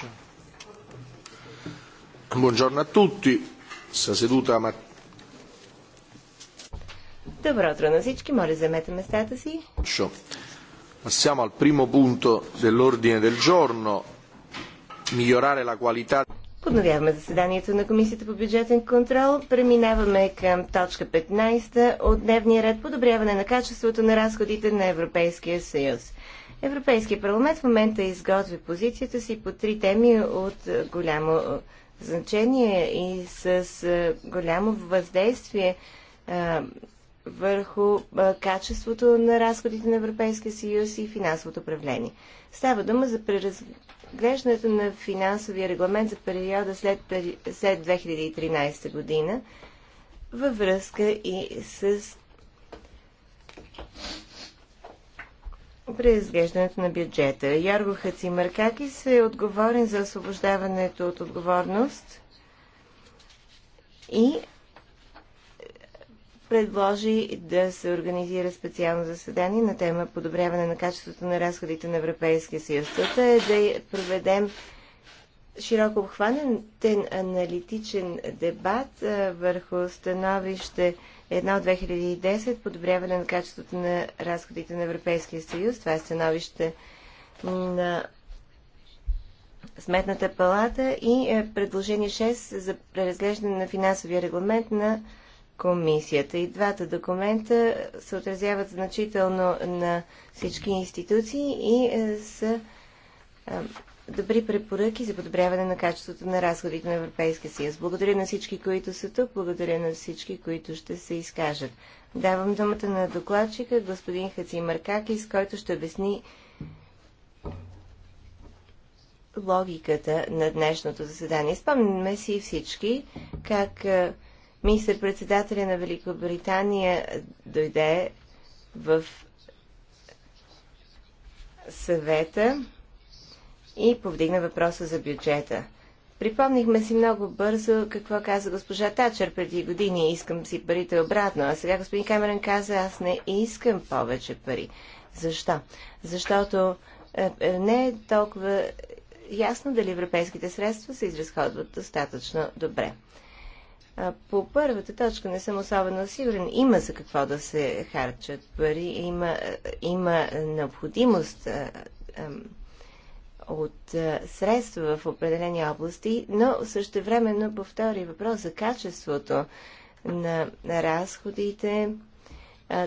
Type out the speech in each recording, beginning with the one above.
Cominciamo. Buongiorno a tutti. Sta seduta ma... Добро утро на всички. Моля, заемете местата си. Passiamo al primo punto dell'ordine del giorno. Migliorare la qualità. Подновяваме заседанието на Комисията по бюджетен контрол. Преминаваме към точка 15 от дневния ред подобряване на качеството на разходите на Европейския съюз. Европейския парламент в момента изготви позицията си по три теми от голямо значение и с голямо въздействие върху качеството на разходите на Европейския съюз и финансовото управление. Става дума за преразглеждането на финансовия регламент за периода след, след 2013 година във връзка и с при изглеждането на бюджета. Ярго Хацимаркакис е отговорен за освобождаването от отговорност и предложи да се организира специално заседание на тема подобряване на качеството на разходите на Европейския съюз. Това е да проведем широко обхванен аналитичен дебат върху становище Една от 2010 подобряване на качеството на разходите на Европейския съюз. Това е становище на Сметната палата и е, предложение 6 за преразглеждане на финансовия регламент на комисията. И двата документа се отразяват значително на всички институции и е, са е, добри препоръки за подобряване на качеството на разходите на Европейския съюз. Благодаря на всички, които са тук, благодаря на всички, които ще се изкажат. Давам думата на докладчика, господин Хаци Маркакис, който ще обясни логиката на днешното заседание. Спомняме си всички как министър-председателя на Великобритания дойде в съвета и повдигна въпроса за бюджета. Припомнихме си много бързо какво каза госпожа Тачер преди години. Искам си парите обратно. А сега господин Камерен каза, аз не искам повече пари. Защо? Защото е, е, не е толкова ясно дали европейските средства се изразходват достатъчно добре. По първата точка не съм особено сигурен. Има за какво да се харчат пари, има, е, има необходимост е, от е, средства в определени области, но също времено повтори въпрос за качеството на, разходите.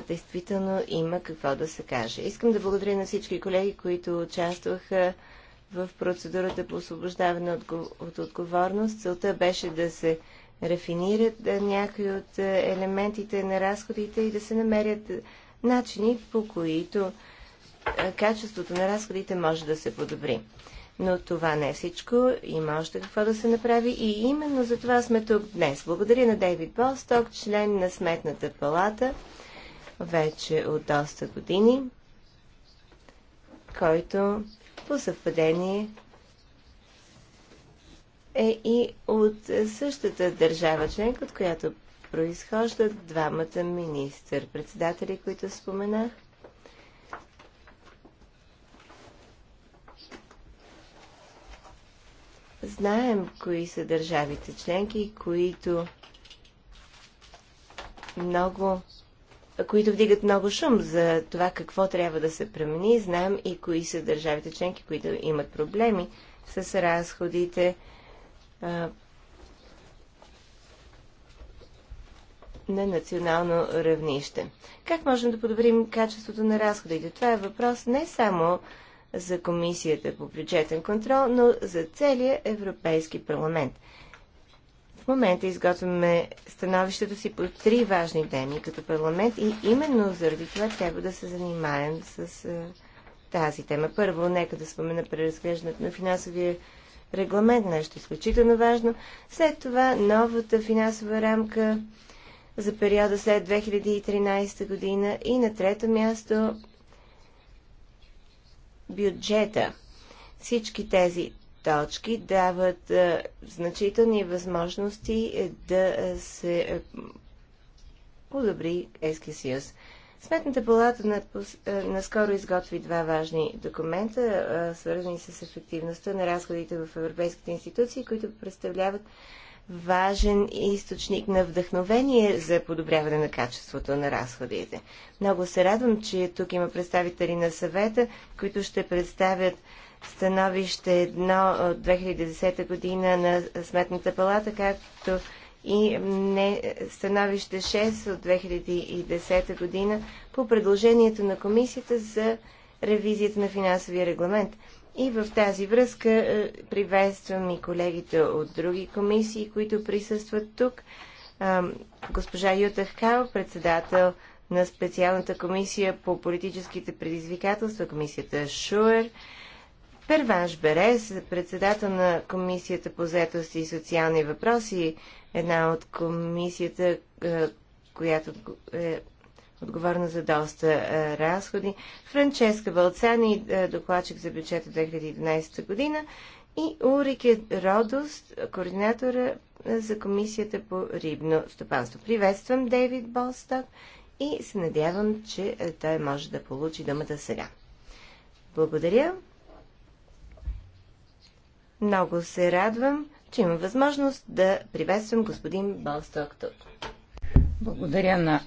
действително има какво да се каже. Искам да благодаря на всички колеги, които участваха в процедурата по освобождаване от, от отговорност. Целта беше да се рафинират е, някои от е, елементите на разходите и да се намерят начини, по които качеството на разходите може да се подобри. Но това не е всичко. Има още какво да се направи и именно за това сме тук днес. Благодаря на Дейвид Босток, член на Сметната палата, вече от доста години, който по съвпадение е и от същата държава членка, от която произхождат двамата министър-председатели, които споменах. Знаем кои са държавите членки, които много които вдигат много шум за това какво трябва да се промени. Знаем и кои са държавите членки, които имат проблеми с разходите. на национално равнище. Как можем да подобрим качеството на разходите? Това е въпрос не само за Комисията по бюджетен контрол, но за целия Европейски парламент. В момента изготвяме становището си по три важни теми като парламент и именно заради това трябва да се занимаем с е, тази тема. Първо, нека да спомена преразглеждането на финансовия регламент, нещо изключително важно. След това новата финансова рамка за периода след 2013 година и на трето място бюджета. Всички тези точки дават а, е, значителни възможности е, да е, се а, подобри Европейския Сметната палата на, а, наскоро изготви два важни документа, свързани с ефективността на разходите в европейските институции, които представляват важен източник на вдъхновение за подобряване на качеството на разходите. Много се радвам, че тук има представители на съвета, които ще представят становище едно от 2010 година на Сметната палата, както и не становище 6 от 2010 година по предложението на комисията за ревизията на финансовия регламент. И в тази връзка е, приветствам и колегите от други комисии, които присъстват тук. Е, госпожа Юта Хкал, председател на специалната комисия по политическите предизвикателства, комисията Шуер, Перванш Берес, председател на комисията по заетост и социални въпроси, една от комисията, е, която е отговорна за доста а, е, разходи. Франческа Балцани, е, докладчик за бюджета 2011 година и Урике Родост, координатора е, за комисията по рибно стопанство. Приветствам Дейвид Болсток и се надявам, че той може да получи думата сега. Благодаря. Много се радвам, че имам възможност да приветствам господин Болсток тук. Благодаря на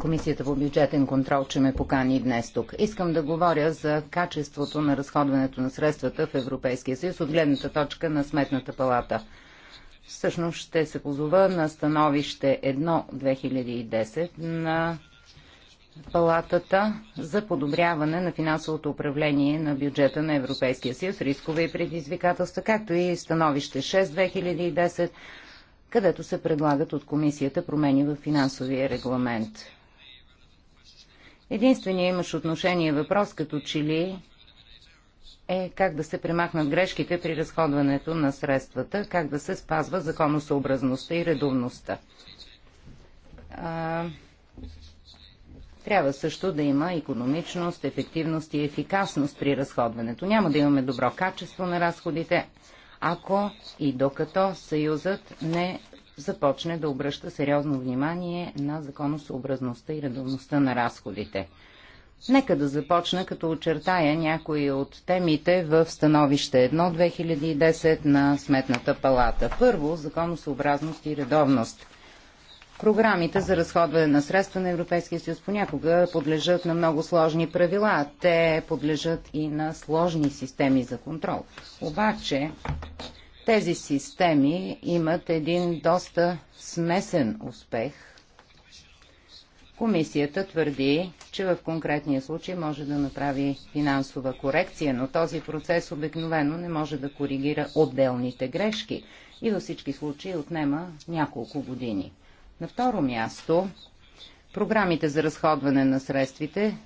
Комисията по бюджетен контрол, че ме покани днес тук. Искам да говоря за качеството на разходването на средствата в Европейския съюз от гледната точка на Сметната палата. Всъщност ще се позова на становище 1-2010 на палатата за подобряване на финансовото управление на бюджета на Европейския съюз, рискове и предизвикателства, както и становище 6-2010 където се предлагат от комисията промени в финансовия регламент. Единственият имаш отношение въпрос като че ли е как да се премахнат грешките при разходването на средствата, как да се спазва законосъобразността и редовността. А, трябва също да има економичност, ефективност и ефикасност при разходването. Няма да имаме добро качество на разходите, ако и докато Съюзът не започне да обръща сериозно внимание на законосъобразността и редовността на разходите. Нека да започна като очертая някои от темите в становище 1 2010 на Сметната палата. Първо, законосъобразност и редовност. Програмите за разходване на средства на Европейския съюз понякога подлежат на много сложни правила. Те подлежат и на сложни системи за контрол. Обаче тези системи имат един доста смесен успех. Комисията твърди, че в конкретния случай може да направи финансова корекция, но този процес обикновено не може да коригира отделните грешки и във всички случаи отнема няколко години. На второ място, програмите за разходване на средствите,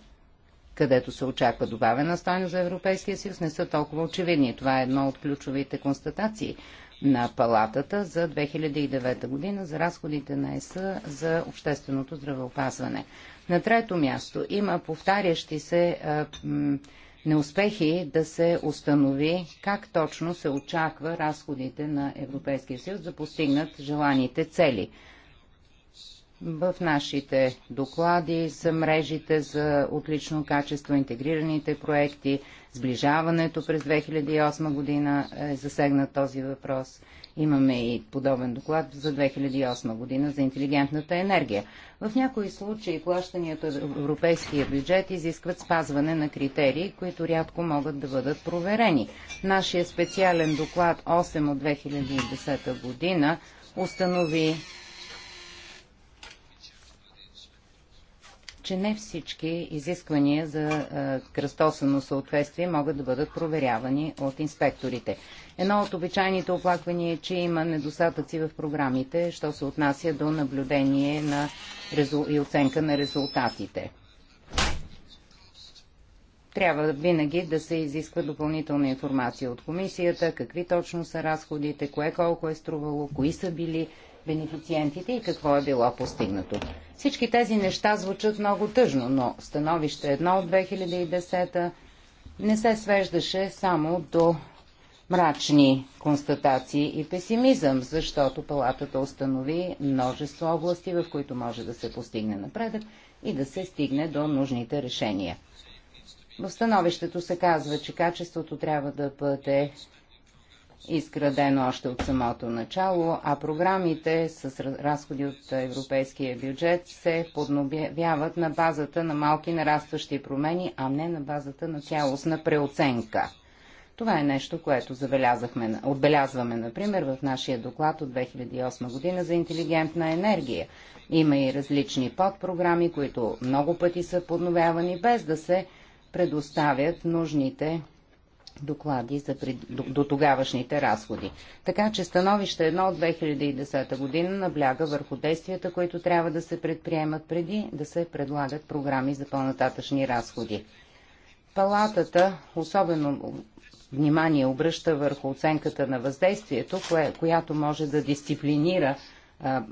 където се очаква добавена стойност за Европейския съюз, не са толкова очевидни. Това е едно от ключовите констатации на палатата за 2009 година за разходите на ЕС за общественото здравеопазване. На трето място има повтарящи се а, неуспехи да се установи как точно се очаква разходите на Европейския съюз да постигнат желаните цели в нашите доклади за мрежите за отлично качество, интегрираните проекти, сближаването през 2008 година е засегнат този въпрос. Имаме и подобен доклад за 2008 година за интелигентната енергия. В някои случаи плащанията от европейския бюджет изискват спазване на критерии, които рядко могат да бъдат проверени. Нашия специален доклад 8 от 2010 година установи че не всички изисквания за е, кръстосано съответствие могат да бъдат проверявани от инспекторите. Едно от обичайните оплаквания е, че има недостатъци в програмите, що се отнася до наблюдение на резул... и оценка на резултатите. Трябва винаги да се изисква допълнителна информация от комисията, какви точно са разходите, кое колко е струвало, кои са били бенефициентите и какво е било постигнато. Всички тези неща звучат много тъжно, но становище едно от 2010 не се свеждаше само до мрачни констатации и песимизъм, защото палатата установи множество области, в които може да се постигне напредък и да се стигне до нужните решения. В становището се казва, че качеството трябва да бъде изградено още от самото начало, а програмите с разходи от европейския бюджет се подновяват на базата на малки нарастващи промени, а не на базата на цялостна преоценка. Това е нещо, което забелязахме, отбелязваме, например, в нашия доклад от 2008 година за интелигентна енергия. Има и различни подпрограми, които много пъти са подновявани, без да се предоставят нужните доклади за пред... до, до тогавашните разходи. Така че становище едно от 2010 година набляга върху действията, които трябва да се предприемат преди да се предлагат програми за по-нататъчни разходи. Палатата особено внимание обръща върху оценката на въздействието, кое, която може да дисциплинира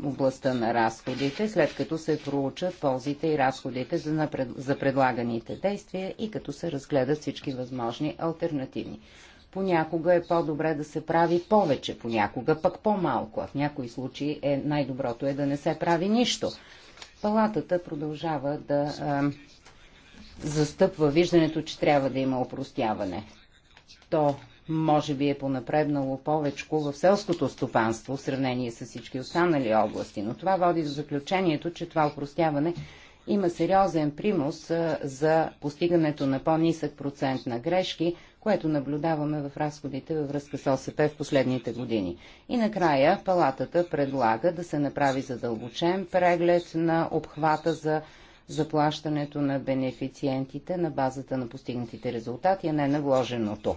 областта на разходите, след като се проучат ползите и разходите за, напред, за предлаганите действия и като се разгледат всички възможни альтернативни. Понякога е по-добре да се прави повече, понякога пък по-малко, а в някои случаи е, най-доброто е да не се прави нищо. Палатата продължава да а, застъпва виждането, че трябва да има опростяване. То може би е понапреднало повечко в селското стопанство в сравнение с всички останали области. Но това води до заключението, че това упростяване има сериозен примус за постигането на по-нисък процент на грешки, което наблюдаваме в разходите във връзка с ОСП в последните години. И накрая палатата предлага да се направи задълбочен преглед на обхвата за заплащането на бенефициентите на базата на постигнатите резултати, а не на вложеното.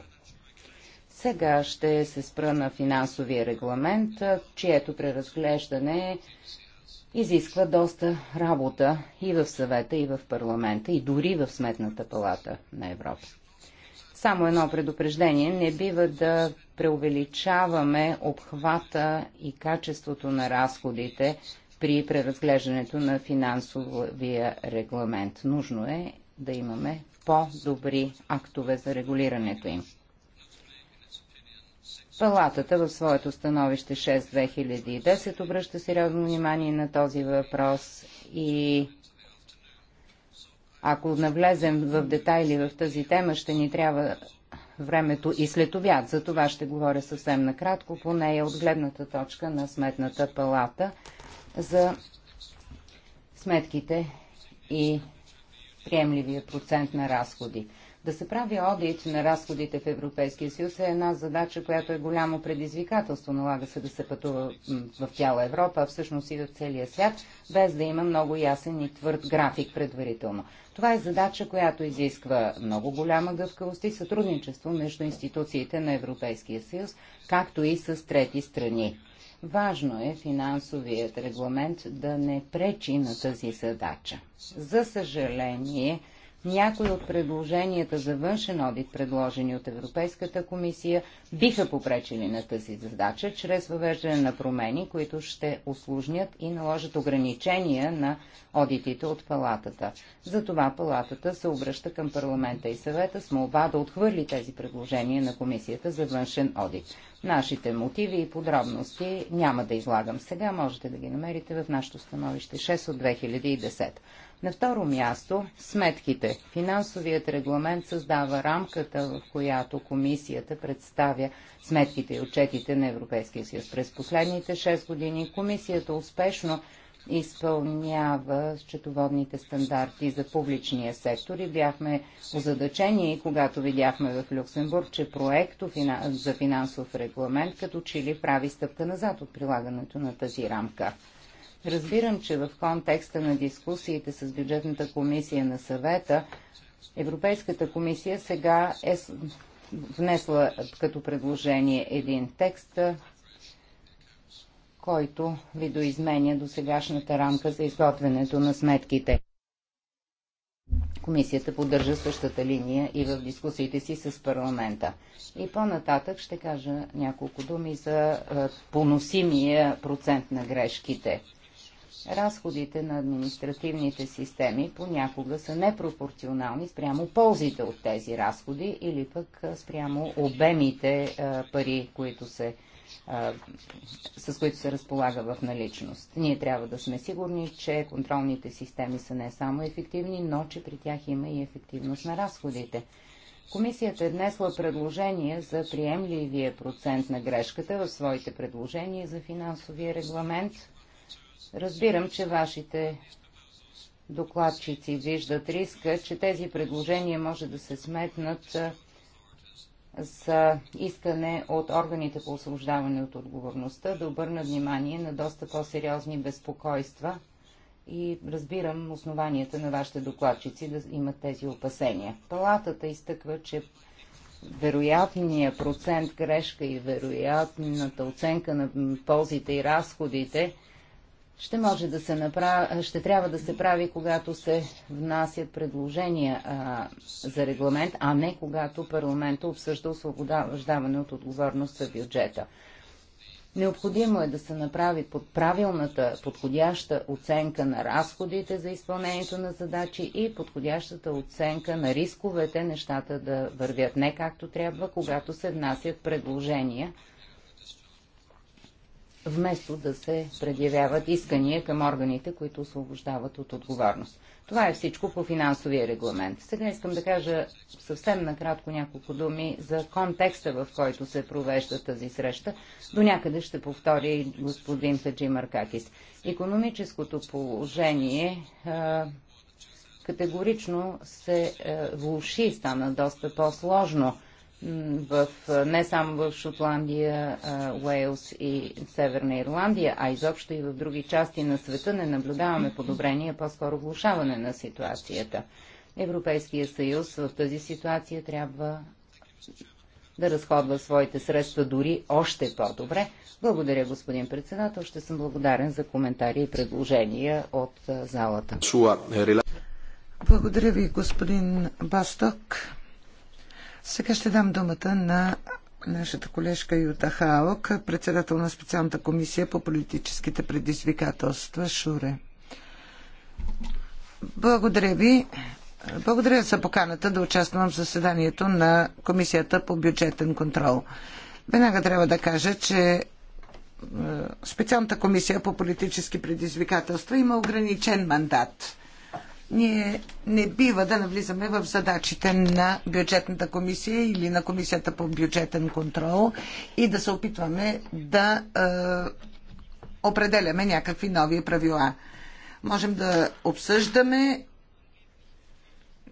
Сега ще се спра на финансовия регламент, чието преразглеждане изисква доста работа и в съвета, и в парламента, и дори в Сметната палата на Европа. Само едно предупреждение. Не бива да преувеличаваме обхвата и качеството на разходите при преразглеждането на финансовия регламент. Нужно е да имаме по-добри актове за регулирането им. Палатата в своето становище 6-2010 обръща сериозно внимание на този въпрос и ако навлезем в детайли в тази тема, ще ни трябва времето и след обяд. За това ще говоря съвсем накратко по нея е от гледната точка на Сметната палата за сметките и приемливия процент на разходи. Да се прави одит на разходите в Европейския съюз е една задача, която е голямо предизвикателство. Налага се да се пътува в цяла Европа, а всъщност и в целия свят, без да има много ясен и твърд график предварително. Това е задача, която изисква много голяма гъвкавост и сътрудничество между институциите на Европейския съюз, както и с трети страни. Важно е финансовият регламент да не пречи на тази задача. За съжаление, някои от предложенията за външен одит, предложени от Европейската комисия, биха попречили на тази задача, чрез въвеждане на промени, които ще осложнят и наложат ограничения на одитите от палатата. Затова палатата се обръща към парламента и съвета с молба да отхвърли тези предложения на комисията за външен одит. Нашите мотиви и подробности няма да излагам сега, можете да ги намерите в нашето становище 6 от 2010. На второ място, сметките. Финансовият регламент създава рамката, в която комисията представя сметките и отчетите на Европейския съюз. През последните 6 години комисията успешно изпълнява счетоводните стандарти за публичния сектор и бяхме озадачени, когато видяхме в Люксембург, че проекто за финансов регламент като че ли прави стъпка назад от прилагането на тази рамка. Разбирам, че в контекста на дискусиите с бюджетната комисия на съвета, Европейската комисия сега е внесла като предложение един текст, който видоизменя до сегашната рамка за изготвянето на сметките. Комисията поддържа същата линия и в дискусиите си с парламента. И по-нататък ще кажа няколко думи за поносимия процент на грешките разходите на административните системи понякога са непропорционални спрямо ползите от тези разходи или пък спрямо обемите пари, които се, с които се разполага в наличност. Ние трябва да сме сигурни, че контролните системи са не само ефективни, но че при тях има и ефективност на разходите. Комисията е внесла предложение за приемливия процент на грешката в своите предложения за финансовия регламент Разбирам, че вашите докладчици виждат риска, че тези предложения може да се сметнат за искане от органите по освобождаване от отговорността да обърна внимание на доста по-сериозни безпокойства и разбирам основанията на вашите докладчици да имат тези опасения. Палатата изтъква, че вероятният процент грешка и вероятната оценка на ползите и разходите – ще може да се направи, ще трябва да се прави, когато се внасят предложения а, за регламент, а не когато парламента обсъжда освобождаване от отговорност за бюджета. Необходимо е да се направи под правилната, подходяща оценка на разходите за изпълнението на задачи и подходящата оценка на рисковете нещата да вървят не както трябва, когато се внасят предложения вместо да се предявяват искания към органите, които освобождават от отговорност. Това е всичко по финансовия регламент. Сега искам да кажа съвсем накратко няколко думи за контекста, в който се провежда тази среща. До някъде ще повтори и господин Саджи Маркакис. Економическото положение категорично се влуши, стана доста по-сложно в, не само в Шотландия, Уейлс и Северна Ирландия, а изобщо и в други части на света не наблюдаваме подобрение, по-скоро влушаване на ситуацията. Европейския съюз в тази ситуация трябва да разходва своите средства дори още по-добре. Благодаря, господин председател. Ще съм благодарен за коментари и предложения от залата. Благодаря ви, господин Басток. Сега ще дам думата на нашата колежка Юта Хаок, председател на специалната комисия по политическите предизвикателства Шуре. Благодаря ви. Благодаря за поканата да участвам в заседанието на Комисията по бюджетен контрол. Веднага трябва да кажа, че е, специалната комисия по политически предизвикателства има ограничен мандат. Ние не бива да навлизаме в задачите на бюджетната комисия или на комисията по бюджетен контрол и да се опитваме да е, определяме някакви нови правила. Можем да обсъждаме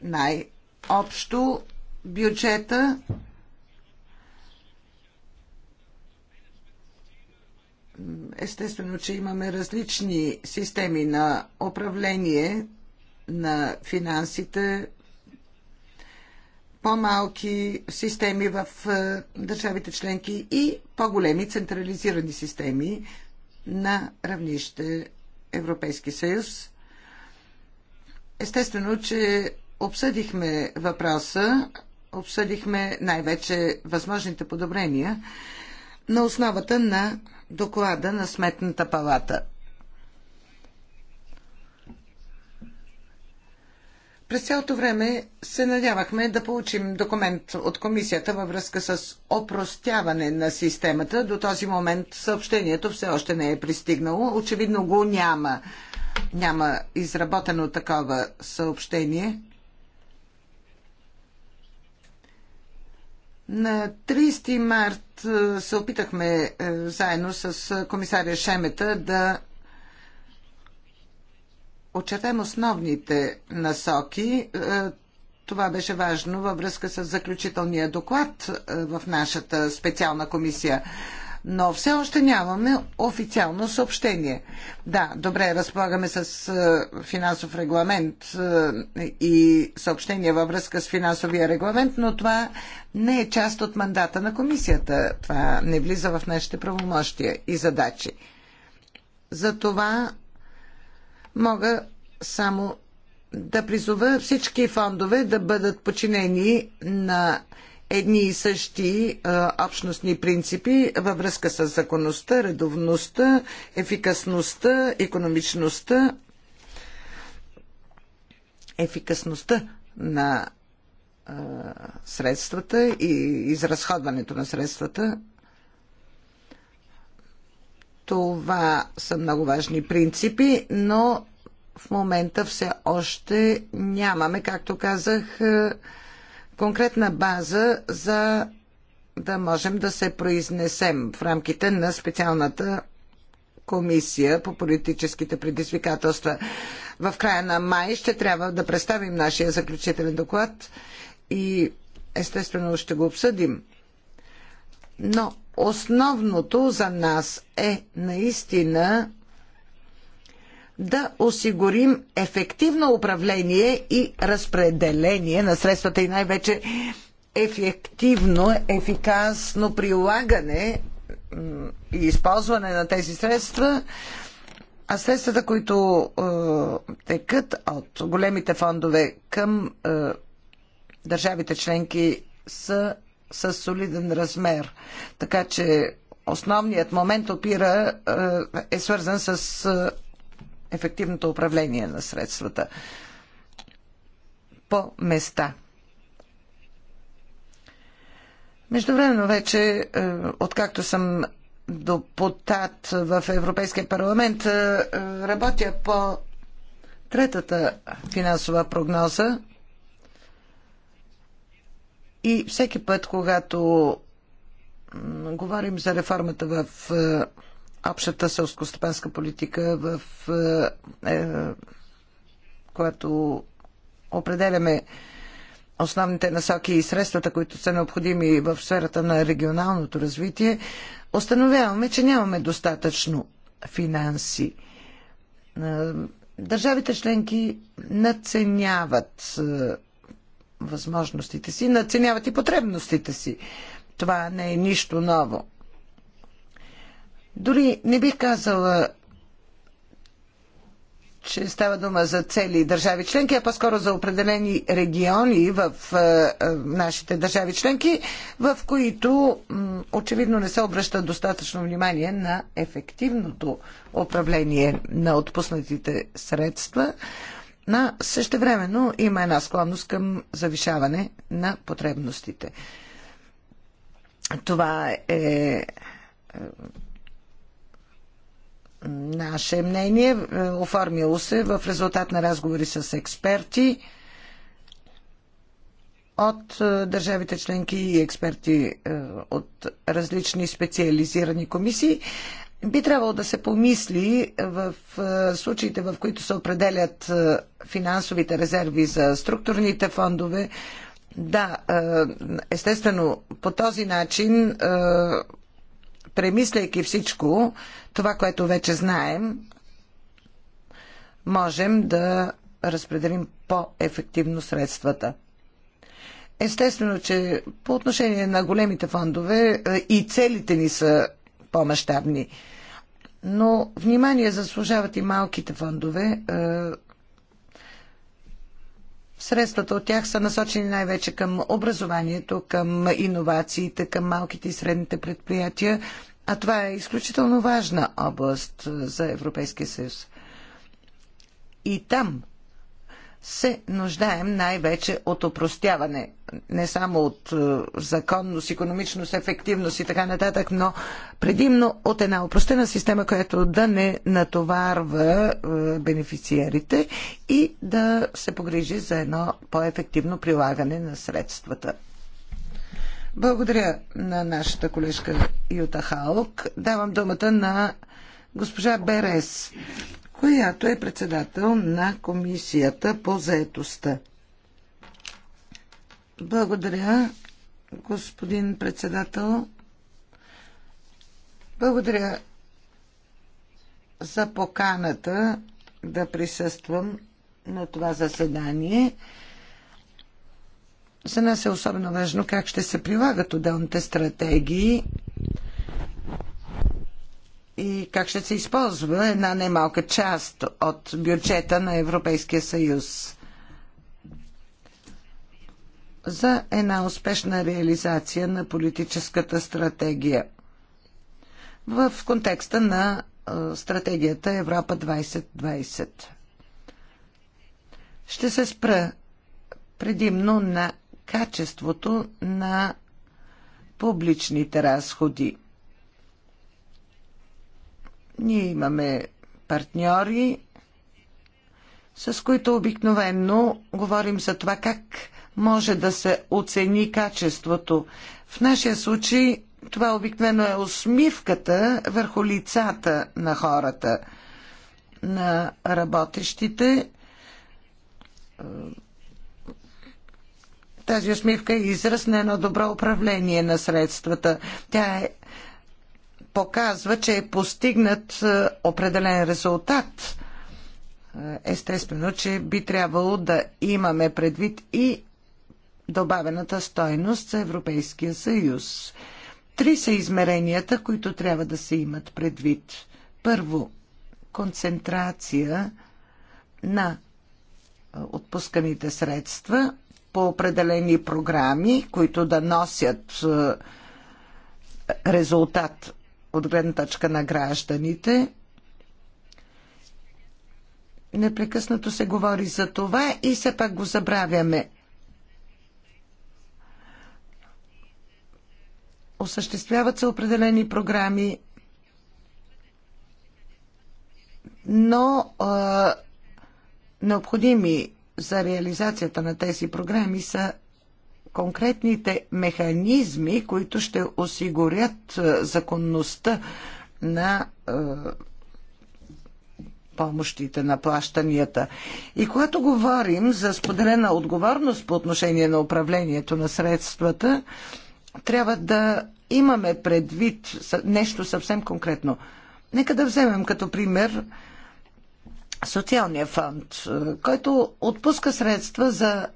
най-общо бюджета Естествено, че имаме различни системи на управление на финансите, по-малки системи в е, държавите членки и по-големи централизирани системи на равнище Европейски съюз. Естествено, че обсъдихме въпроса, обсъдихме най-вече възможните подобрения на основата на доклада на Сметната палата. През цялото време се надявахме да получим документ от комисията във връзка с опростяване на системата. До този момент съобщението все още не е пристигнало. Очевидно го няма. Няма изработено такова съобщение. На 30 март е, се опитахме е, заедно с е, комисаря Шемета да очертаем основните насоки. Е, това беше важно във връзка с заключителния доклад е, в нашата специална комисия. Но все още нямаме официално съобщение. Да, добре, разполагаме с е, финансов регламент и съобщение във връзка с финансовия регламент, но това не е част от мандата на комисията. Това не влиза в нашите правомощия и задачи. Затова Мога само да призова всички фондове да бъдат подчинени на едни и същи а, общностни принципи във връзка с законността, редовността, ефикасността, економичността, ефикасността на а, средствата и изразходването на средствата това са много важни принципи, но в момента все още нямаме, както казах, е, конкретна база за да можем да се произнесем в рамките на специалната комисия по политическите предизвикателства. В края на май ще трябва да представим нашия заключителен доклад и естествено ще го обсъдим. Но Основното за нас е наистина да осигурим ефективно управление и разпределение на средствата и най-вече ефективно, ефикасно прилагане и използване на тези средства, а средствата, които е, текат от големите фондове към е, държавите членки са с солиден размер. Така че основният момент опира е, е свързан с е, ефективното управление на средствата по места. Междувременно вече, е, откакто съм депутат в Европейския парламент, работя по третата финансова прогноза и всеки път, когато говорим за реформата в е, общата селскостопанска политика, в е, е, която определяме основните насоки и средствата, които са необходими в сферата на регионалното развитие, установяваме, че нямаме достатъчно финанси. Е, държавите членки надценяват възможностите си, наценяват и потребностите си. Това не е нищо ново. Дори не бих казала, че става дума за цели държави членки, а по-скоро за определени региони в е, е, нашите държави членки, в които очевидно не се обръща достатъчно внимание на ефективното управление на отпуснатите средства на същевременно има една склонност към завишаване на потребностите. Това е, е наше мнение, оформило се в резултат на разговори с експерти от е, държавите членки и експерти е, от различни специализирани комисии. Би трябвало да се помисли в случаите, в които се определят финансовите резерви за структурните фондове. Да, естествено, по този начин, премисляйки всичко, това, което вече знаем, можем да разпределим по-ефективно средствата. Естествено, че по отношение на големите фондове и целите ни са по-масштабни. Но внимание заслужават и малките фондове. Е, средствата от тях са насочени най-вече към образованието, към иновациите, към малките и средните предприятия, а това е изключително важна област е, за Европейския съюз. И там се нуждаем най-вече от опростяване. Не само от е, законност, економичност, ефективност и така нататък, но предимно от една опростена система, която да не натоварва е, бенефициерите и да се погрижи за едно по-ефективно прилагане на средствата. Благодаря на нашата колежка Юта Халк. Давам думата на госпожа Берес която е председател на Комисията по заетостта. Благодаря, господин председател. Благодаря за поканата да присъствам на това заседание. За нас е особено важно как ще се прилагат отделните стратегии и как ще се използва една немалка част от бюджета на Европейския съюз. За една успешна реализация на политическата стратегия в контекста на стратегията Европа 2020. Ще се спра предимно на качеството на публичните разходи. Ние имаме партньори, с които обикновенно говорим за това как може да се оцени качеството. В нашия случай това обикновено е усмивката върху лицата на хората, на работещите. Тази усмивка е израз на едно добро управление на средствата. Тя е показва, че е постигнат е, определен резултат. Е, естествено, че би трябвало да имаме предвид и добавената стойност за Европейския съюз. Три са измеренията, които трябва да се имат предвид. Първо, концентрация на е, отпусканите средства по определени програми, които да носят резултат от гледна точка на гражданите. Непрекъснато се говори за това и все пак го забравяме. Осъществяват се определени програми, но а, необходими за реализацията на тези програми са конкретните механизми, които ще осигурят е, законността на е, помощите на плащанията. И когато говорим за споделена отговорност по отношение на управлението на средствата, трябва да имаме предвид нещо съвсем конкретно. Нека да вземем като пример социалния фонд, е, който отпуска средства за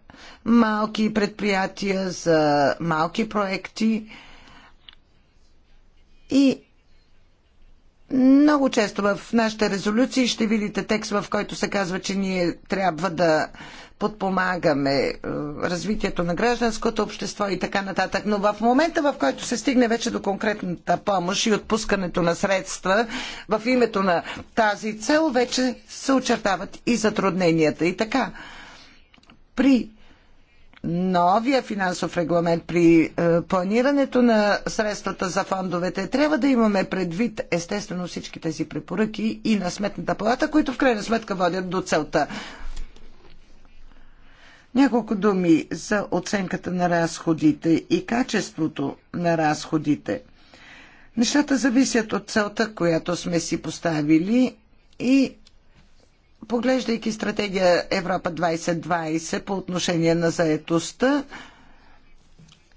малки предприятия, за малки проекти. И много често в нашите резолюции ще видите текст, в който се казва, че ние трябва да подпомагаме е, развитието на гражданското общество и така нататък. Но в момента, в който се стигне вече до конкретната помощ и отпускането на средства в името на тази цел, вече се очертават и затрудненията. И така, при новия финансов регламент при е, планирането на средствата за фондовете трябва да имаме предвид естествено всички тези препоръки и на Сметната палата, които в крайна сметка водят до целта. Няколко думи за оценката на разходите и качеството на разходите. Нещата зависят от целта, която сме си поставили и поглеждайки стратегия Европа 2020 по отношение на заетостта,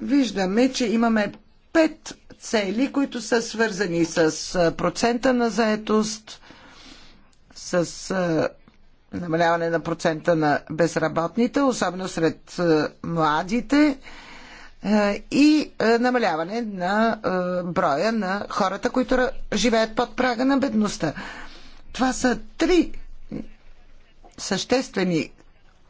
виждаме, че имаме пет цели, които са свързани с процента на заетост, с намаляване на процента на безработните, особено сред младите и намаляване на броя на хората, които живеят под прага на бедността. Това са три съществени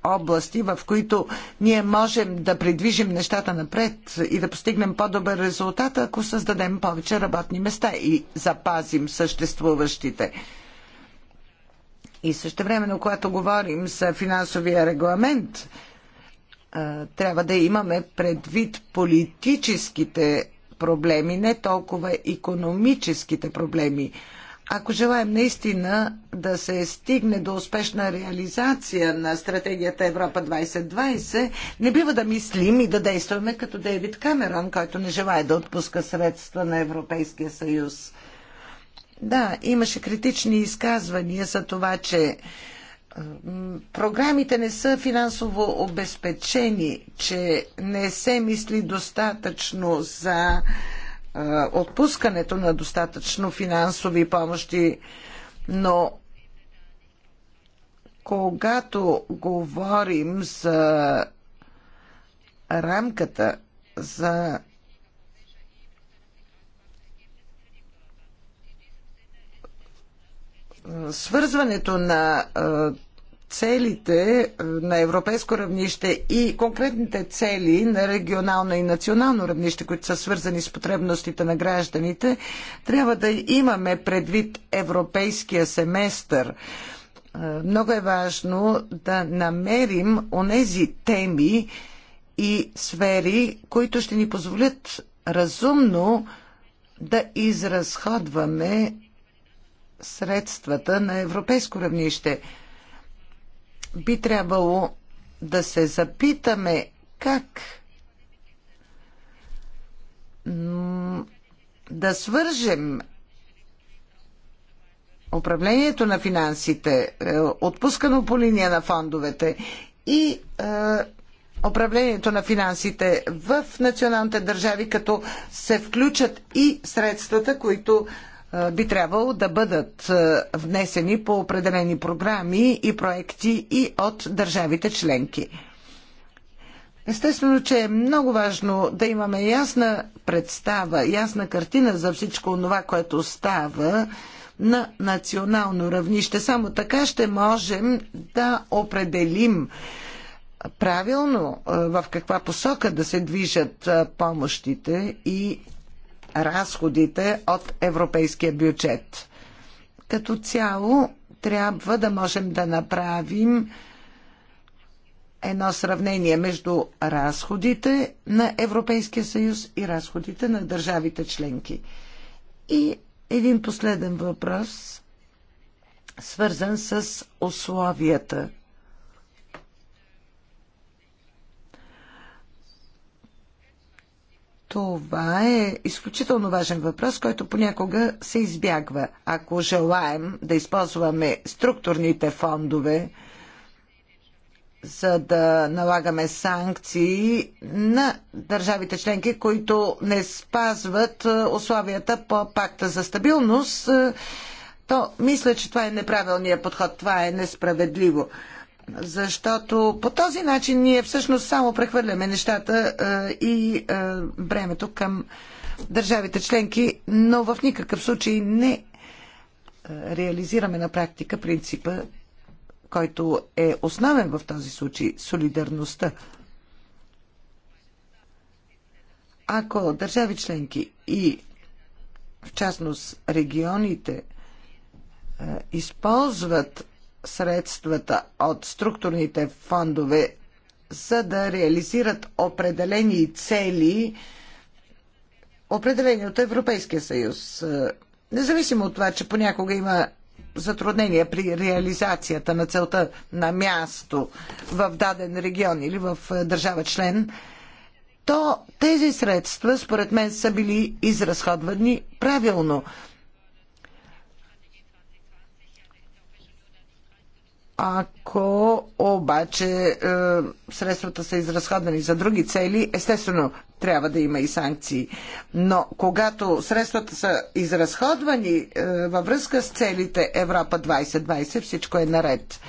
области, в които ние можем да придвижим нещата напред и да постигнем по-добър резултат, ако създадем повече работни места и запазим съществуващите. И също времено, когато говорим за финансовия регламент, трябва да имаме предвид политическите проблеми, не толкова економическите проблеми. Ако желаем наистина да се стигне до успешна реализация на стратегията Европа 2020, не бива да мислим и да действаме като Дейвид Камерон, който не желая да отпуска средства на Европейския съюз. Да, имаше критични изказвания за това, че програмите не са финансово обезпечени, че не се мисли достатъчно за отпускането на достатъчно финансови помощи, но когато говорим за рамката за свързването на целите е, на европейско равнище и конкретните цели на регионално и национално равнище, които са свързани с потребностите на гражданите, трябва да имаме предвид европейския семестър. Е, много е важно да намерим онези теми и сфери, които ще ни позволят разумно да изразходваме средствата на европейско равнище – би трябвало да се запитаме как да свържем управлението на финансите, е, отпускано по линия на фондовете и е, управлението на финансите в националните държави, като се включат и средствата, които би трябвало да бъдат внесени по определени програми и проекти и от държавите членки. Естествено, че е много важно да имаме ясна представа, ясна картина за всичко това, което става на национално равнище. Само така ще можем да определим правилно в каква посока да се движат помощите и разходите от европейския бюджет. Като цяло трябва да можем да направим едно сравнение между разходите на Европейския съюз и разходите на държавите членки. И един последен въпрос, свързан с условията Това е изключително важен въпрос, който понякога се избягва. Ако желаем да използваме структурните фондове, за да налагаме санкции на държавите членки, които не спазват е, условията по пакта за стабилност, е, то мисля, че това е неправилният подход, това е несправедливо защото по този начин ние всъщност само прехвърляме нещата е, и е, бремето към държавите членки, но в никакъв случай не е, реализираме на практика принципа, който е основен в този случай солидарността. Ако държави членки и в частност регионите използват средствата от структурните фондове, за да реализират определени цели, определени от Европейския съюз. Независимо от това, че понякога има затруднения при реализацията на целта на място в даден регион или в е, държава член, то тези средства, според мен, са били изразходвани правилно. Ако обаче е, средствата са изразходвани за други цели, естествено трябва да има и санкции. Но когато средствата са изразходвани е, във връзка с целите Европа 2020, всичко е наред.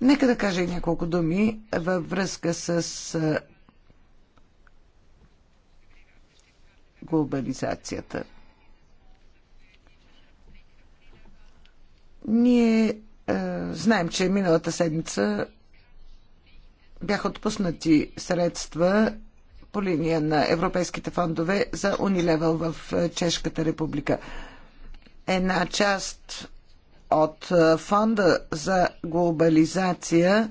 Нека да кажа и няколко думи във връзка с е, глобализацията. Ние е, знаем, че миналата седмица бяха отпуснати средства по линия на европейските фондове за унилевел в е, Чешката република. Една част от е, фонда за глобализация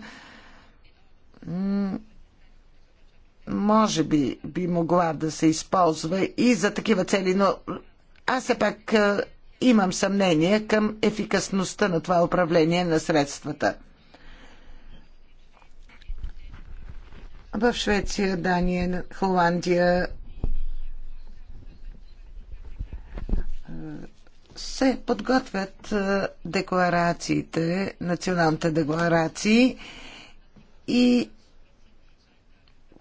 може би би могла да се използва и за такива цели, но аз все пак имам съмнение към ефикасността на това управление на средствата. В Швеция, Дания, Холандия се подготвят декларациите, националните декларации и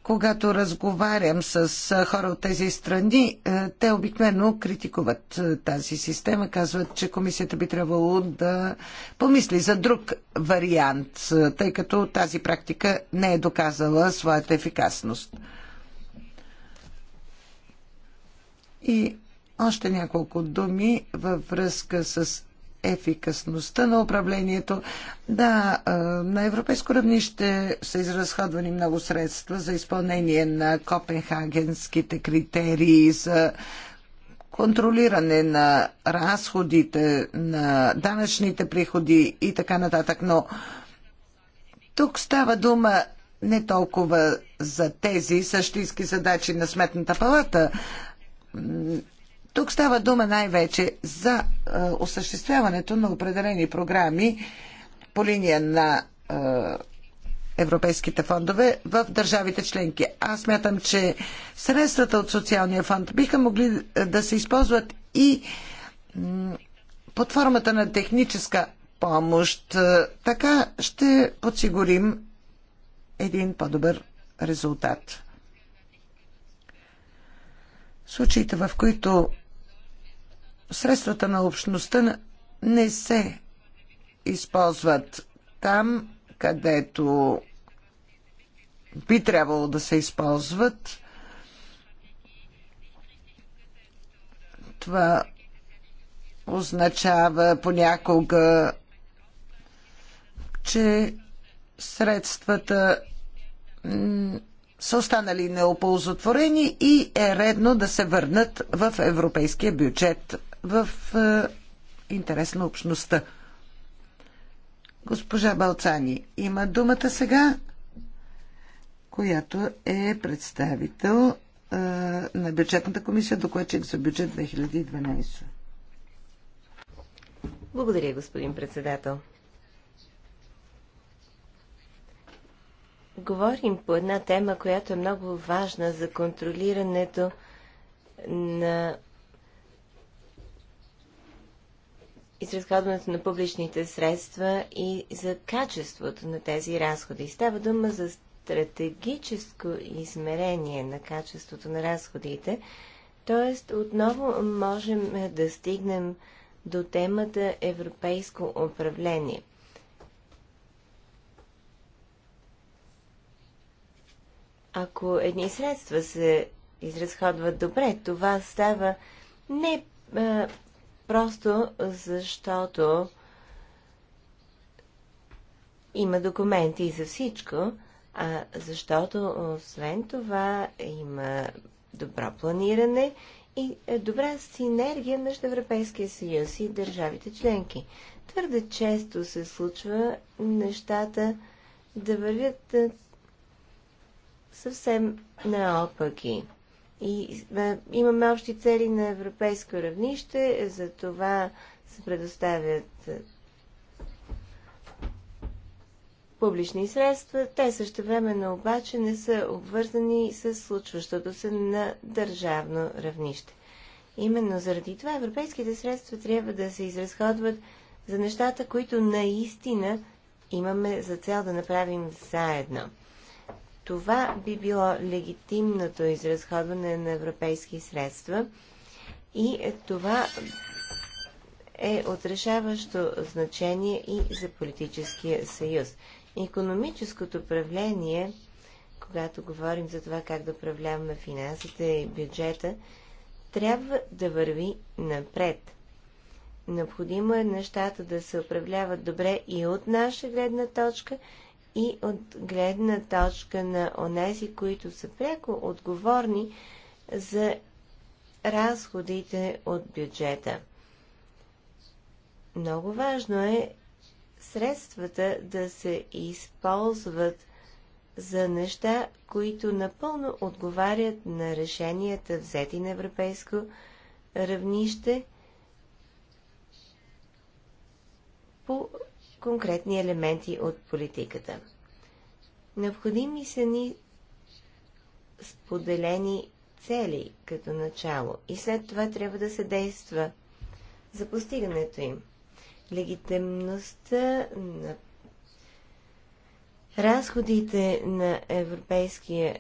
когато разговарям с хора от тези страни, те обикновено критикуват тази система, казват, че комисията би трябвало да помисли за друг вариант, тъй като тази практика не е доказала своята ефикасност. И още няколко думи във връзка с ефикасността на управлението. Да, на европейско равнище са изразходвани много средства за изпълнение на копенхагенските критерии за контролиране на разходите, на данъчните приходи и така нататък. Но тук става дума не толкова за тези същински задачи на Сметната палата, тук става дума най-вече за е, осъществяването на определени програми по линия на е, европейските фондове в държавите членки. Аз мятам, че средствата от социалния фонд биха могли е, да се използват и под формата на техническа помощ. Така ще подсигурим един по-добър резултат. Случаите, в които средствата на общността не се използват там, където би трябвало да се използват. Това означава понякога, че средствата са останали неоползотворени и е редно да се върнат в европейския бюджет в е, интерес на общността. Госпожа Балцани има думата сега, която е представител е, на бюджетната комисия, докладчик за бюджет 2012. Благодаря, господин председател. Говорим по една тема, която е много важна за контролирането на изразходването на публичните средства и за качеството на тези разходи. Става дума за стратегическо измерение на качеството на разходите, т.е. отново можем да стигнем до темата европейско управление. Ако едни средства се изразходват добре, това става не просто защото има документи за всичко, а защото освен това има добро планиране и е, добра синергия между Европейския съюз и държавите членки. Твърде често се случва нещата да вървят е, съвсем наопаки. И а, имаме общи цели на европейско равнище, за това се предоставят публични средства, те също времено обаче не са обвързани с случващото се на държавно равнище. Именно заради това европейските средства трябва да се изразходват за нещата, които наистина имаме за цел да направим заедно. Това би било легитимното изразходване на европейски средства и това е отрешаващо значение и за политическия съюз. Економическото управление, когато говорим за това как да управляваме финансите и бюджета, трябва да върви напред. Необходимо е нещата да се управляват добре и от наша гледна точка – и от гледна точка на онези, които са пряко отговорни за разходите от бюджета. Много важно е средствата да се използват за неща, които напълно отговарят на решенията взети на европейско равнище по конкретни елементи от политиката. Необходими са ни споделени цели като начало и след това трябва да се действа за постигането им. Легитимността на разходите на Европейския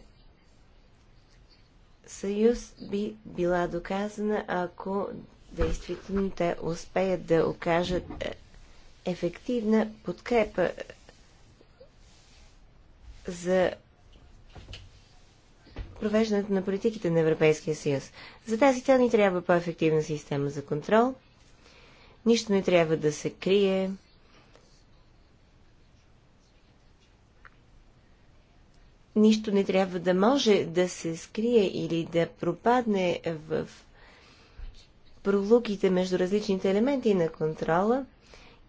съюз би била доказана, ако действително те успеят да окажат е, ефективна подкрепа за провеждането на политиките на Европейския съюз. За тази цел ни трябва по-ефективна система за контрол. Нищо не трябва да се крие. Нищо не трябва да може да се скрие или да пропадне в пролуките между различните елементи на контрола –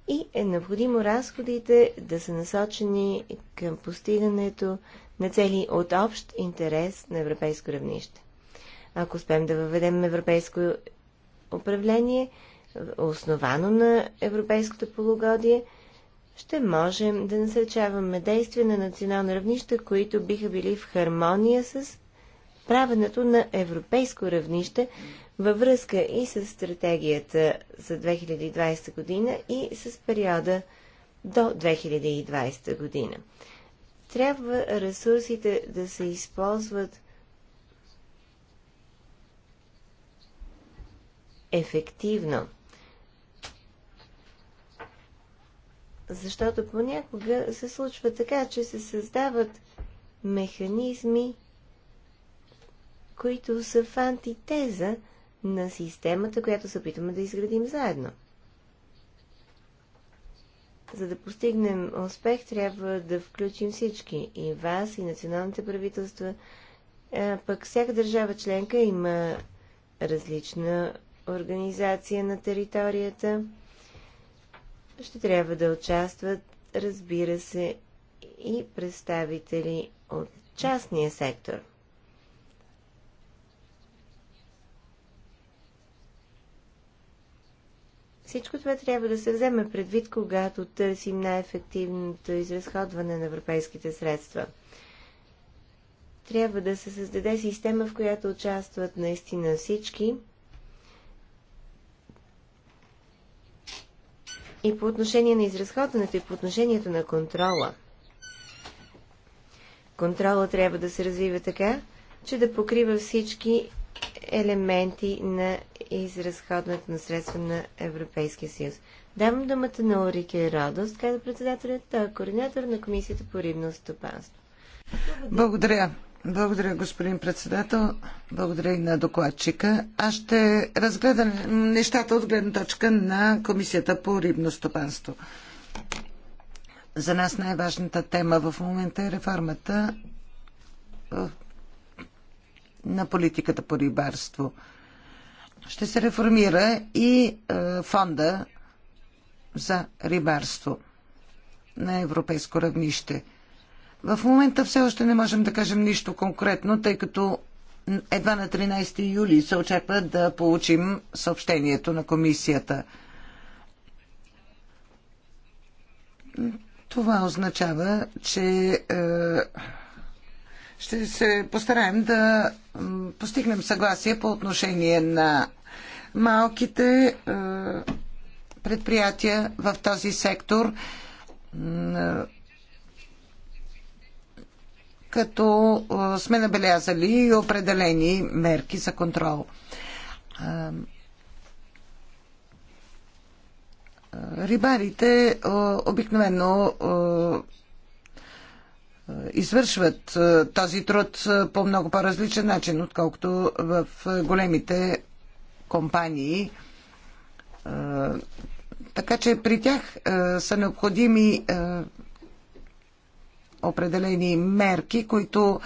и е необходимо разходите да са насочени към постигането на цели от общ интерес на европейско равнище. Ако успеем да въведем европейско управление, основано на европейското полугодие, ще можем да насърчаваме действия на национално равнище, които биха били в хармония с правенето на европейско равнище във връзка и с стратегията за 2020 година и с периода до 2020 година. Трябва ресурсите да се използват ефективно. Защото понякога се случва така, че се създават механизми, които са в антитеза на системата, която се опитваме да изградим заедно. За да постигнем успех, трябва да включим всички и вас, и националните правителства. А, пък всяка държава членка има различна организация на територията. Ще трябва да участват, разбира се, и представители от частния сектор. Всичко това трябва да се вземе предвид, когато търсим най-ефективното изразходване на европейските средства. Трябва да се създаде система, в която участват наистина всички. И по отношение на изразходването, и по отношението на контрола. Контрола трябва да се развива така, че да покрива всички елементи на изразходването на средства на Европейския съюз. Давам думата на Орике радост, каза председателят, той е координатор на Комисията по рибно стопанство. Благодаря. Благодаря, господин председател. Благодаря и на докладчика. Аз ще разгледам нещата от гледна точка на Комисията по рибно стопанство. За нас най-важната тема в момента е реформата е, на политиката по рибарство – ще се реформира и е, фонда за рибарство на европейско равнище. В момента все още не можем да кажем нищо конкретно, тъй като едва на 13 юли се очаква да получим съобщението на комисията. Това означава, че е, ще се постараем да постигнем съгласие по отношение на малките е, предприятия в този сектор, е, като е, сме набелязали и определени мерки за контрол. Рибарите обикновено извършват този труд по много по-различен начин, отколкото в големите компании. Е, така че при тях е, са необходими е, определени мерки, които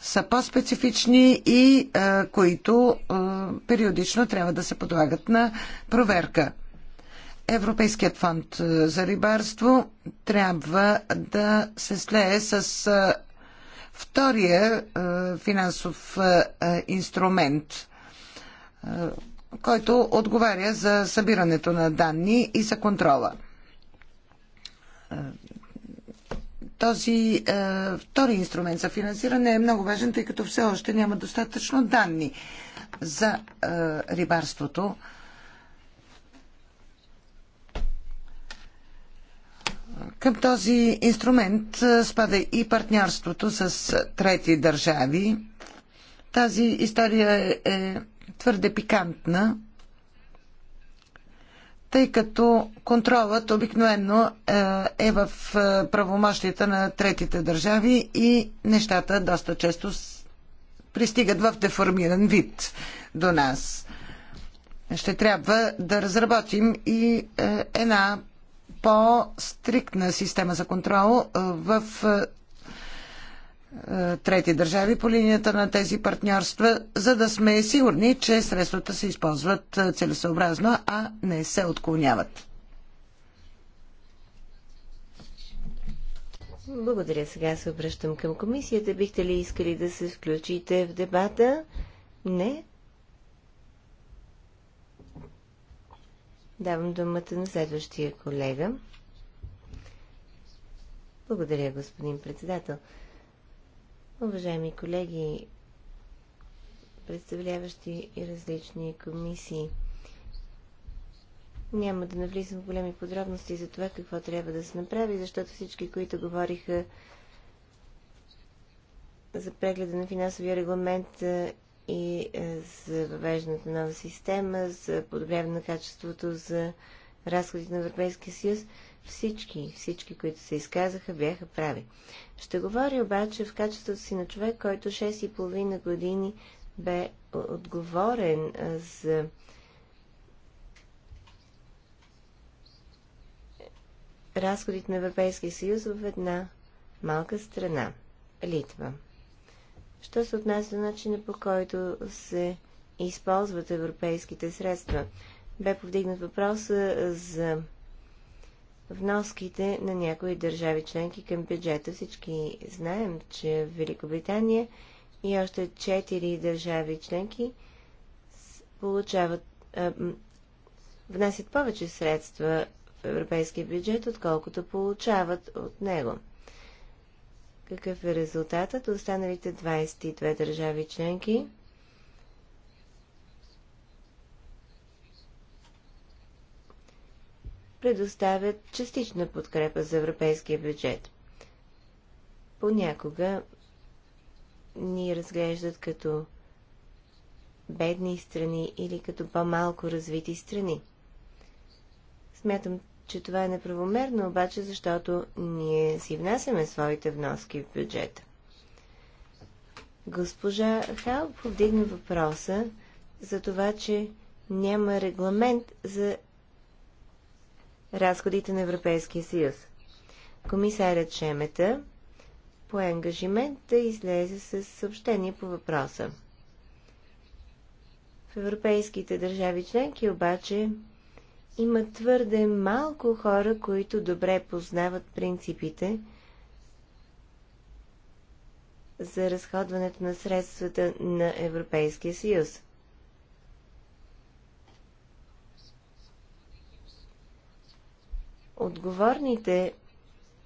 са по-специфични и които периодично трябва да се подлагат на проверка. Европейският фонд за рибарство трябва да се слее с втория финансов инструмент който отговаря за събирането на данни и за контрола. Този е, втори инструмент за финансиране е много важен, тъй като все още няма достатъчно данни за е, рибарството. Към този инструмент спада и партньорството с трети държави. Тази история е твърде пикантна, тъй като контролът обикновено е, е в е, правомощията на третите държави и нещата доста често пристигат в деформиран вид до нас. Ще трябва да разработим и е, една по-стриктна система за контрол в е, трети държави по линията на тези партньорства, за да сме сигурни, че средствата се използват е, целесообразно, а не се отклоняват. Благодаря. Сега се обръщам към комисията. Бихте ли искали да се включите в дебата? Не. Давам думата на следващия колега. Благодаря, господин председател. Уважаеми колеги, представляващи и различни комисии, няма да навлизам в големи подробности за това какво трябва да се направи, защото всички, които говориха за прегледа на финансовия регламент и за въвеждането на нова система, за подобряване на качеството, за разходите на Европейския съюз, всички, всички, които се изказаха, бяха прави. Ще говоря обаче в качеството си на човек, който 6,5 години бе отговорен за разходите на Европейския съюз в една малка страна – Литва. Що се отнася до начина по който се използват европейските средства? Бе повдигнат въпроса за вноските на някои държави членки към бюджета. Всички знаем, че в Великобритания и още четири държави членки получават, а, внасят повече средства в европейския бюджет, отколкото получават от него. Какъв е резултатът? Останалите 22 държави членки предоставят частична подкрепа за европейския бюджет. Понякога ни разглеждат като бедни страни или като по-малко развити страни. Смятам, че това е неправомерно, обаче защото ние си внасяме своите вноски в бюджета. Госпожа Хал повдигна въпроса за това, че няма регламент за разходите на Европейския съюз. Комисарят Шемета по ангажимент да е излезе с съобщение по въпроса. В европейските държави членки обаче има твърде малко хора, които добре познават принципите за разходването на средствата на Европейския съюз. Отговорните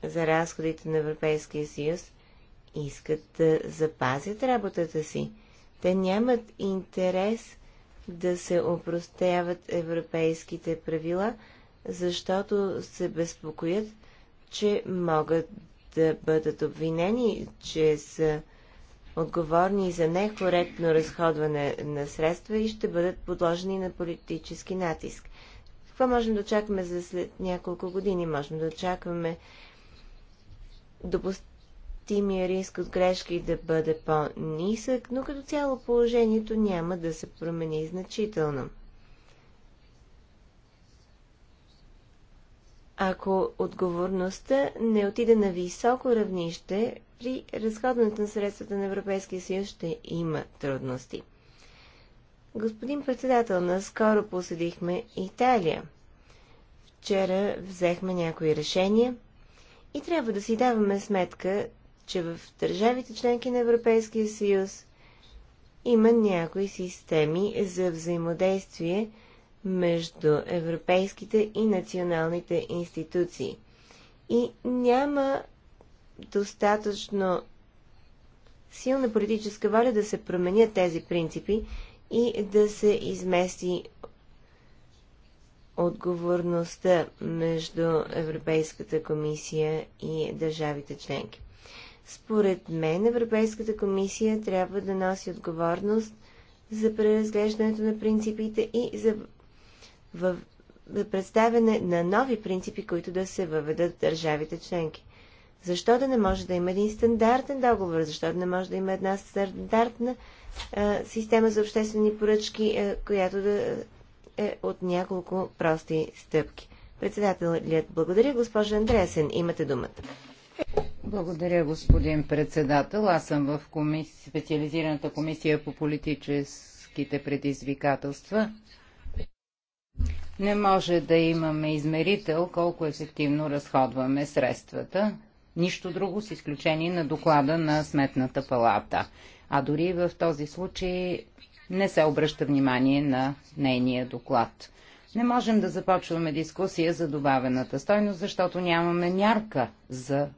за разходите на Европейския съюз искат да запазят работата си. Те нямат интерес да се опростяват европейските правила, защото се безпокоят, че могат да бъдат обвинени, че са отговорни за некоректно разходване на средства и ще бъдат подложени на политически натиск. Какво можем да очакваме за след няколко години? Можем да очакваме допустимия риск от грешки да бъде по-нисък, но като цяло положението няма да се промени значително. Ако отговорността не отиде на високо равнище, при разходването на средствата на Европейския съюз ще има трудности. Господин председател, наскоро посетихме Италия. Вчера взехме някои решения и трябва да си даваме сметка, че в държавите членки на Европейския съюз има някои системи за взаимодействие между европейските и националните институции. И няма достатъчно силна политическа воля да се променят тези принципи и да се измести отговорността между Европейската комисия и държавите членки. Според мен Европейската комисия трябва да носи отговорност за преразглеждането на принципите и за, в, за представяне на нови принципи, които да се въведат в държавите членки. Защо да не може да има един стандартен договор? Защо да не може да има една стандартна а, система за обществени поръчки, а, която да е от няколко прости стъпки? Председателят благодаря. Госпожа Андреасен, имате думата. Благодаря, господин председател. Аз съм в комис... специализираната комисия по политическите предизвикателства. Не може да имаме измерител колко ефективно разходваме средствата нищо друго, с изключение на доклада на Сметната палата. А дори в този случай не се обръща внимание на нейния доклад. Не можем да започваме дискусия за добавената стойност, защото нямаме мярка за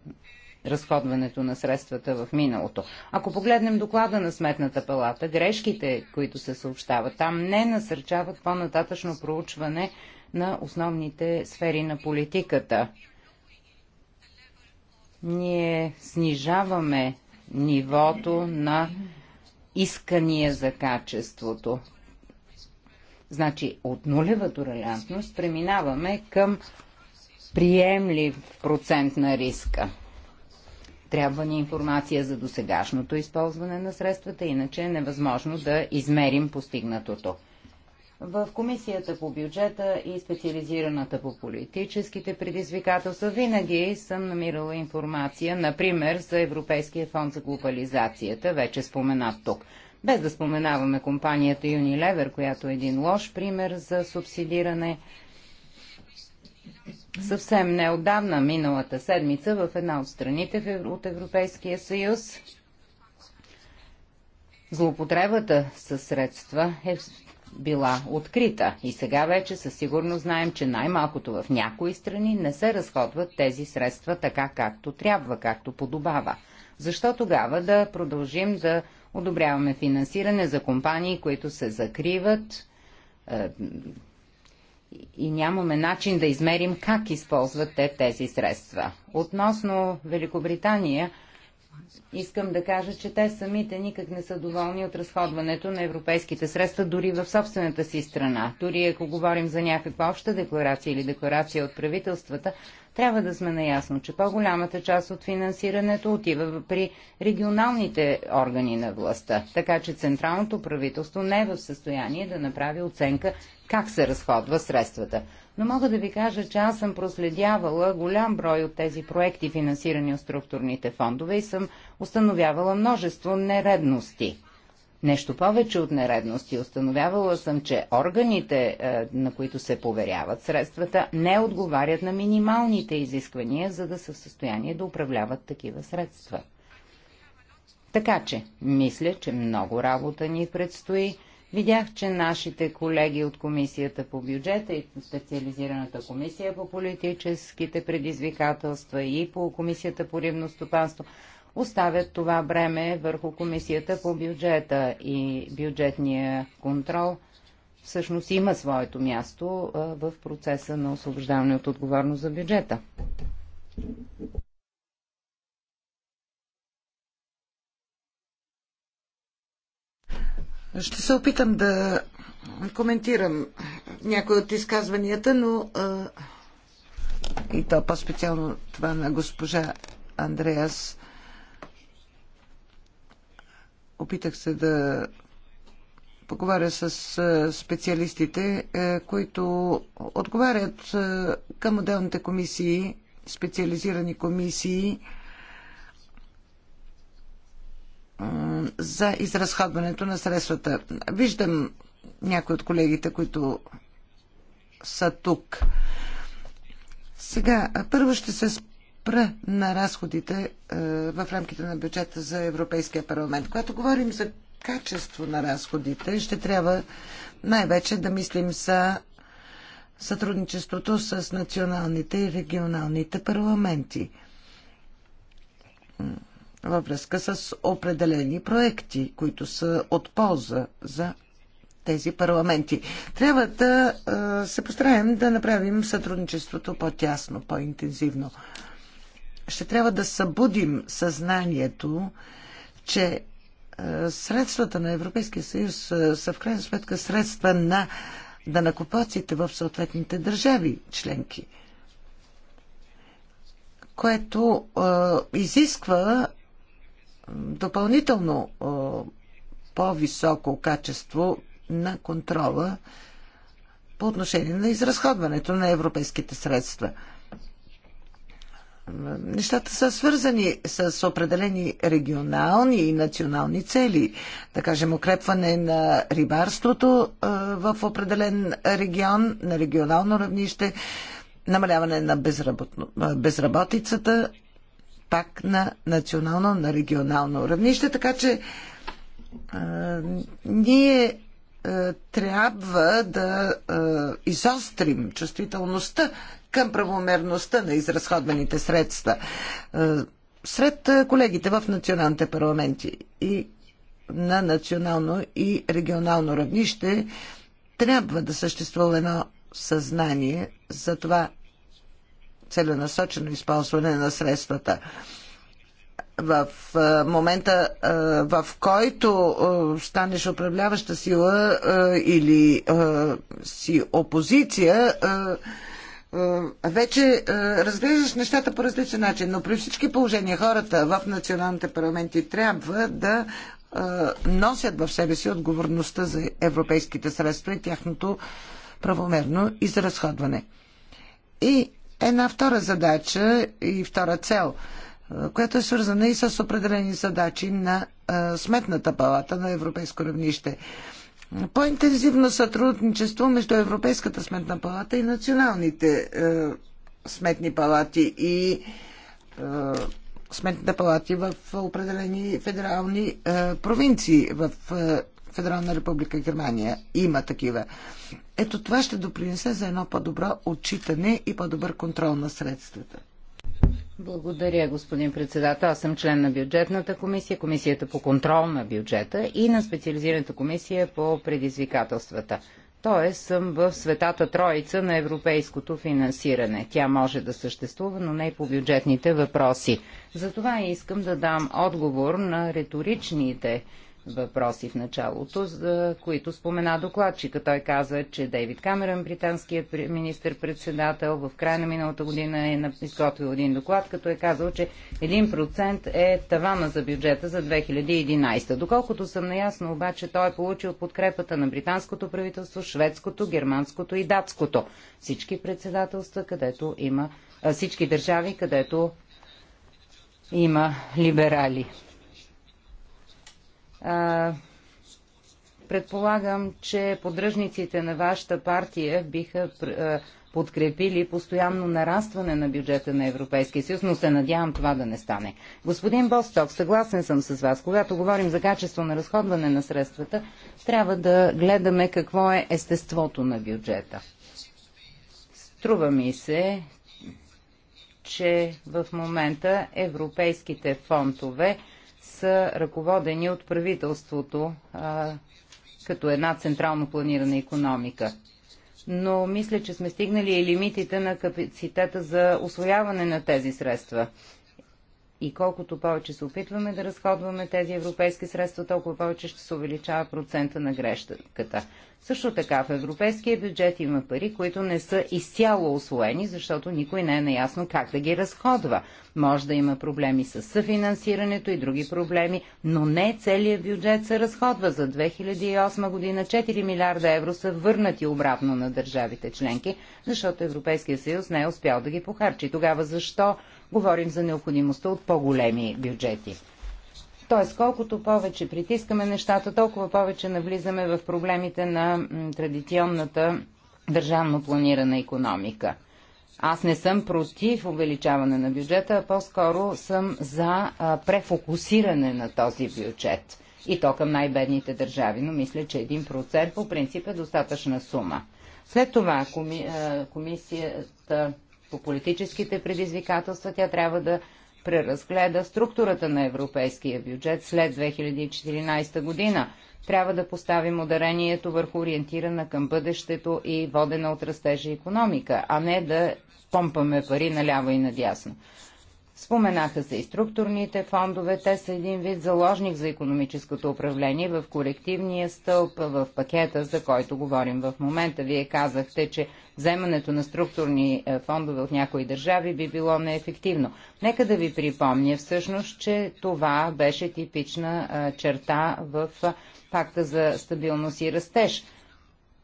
разходването на средствата в миналото. Ако погледнем доклада на Сметната палата, грешките, които се съобщават там, не насърчават по-нататъчно проучване на основните сфери на политиката. Ние снижаваме нивото на искания за качеството. Значи от нулева толерантност преминаваме към приемлив процент на риска. Трябва ни информация за досегашното използване на средствата, иначе е невъзможно да измерим постигнатото в Комисията по бюджета и специализираната по политическите предизвикателства винаги съм намирала информация, например, за Европейския фонд за глобализацията, вече споменат тук. Без да споменаваме компанията Unilever, която е един лош пример за субсидиране. Съвсем неодавна, миналата седмица, в една от страните от Европейския съюз, злоупотребата със средства е била открита. И сега вече със сигурност знаем, че най-малкото в някои страни не се разходват тези средства така както трябва, както подобава. Защо тогава да продължим да одобряваме финансиране за компании, които се закриват е, и нямаме начин да измерим как използват те тези средства? Относно Великобритания, Искам да кажа, че те самите никак не са доволни от разходването на европейските средства, дори в собствената си страна. Дори ако говорим за някаква обща декларация или декларация от правителствата, трябва да сме наясно, че по-голямата част от финансирането отива при регионалните органи на властта, така че централното правителство не е в състояние да направи оценка как се разходва средствата но мога да ви кажа, че аз съм проследявала голям брой от тези проекти, финансирани от структурните фондове и съм установявала множество нередности. Нещо повече от нередности. Установявала съм, че органите, е, на които се поверяват средствата, не отговарят на минималните изисквания, за да са в състояние да управляват такива средства. Така че, мисля, че много работа ни предстои. Видях, че нашите колеги от Комисията по бюджета и специализираната комисия по политическите предизвикателства и по Комисията по рибно стопанство оставят това бреме върху Комисията по бюджета и бюджетния контрол всъщност има своето място в процеса на освобождаване от отговорност за бюджета. Ще се опитам да коментирам някои от изказванията, но а, и то по-специално това на госпожа Андреас. Опитах се да поговоря с специалистите, които отговарят към отделните комисии, специализирани комисии за изразходването на средствата. Виждам някои от колегите, които са тук. Сега, първо ще се спра на разходите е, в рамките на бюджета за Европейския парламент. Когато говорим за качество на разходите, ще трябва най-вече да мислим за сътрудничеството с националните и регионалните парламенти във връзка с определени проекти, които са от полза за тези парламенти. Трябва да е, се постараем да направим сътрудничеството по-тясно, по-интензивно. Ще трябва да събудим съзнанието, че е, средствата на Европейския съюз е, са в крайна сметка средства на данакопаците в съответните държави членки, което е, изисква допълнително по-високо качество на контрола по отношение на изразходването на европейските средства. Нещата са свързани с определени регионални и национални цели. Да кажем, укрепване на рибарството в определен регион, на регионално равнище, намаляване на безработицата пак на национално, на регионално равнище, така че а, ние а, трябва да а, изострим чувствителността към правомерността на изразходваните средства. А, сред колегите в националните парламенти и на национално и регионално равнище трябва да съществува едно съзнание за това целенасочено използване на средствата в момента, в който станеш управляваща сила или си опозиция, вече разглеждаш нещата по различен начин. Но при всички положения хората в националните парламенти трябва да носят в себе си отговорността за европейските средства и тяхното правомерно изразходване. И една втора задача и втора цел, която е свързана и с определени задачи на Сметната палата на европейско равнище. По-интензивно сътрудничество между Европейската сметна палата и националните сметни палати и сметните палати в определени федерални провинции в Федерална република Германия има такива. Ето това ще допринесе за едно по-добро отчитане и по-добър контрол на средствата. Благодаря, господин председател. Аз съм член на бюджетната комисия, комисията по контрол на бюджета и на специализираната комисия по предизвикателствата. Тоест съм в светата троица на европейското финансиране. Тя може да съществува, но не и по бюджетните въпроси. Затова искам да дам отговор на риторичните въпроси в началото, за които спомена докладчика. Той каза, че Дейвид Камерън, британският министр-председател, в края на миналата година е изготвил един доклад, като е казал, че 1% е тавана за бюджета за 2011. Доколкото съм наясно, обаче той е получил подкрепата на британското правителство, шведското, германското и датското. Всички председателства, където има всички държави, където има либерали предполагам, че поддръжниците на вашата партия биха подкрепили постоянно нарастване на бюджета на Европейския съюз, но се надявам това да не стане. Господин Босток, съгласен съм с вас. Когато говорим за качество на разходване на средствата, трябва да гледаме какво е естеството на бюджета. Струва ми се, че в момента европейските фондове са ръководени от правителството а, като една централно планирана економика. Но мисля, че сме стигнали и лимитите на капацитета за освояване на тези средства. И колкото повече се опитваме да разходваме тези европейски средства, толкова повече ще се увеличава процента на грешката. Също така в европейския бюджет има пари, които не са изцяло освоени, защото никой не е наясно как да ги разходва. Може да има проблеми с съфинансирането и други проблеми, но не целият бюджет се разходва. За 2008 година 4 милиарда евро са върнати обратно на държавите членки, защото Европейския съюз не е успял да ги похарчи. Тогава защо Говорим за необходимостта от по-големи бюджети. Тоест, колкото повече притискаме нещата, толкова повече навлизаме в проблемите на традиционната държавно планирана економика. Аз не съм против увеличаване на бюджета, а по-скоро съм за префокусиране на този бюджет. И то към най-бедните държави, но мисля, че 1% по принцип е достатъчна сума. След това комисията по политическите предизвикателства, тя трябва да преразгледа структурата на европейския бюджет след 2014 година. Трябва да поставим ударението върху ориентирана към бъдещето и водена от растежа економика, а не да помпаме пари наляво и надясно. Споменаха се и структурните фондове. Те са един вид заложник за економическото управление в колективния стълб, в пакета, за който говорим в момента. Вие казахте, че вземането на структурни е, фондове от някои държави би било неефективно. Нека да ви припомня всъщност, че това беше типична е, черта в е, пакта за стабилност и растеж –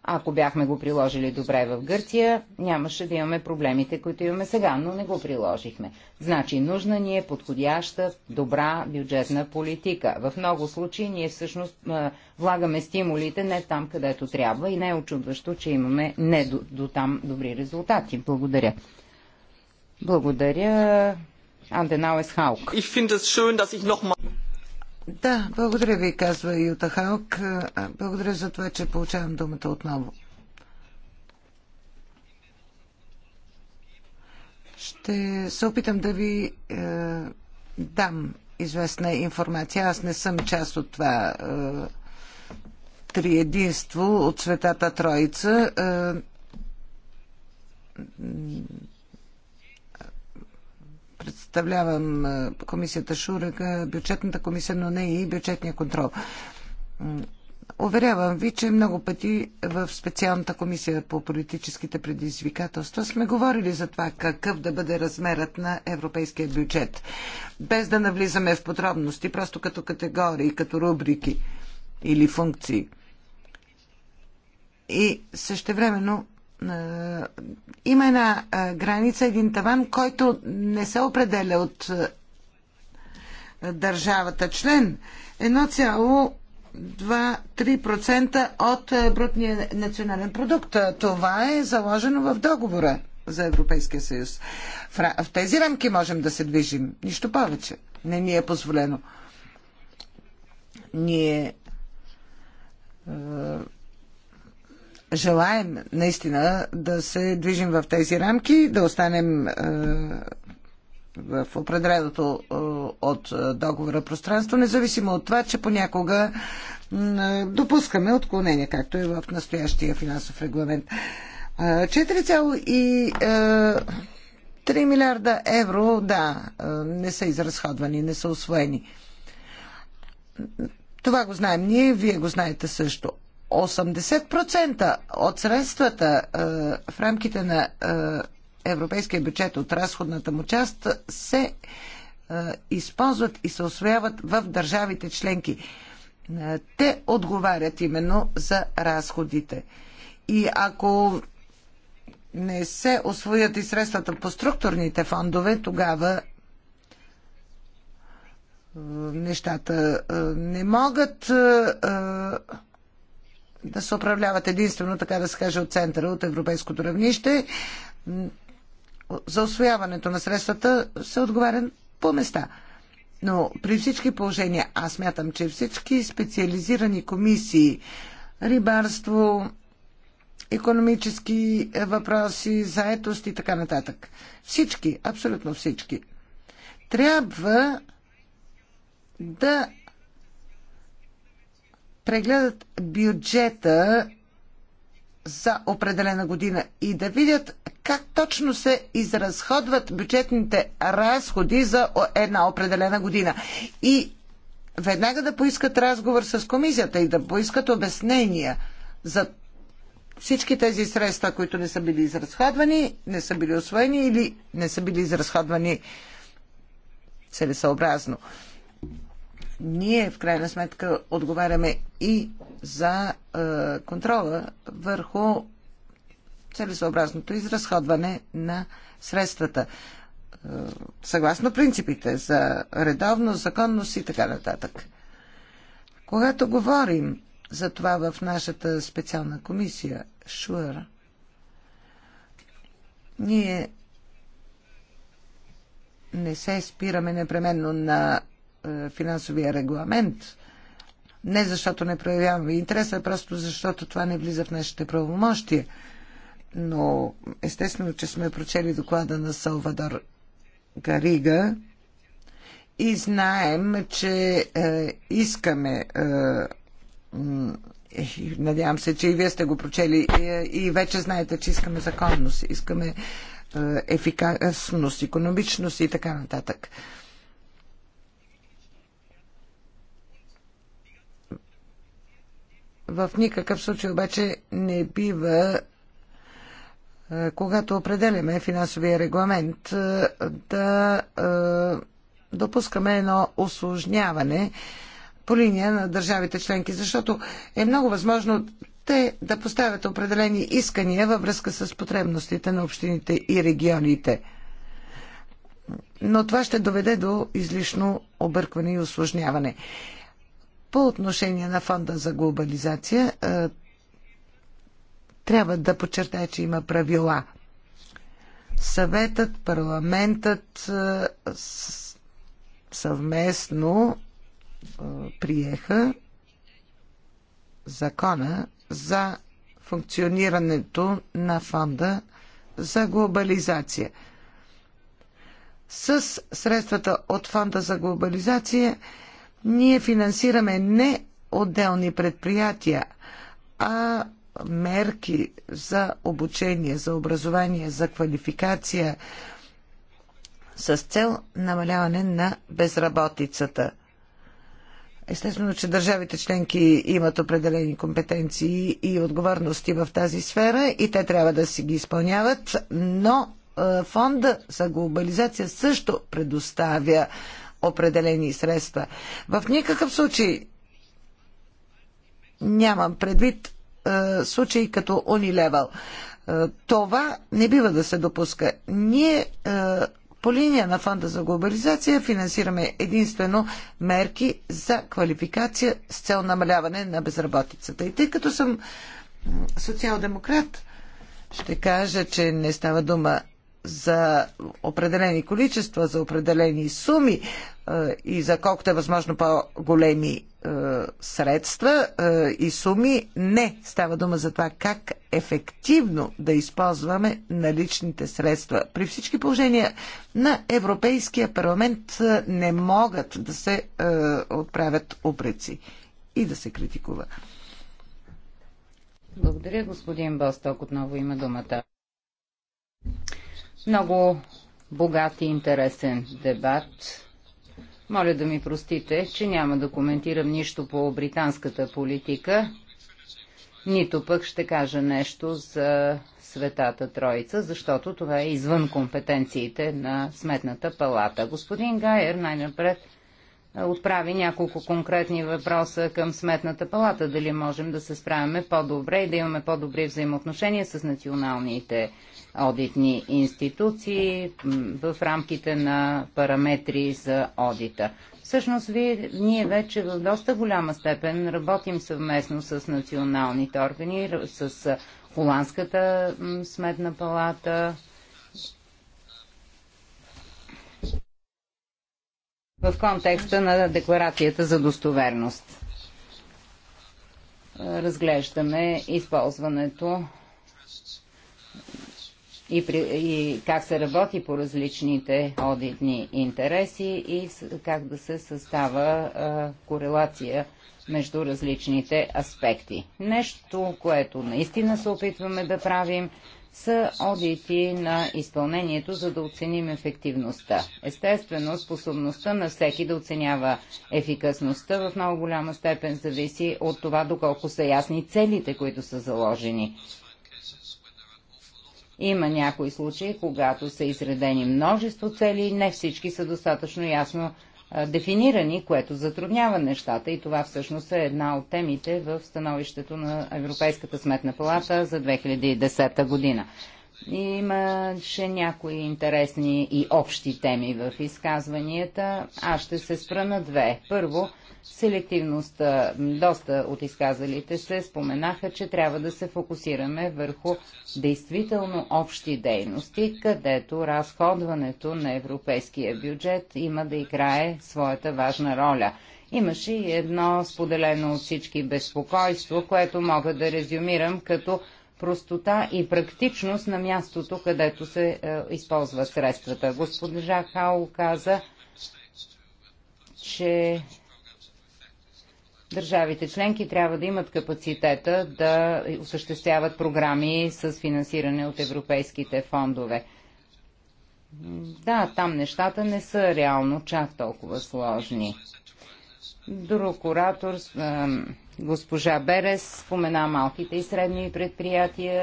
ако бяхме го приложили добре в Гърция, нямаше да имаме проблемите, които имаме сега, но не го приложихме. Значи, нужна ни е подходяща, добра бюджетна политика. В много случаи ние всъщност влагаме стимулите не там, където трябва и не е очудващо, че имаме не до, до там добри резултати. Благодаря. Благодаря. Adenauer Есхаук. Да, благодаря ви, казва Юта Халк. Благодаря за това, че получавам думата отново. Ще се опитам да ви е, дам известна информация. Аз не съм част от това е, триединство от Светата Троица. Е, представлявам комисията Шурек, бюджетната комисия, но не и бюджетния контрол. Уверявам ви, че много пъти в специалната комисия по политическите предизвикателства сме говорили за това какъв да бъде размерът на европейския бюджет. Без да навлизаме в подробности, просто като категории, като рубрики или функции. И същевременно е, има една е, граница, един таван, който не се определя от е, държавата член. 1,2-3% от брутния национален продукт. Това е заложено в договора за Европейския съюз. В тези рамки можем да се движим. Нищо повече. Не ни е позволено. Ние желаем наистина да се движим в тези рамки, да останем е, в определеното е, от договора пространство, независимо от това, че понякога е, допускаме отклонения, както е в настоящия финансов регламент. 4,3 милиарда евро, да, не са изразходвани, не са освоени. Това го знаем ние, вие го знаете също. 80% от средствата е, в рамките на е, европейския бюджет от разходната му част се е, използват и се освояват в държавите членки. Те отговарят именно за разходите. И ако не се освоят и средствата по структурните фондове, тогава нещата не могат да се управляват единствено, така да се каже, от центъра, от европейското равнище. За освояването на средствата се отговаря по места. Но при всички положения, аз мятам, че всички специализирани комисии, рибарство, економически въпроси, заетост и така нататък. Всички, абсолютно всички, трябва да прегледат бюджета за определена година и да видят как точно се изразходват бюджетните разходи за една определена година. И веднага да поискат разговор с комисията и да поискат обяснения за всички тези средства, които не са били изразходвани, не са били освоени или не са били изразходвани целесъобразно ние в крайна сметка отговаряме и за е, контрола върху целесообразното изразходване на средствата. Е, съгласно принципите за редовност, законност и така нататък. Когато говорим за това в нашата специална комисия, ШУР, ние не се спираме непременно на е, финансовия регламент. Не защото не проявяваме интерес, а просто защото това не влиза в нашите правомощия. Но естествено, че сме прочели доклада на Салвадор Гарига и знаем, че е, искаме е, е надявам се, че и вие сте го прочели е, и вече знаете, че искаме законност, искаме ефикасност, економичност и така нататък. В никакъв случай обаче не бива е, когато определяме финансовия регламент, е, да е, допускаме едно осложняване по линия на държавите членки, защото е много възможно те да поставят определени искания във връзка с потребностите на общините и регионите. Но това ще доведе до излишно объркване и осложняване. По отношение на фонда за глобализация, е, трябва да подчертая, че има правила. Съветът, парламентът е, съвместно е, приеха закона за функционирането на фонда за глобализация. С средствата от фонда за глобализация ние финансираме не отделни предприятия, а мерки за обучение, за образование, за квалификация с цел намаляване на безработицата. Естествено, че държавите членки имат определени компетенции и отговорности в тази сфера и те трябва да си ги изпълняват, но е, фонда за глобализация също предоставя определени средства. В никакъв случай нямам предвид е, случаи като Unilevel. Е, това не бива да се допуска. Ние е, по линия на Фонда за глобализация финансираме единствено мерки за квалификация с цел намаляване на безработицата. И тъй като съм социал-демократ, ще кажа, че не става дума за определени количества, за определени суми е, и за колкото е възможно по-големи е, средства е, и суми, не става дума за това как ефективно да използваме наличните средства. При всички положения на Европейския парламент не могат да се отправят упреци и да се критикува. Благодаря, господин Босток. Отново има думата. Много богат и интересен дебат. Моля да ми простите, че няма да коментирам нищо по британската политика, нито пък ще кажа нещо за Светата Троица, защото това е извън компетенциите на Сметната палата. Господин Гайер най-напред отправи няколко конкретни въпроса към Сметната палата. Дали можем да се справяме по-добре и да имаме по-добри взаимоотношения с националните одитни институции в рамките на параметри за одита. Всъщност, ви, ние вече в доста голяма степен работим съвместно с националните органи, с Холандската сметна палата, в контекста на декларацията за достоверност. Разглеждаме използването и, при, и как се работи по различните одитни интереси и как да се състава а, корелация между различните аспекти. Нещо, което наистина се опитваме да правим – са одити на изпълнението, за да оценим ефективността. Естествено, способността на всеки да оценява ефикасността в много голяма степен зависи от това доколко са ясни целите, които са заложени. Има някои случаи, когато са изредени множество цели и не всички са достатъчно ясно дефинирани, което затруднява нещата и това всъщност е една от темите в становището на Европейската сметна палата за 2010 година. Имаше някои интересни и общи теми в изказванията. Аз ще се спра на две. Първо, селективността. Доста от изказалите се споменаха, че трябва да се фокусираме върху действително общи дейности, където разходването на европейския бюджет има да играе своята важна роля. Имаше и едно споделено от всички безпокойство, което мога да резюмирам като простота и практичност на мястото, където се е, използват средствата. Госпожа Хао каза, че Държавите членки трябва да имат капацитета да осъществяват програми с финансиране от европейските фондове. Да, там нещата не са реално чак толкова сложни. Друг оратор Госпожа Берес спомена малките и средни предприятия,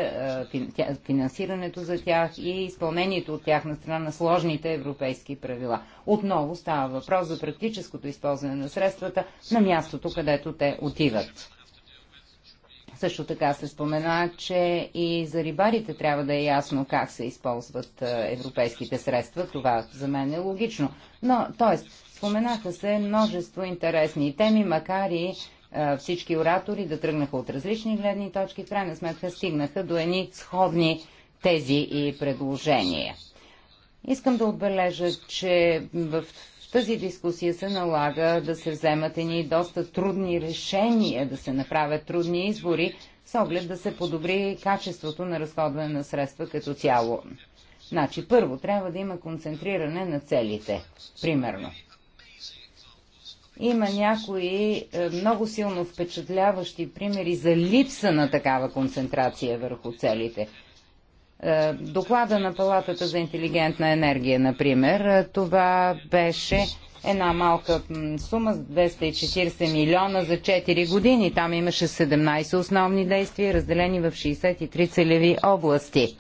е, финансирането за тях и изпълнението от тях на страна на сложните европейски правила. Отново става въпрос за практическото използване на средствата на мястото, където те отиват. Също така се спомена, че и за рибарите трябва да е ясно как се използват е, европейските средства. Това за мен е логично. Но, т.е. споменаха се множество интересни теми, макар и всички оратори да тръгнаха от различни гледни точки, в крайна сметка стигнаха до едни сходни тези и предложения. Искам да отбележа, че в тази дискусия се налага да се вземат едни доста трудни решения, да се направят трудни избори, с оглед да се подобри качеството на разходване на средства като цяло. Значи, първо трябва да има концентриране на целите, примерно. Има някои е, много силно впечатляващи примери за липса на такава концентрация върху целите. Е, доклада на Палатата за интелигентна енергия, например, е, това беше една малка сума, 240 милиона за 4 години. Там имаше 17 основни действия, разделени в 63 целеви области.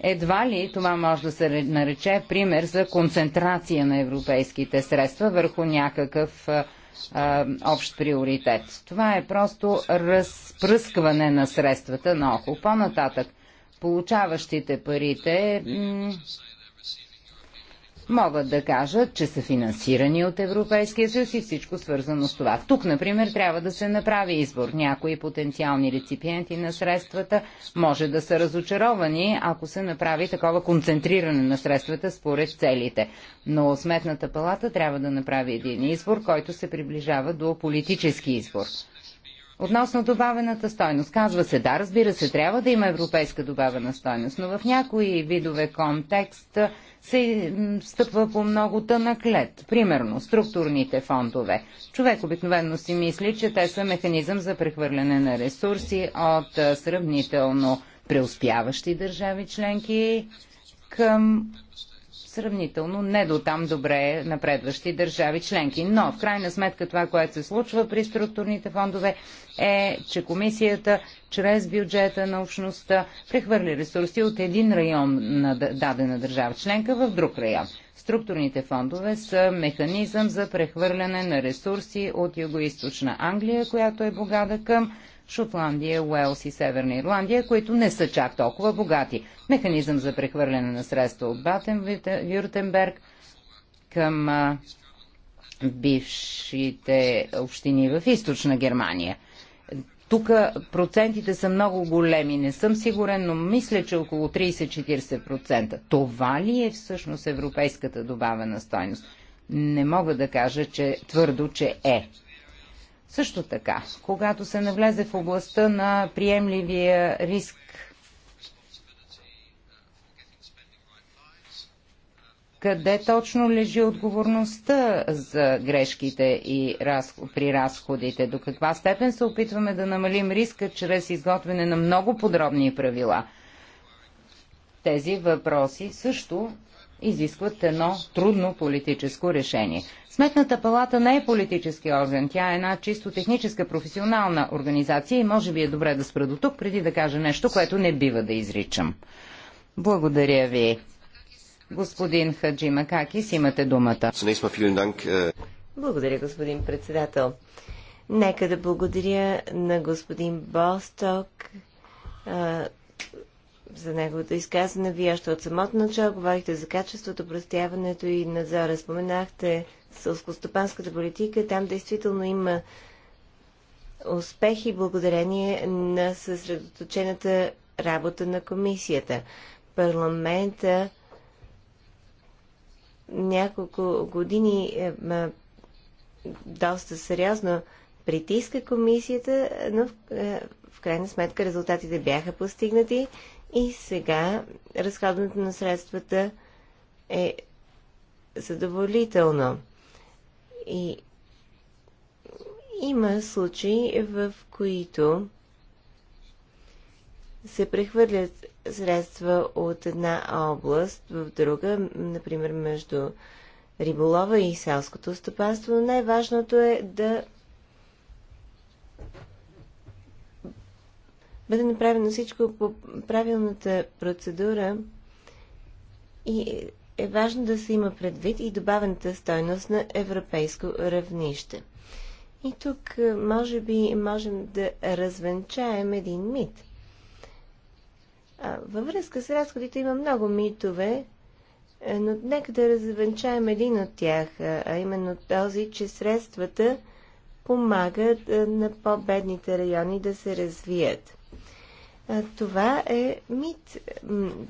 Едва ли това може да се нарече пример за концентрация на европейските средства върху някакъв а, общ приоритет. Това е просто разпръскване на средствата на око. По-нататък, получаващите парите могат да кажат, че са финансирани от Европейския съюз и всичко свързано с това. Тук, например, трябва да се направи избор. Някои потенциални реципиенти на средствата може да са разочаровани, ако се направи такова концентриране на средствата според целите. Но Сметната палата трябва да направи един избор, който се приближава до политически избор. Относно добавената стойност, казва се, да, разбира се, трябва да има европейска добавена стойност, но в някои видове контекст се стъпва по много тънък лед. Примерно, структурните фондове. Човек обикновено си мисли, че те са механизъм за прехвърляне на ресурси от сравнително преуспяващи държави членки към сравнително не до там добре напредващи държави членки. Но в крайна сметка това, което се случва при структурните фондове е, че комисията чрез бюджета на общността прехвърли ресурси от един район на дадена държава членка в друг район. Структурните фондове са механизъм за прехвърляне на ресурси от югоизточна Англия, която е богата към Шотландия, Уелс и Северна Ирландия, които не са чак толкова богати. Механизъм за прехвърляне на средства от Батен-Вюртенберг към а, бившите общини в източна Германия. Тук процентите са много големи, не съм сигурен, но мисля, че около 30-40%. Това ли е всъщност европейската добавена стойност? Не мога да кажа, че твърдо, че е. Също така, когато се навлезе в областта на приемливия риск, къде точно лежи отговорността за грешките и раз... при разходите? До каква степен се опитваме да намалим риска чрез изготвяне на много подробни правила? Тези въпроси също изискват едно трудно политическо решение. Сметната палата не е политически орган, тя е една чисто техническа професионална организация и може би е добре да спра до тук, преди да кажа нещо, което не бива да изричам. Благодаря ви. Господин Хаджи Макакис, имате думата. Е. Благодаря, господин председател. Нека да благодаря на господин Босток а, е, за неговото изказване. Вие още от самото начало говорихте за качеството, простяването и надзора. Споменахте сълскостопанската политика, там действително има успехи благодарение на съсредоточената работа на комисията. Парламента няколко години е, е, доста сериозно притиска комисията, но в, е, в крайна сметка резултатите бяха постигнати и сега разходването на средствата е задоволително. И има случаи, в които се прехвърлят средства от една област в друга, например между риболова и селското стопанство, но най-важното е да бъде направено всичко по правилната процедура и е важно да се има предвид и добавената стойност на европейско равнище. И тук, е, може би, можем да развенчаем един мит. Във връзка с разходите има много митове, е, но нека да развенчаем един от тях, а именно този, че средствата помагат е, на по-бедните райони да се развият. Това е мит.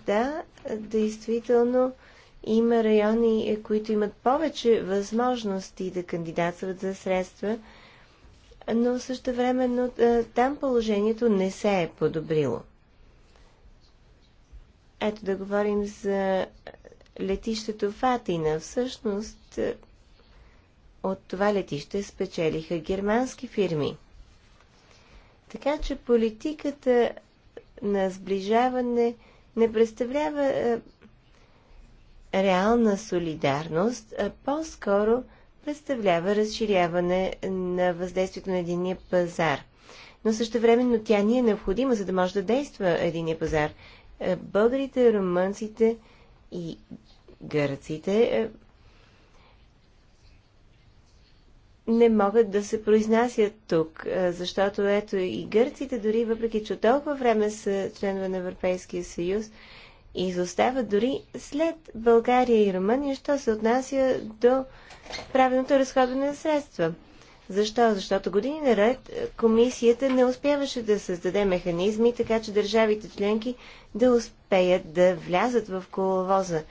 Да, действително има райони, е, които имат повече възможности да кандидатстват за средства, но също времено е, там положението не се е подобрило. Ето да говорим за летището Фатина, Всъщност е, от това летище спечелиха германски фирми. Така че политиката на сближаване не представлява реална солидарност, по-скоро представлява разширяване на въздействието на единия пазар. Но също времено тя ни е необходима, за да може да действа единия пазар. Е, българите, румънците и гърците е, не могат да се произнасят тук, е, защото ето и гърците, дори въпреки че толкова време са членове на Европейския съюз, Изостава дори след България и Румъния, що се отнася до правилното разходване на средства. Защо? Защото години наред комисията не успяваше да създаде механизми, така че държавите членки да успеят да влязат в коловоза.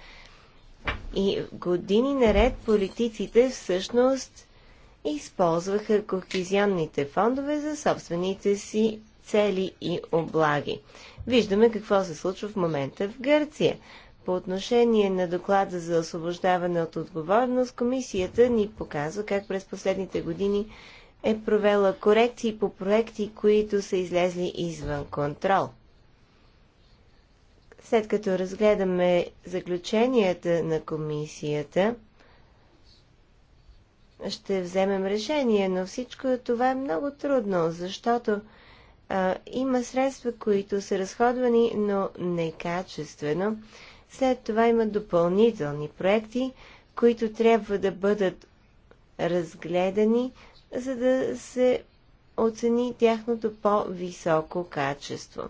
И години наред политиците всъщност използваха кохизионните фондове за собствените си цели и облаги. Виждаме какво се случва в момента в Гърция. По отношение на доклада за освобождаване от отговорност, комисията ни показва как през последните години е провела корекции по проекти, които са излезли извън контрол. След като разгледаме заключенията на комисията, ще вземем решение, но всичко това е много трудно, защото а, има средства, които са разходвани, но некачествено. След това има допълнителни проекти, които трябва да бъдат разгледани, за да се оцени тяхното по-високо качество.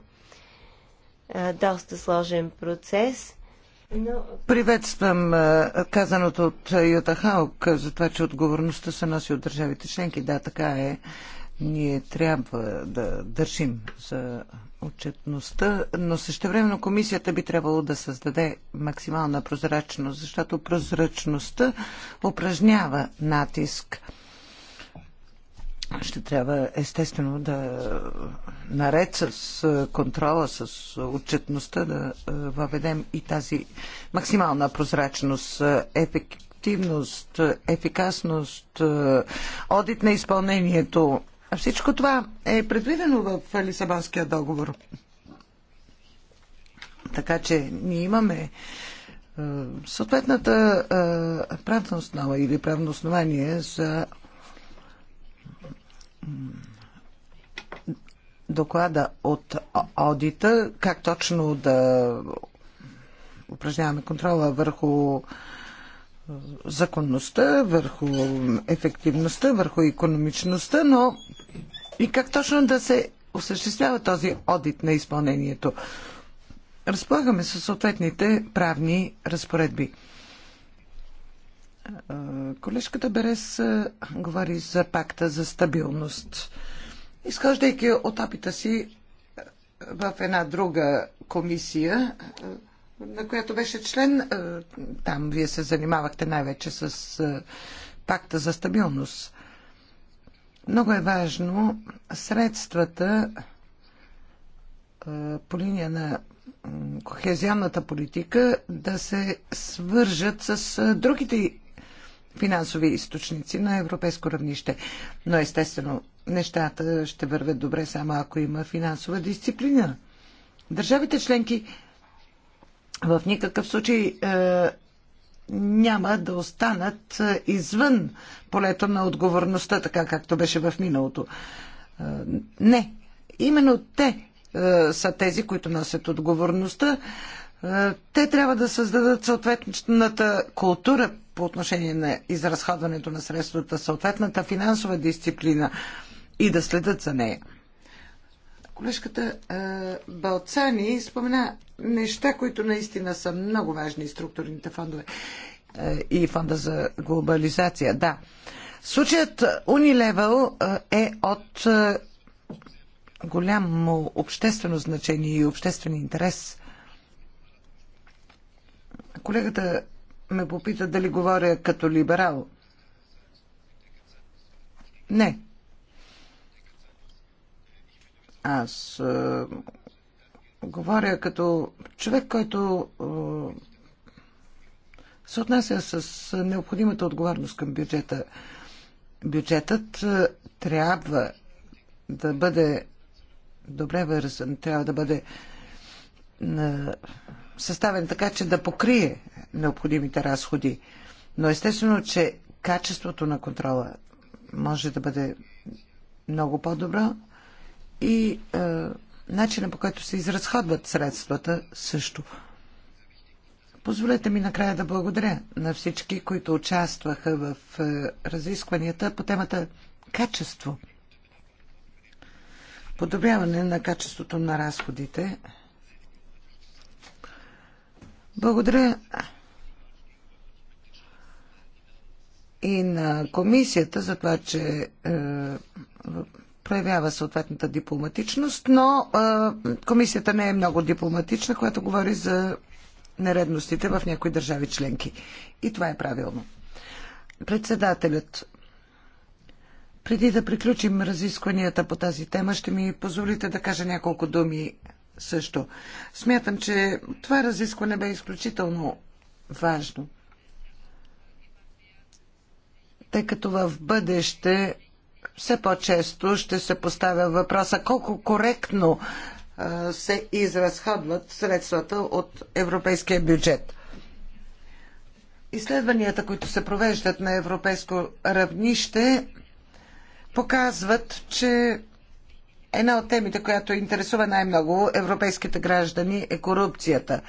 А, доста сложен процес. Но... Приветствам казаното от Юта Хаук за това, че отговорността се носи от държавите членки. Да, така е. Ние трябва да държим за отчетността, но същевременно комисията би трябвало да създаде максимална прозрачност, защото прозрачността упражнява натиск. Ще трябва естествено да наред с контрола, с отчетността да е, въведем и тази максимална прозрачност, е, ефективност, е, ефикасност, одит на изпълнението, всичко това е предвидено в Лисабонския договор. Така че ние имаме е, съответната е, правна основа или правно основание за доклада от одита, как точно да упражняваме контрола върху законността, върху ефективността, върху економичността, но и как точно да се осъществява този одит на изпълнението. Разполагаме с съответните правни разпоредби. Колежката Берес говори за пакта за стабилност. Изхождайки от опита си в една друга комисия, на която беше член. Е, там вие се занимавахте най-вече с е, пакта за стабилност. Много е важно средствата е, по линия на кохезионната политика да се свържат с другите финансови източници на европейско равнище. Но естествено, нещата ще вървят добре само ако има финансова дисциплина. Държавите членки в никакъв случай е, няма да останат е, извън полето на отговорността, така както беше в миналото. Е, не, именно те са тези, които носят отговорността. Те трябва да създадат съответната култура по отношение на изразходването на средствата, съответната финансова дисциплина и да следят за нея. Колежката Балцани спомена неща, които наистина са много важни структурните фондове и фонда за глобализация. Да. Случаят Unilevel е от голямо обществено значение и обществен интерес. Колегата ме попита дали говоря като либерал. Не. Аз а, е, говоря като човек, който а, е, се отнася с необходимата отговорност към бюджета. Бюджетът а, е, трябва да бъде добре вързан, трябва да бъде а, съставен така, че да покрие необходимите разходи. Но естествено, че качеството на контрола може да бъде много по-добро и а, е, начина по който се изразходват средствата също. Позволете ми накрая да благодаря на всички, които участваха в е, разискванията по темата качество. Подобряване на качеството на разходите. Благодаря и на комисията за това, че е, проявява съответната дипломатичност, но а, комисията не е много дипломатична, която говори за нередностите в някои държави членки. И това е правилно. Председателят, преди да приключим разискванията по тази тема, ще ми позволите да кажа няколко думи също. Смятам, че това разискване бе изключително важно. Тъй като в бъдеще все по-често ще се поставя въпроса колко коректно се изразходват средствата от европейския бюджет. Изследванията, които се провеждат на европейско равнище, показват, че една от темите, която интересува най-много европейските граждани е корупцията.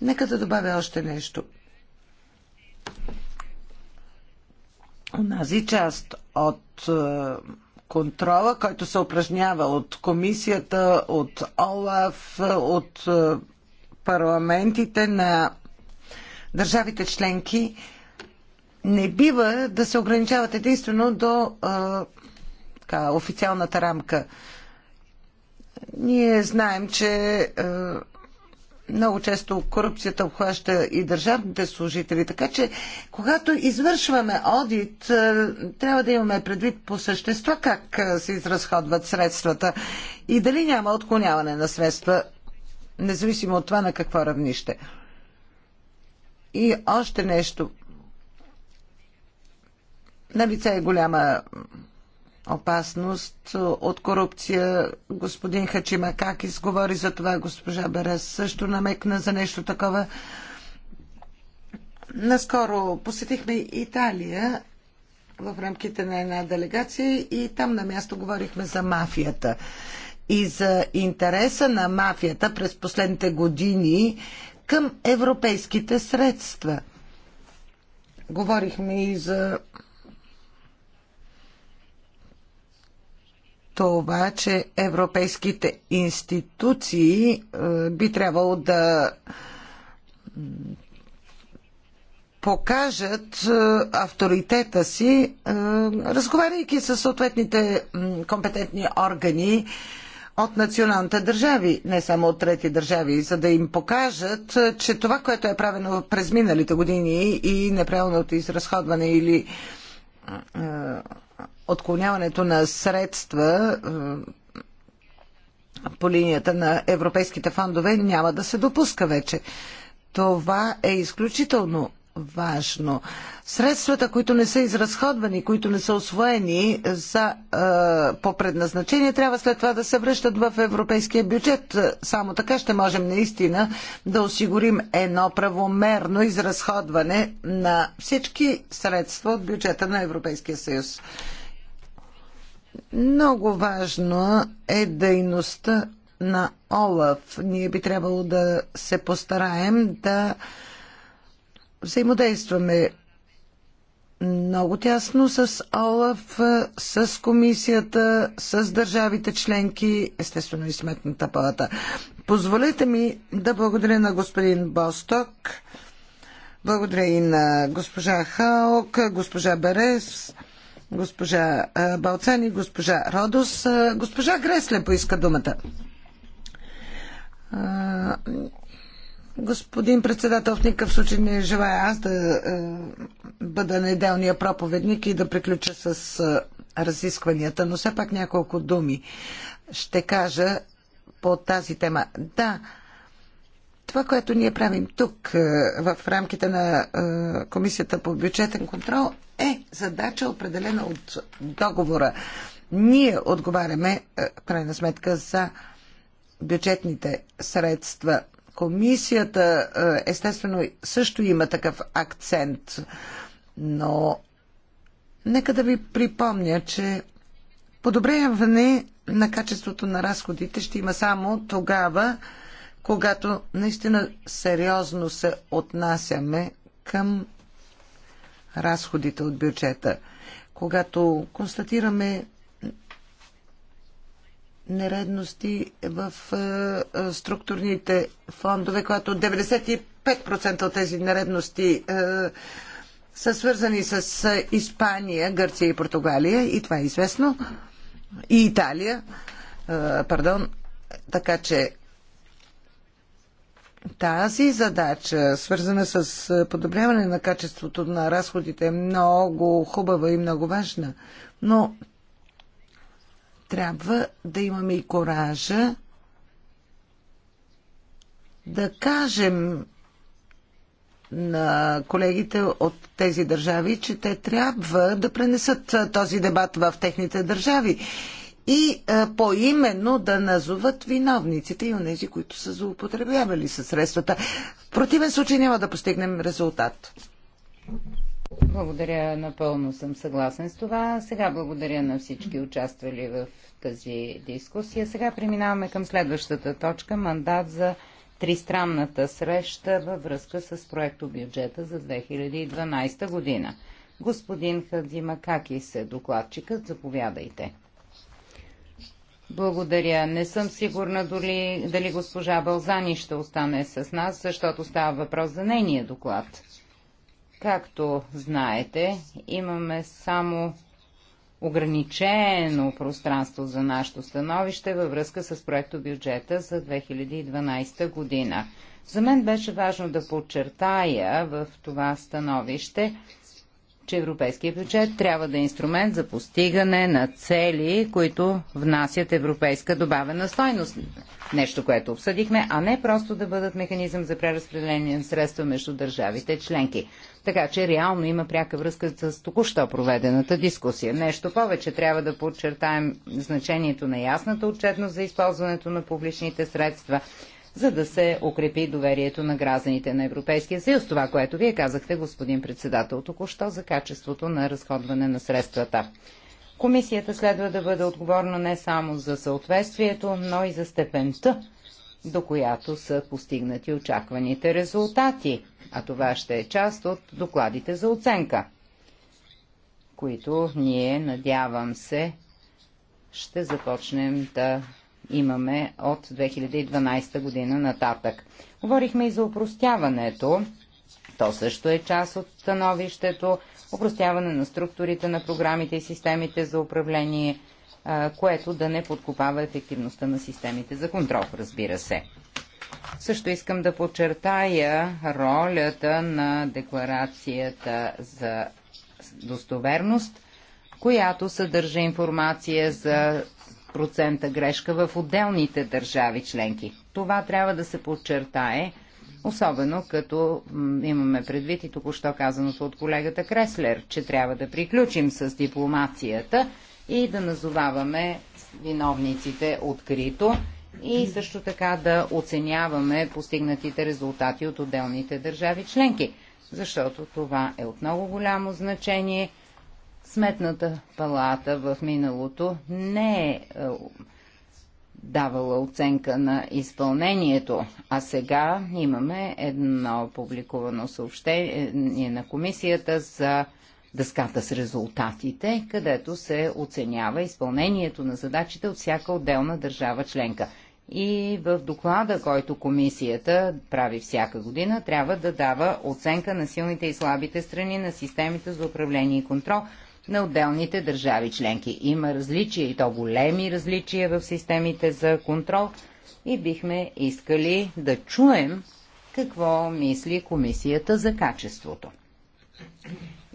Нека да добавя още нещо онази част от е, контрола, който се упражнява от комисията, от ОЛАФ, от е, парламентите на държавите членки, не бива да се ограничават единствено до а, е, така, официалната рамка. Ние знаем, че а, много често корупцията обхваща и държавните служители. Така че, когато извършваме одит, е, трябва да имаме предвид по същества как е, се изразходват средствата и дали няма отклоняване на средства, независимо от това на какво равнище. И още нещо. На лице е голяма опасност от корупция. Господин Хачимакакис говори за това, госпожа Берес също намекна за нещо такова. Наскоро посетихме Италия в рамките на една делегация и там на място говорихме за мафията и за интереса на мафията през последните години към европейските средства. Говорихме и за това, че европейските институции е, би трябвало да покажат е, авторитета си, е, разговаряйки с съответните компетентни органи от националните държави, не само от трети държави, за да им покажат, че това, което е правено през миналите години и неправилното изразходване или отклоняването на средства е, по линията на европейските фондове няма да се допуска вече. Това е изключително важно. Средствата, които не са изразходвани, които не са освоени за, е, по предназначение, трябва след това да се връщат в европейския бюджет. Само така ще можем наистина да осигурим едно правомерно изразходване на всички средства от бюджета на Европейския съюз. Много важно е дейността на Олаф. Ние би трябвало да се постараем да взаимодействаме много тясно с ОЛАФ, с комисията, с държавите членки, естествено и сметната палата. Позволете ми да благодаря на господин Босток, благодаря и на госпожа Халк, госпожа Берес, госпожа и госпожа Родос. Госпожа Гресле поиска думата. Господин председател, в никакъв случай не желая аз да бъда неделния проповедник и да приключа с разискванията, но все пак няколко думи ще кажа по тази тема. Да, това, което ние правим тук е, в рамките на е, Комисията по бюджетен контрол е задача определена от договора. Ние отговаряме, е, в крайна сметка, за бюджетните средства. Комисията, естествено, също има такъв акцент, но нека да ви припомня, че подобряване на качеството на разходите ще има само тогава, когато наистина сериозно се отнасяме към разходите от бюджета, когато констатираме нередности в е, е, структурните фондове, когато 95% от тези нередности е, са свързани с Испания, Гърция и Португалия, и това е известно, и Италия, пардон, така че тази задача, свързана с е, подобряване на качеството на разходите, е много хубава и много важна. Но трябва да имаме и коража да кажем на колегите от тези държави, че те трябва да пренесат е, този дебат в техните държави и поименно да назоват виновниците и онези, които са злоупотребявали със средствата. В противен случай няма да постигнем резултат. Благодаря, напълно съм съгласен с това. Сега благодаря на всички участвали в тази дискусия. Сега преминаваме към следващата точка мандат за тристранната среща във връзка с проекто бюджета за 2012 година. Господин Хадима Какис е докладчикът. Заповядайте. Благодаря. Не съм сигурна дали, дали госпожа Балзани ще остане с нас, защото става въпрос за нейния доклад. Както знаете, имаме само ограничено пространство за нашето становище във връзка с проекто бюджета за 2012 година. За мен беше важно да подчертая в това становище, че европейския бюджет трябва да е инструмент за постигане на цели, които внасят европейска добавена стойност. Нещо, което обсъдихме, а не просто да бъдат механизъм за преразпределение на средства между държавите членки. Така че реално има пряка връзка с току-що проведената дискусия. Нещо повече трябва да подчертаем значението на ясната отчетност за използването на публичните средства – за да се укрепи доверието на гражданите на Европейския съюз. Това, което вие казахте, господин председател, току-що за качеството на разходване на средствата. Комисията следва да бъде отговорна не само за съответствието, но и за степента, до която са постигнати очакваните резултати, а това ще е част от докладите за оценка, които ние, надявам се, ще започнем да имаме от 2012 година нататък. Говорихме и за упростяването. То също е част от становището. Упростяване на структурите на програмите и системите за управление, което да не подкопава ефективността на системите за контрол, разбира се. Също искам да подчертая ролята на декларацията за достоверност, която съдържа информация за 10% грешка в отделните държави членки. Това трябва да се подчертае, особено като имаме предвид и току-що казаното от колегата Креслер, че трябва да приключим с дипломацията и да назоваваме виновниците открито и също така да оценяваме постигнатите резултати от отделните държави членки, защото това е от много голямо значение – Сметната палата в миналото не е, е давала оценка на изпълнението, а сега имаме едно публикувано съобщение на комисията за дъската с резултатите, където се оценява изпълнението на задачите от всяка отделна държава членка. И в доклада, който комисията прави всяка година, трябва да дава оценка на силните и слабите страни на системите за управление и контрол – на отделните държави членки. Има различия и то големи различия в системите за контрол и бихме искали да чуем какво мисли Комисията за качеството.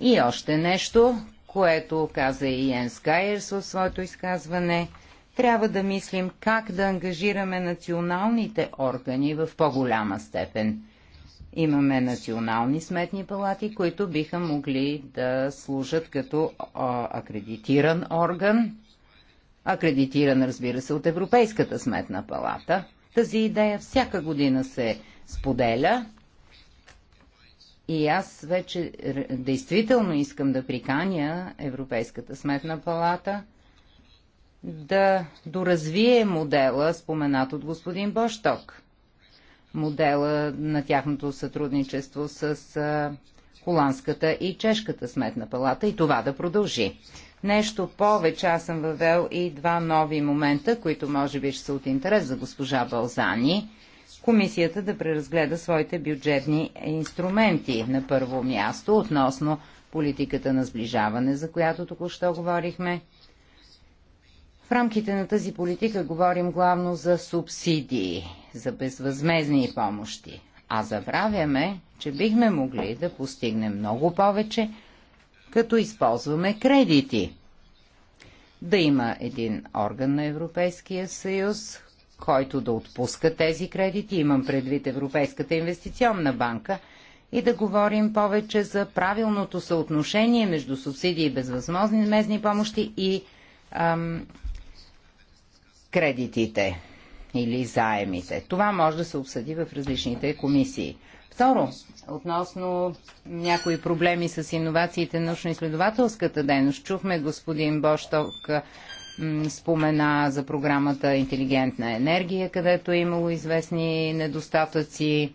И още нещо, което каза и Йенс Гайерс в своето изказване, трябва да мислим как да ангажираме националните органи в по-голяма степен. Имаме национални сметни палати, които биха могли да служат като акредитиран орган, акредитиран, разбира се, от Европейската сметна палата. Тази идея всяка година се споделя и аз вече действително искам да приканя Европейската сметна палата да доразвие модела, споменат от господин Бошток модела на тяхното сътрудничество с Холандската и Чешката сметна палата и това да продължи. Нещо повече, аз съм въвел и два нови момента, които може би ще са от интерес за госпожа Балзани. Комисията да преразгледа своите бюджетни инструменти на първо място относно политиката на сближаване, за която току-що говорихме. В рамките на тази политика говорим главно за субсидии за безвъзмезни помощи, а забравяме, че бихме могли да постигнем много повече, като използваме кредити. Да има един орган на Европейския съюз, който да отпуска тези кредити, имам предвид Европейската инвестиционна банка, и да говорим повече за правилното съотношение между субсидии и безвъзможни мезни помощи и ам, кредитите или заемите. Това може да се обсъди в различните комисии. Второ, относно някои проблеми с иновациите на научно-изследователската дейност. Чухме господин Бошток спомена за програмата Интелигентна енергия, където е имало известни недостатъци.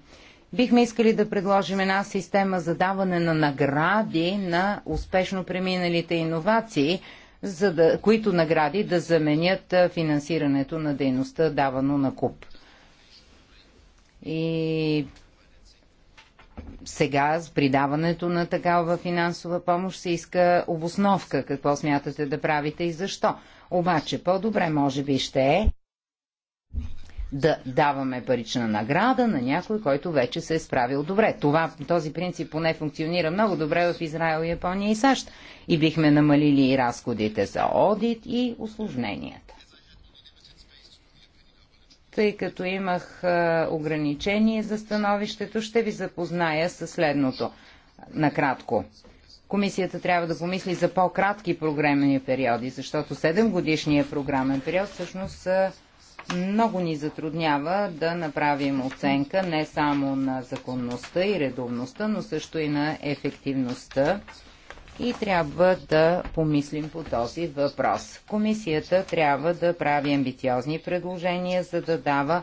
Бихме искали да предложим една система за даване на награди на успешно преминалите иновации, за да, които награди да заменят финансирането на дейността давано на куп. И сега с придаването на такава финансова помощ се иска обосновка какво смятате да правите и защо. Обаче по-добре може би ще е да даваме парична награда на някой, който вече се е справил добре. Това, този принцип поне функционира много добре в Израел, Япония и САЩ. И бихме намалили и разходите за одит и осложненията. Тъй като имах ограничение за становището, ще ви запозная с следното. Накратко. Комисията трябва да помисли за по-кратки програмени периоди, защото 7 годишния програмен период всъщност много ни затруднява да направим оценка не само на законността и редовността, но също и на ефективността и трябва да помислим по този въпрос. Комисията трябва да прави амбициозни предложения, за да дава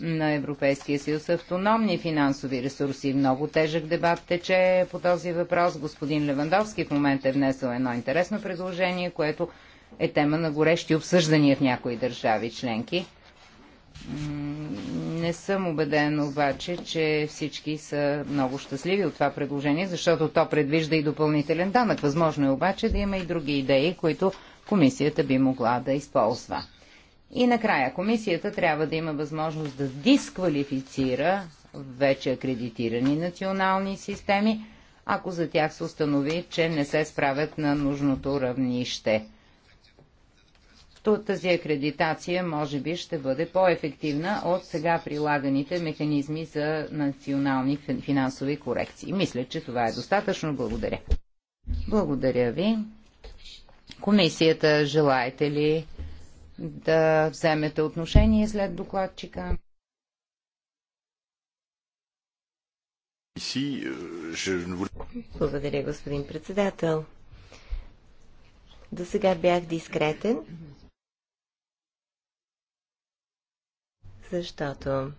на Европейския съюз автономни финансови ресурси. Много тежък дебат тече по този въпрос. Господин Левандовски в момента е внесъл едно интересно предложение, което е тема на горещи обсъждания в някои държави членки. Не съм убеден обаче, че всички са много щастливи от това предложение, защото то предвижда и допълнителен данък. Възможно е обаче да има и други идеи, които комисията би могла да използва. И накрая, комисията трябва да има възможност да дисквалифицира вече акредитирани национални системи, ако за тях се установи, че не се справят на нужното равнище тази акредитация може би ще бъде по-ефективна от сега прилаганите механизми за национални финансови корекции. Мисля, че това е достатъчно. Благодаря. Благодаря ви. Комисията, желаете ли да вземете отношение след докладчика? Е, Благодаря, господин председател. До сега бях дискретен. защото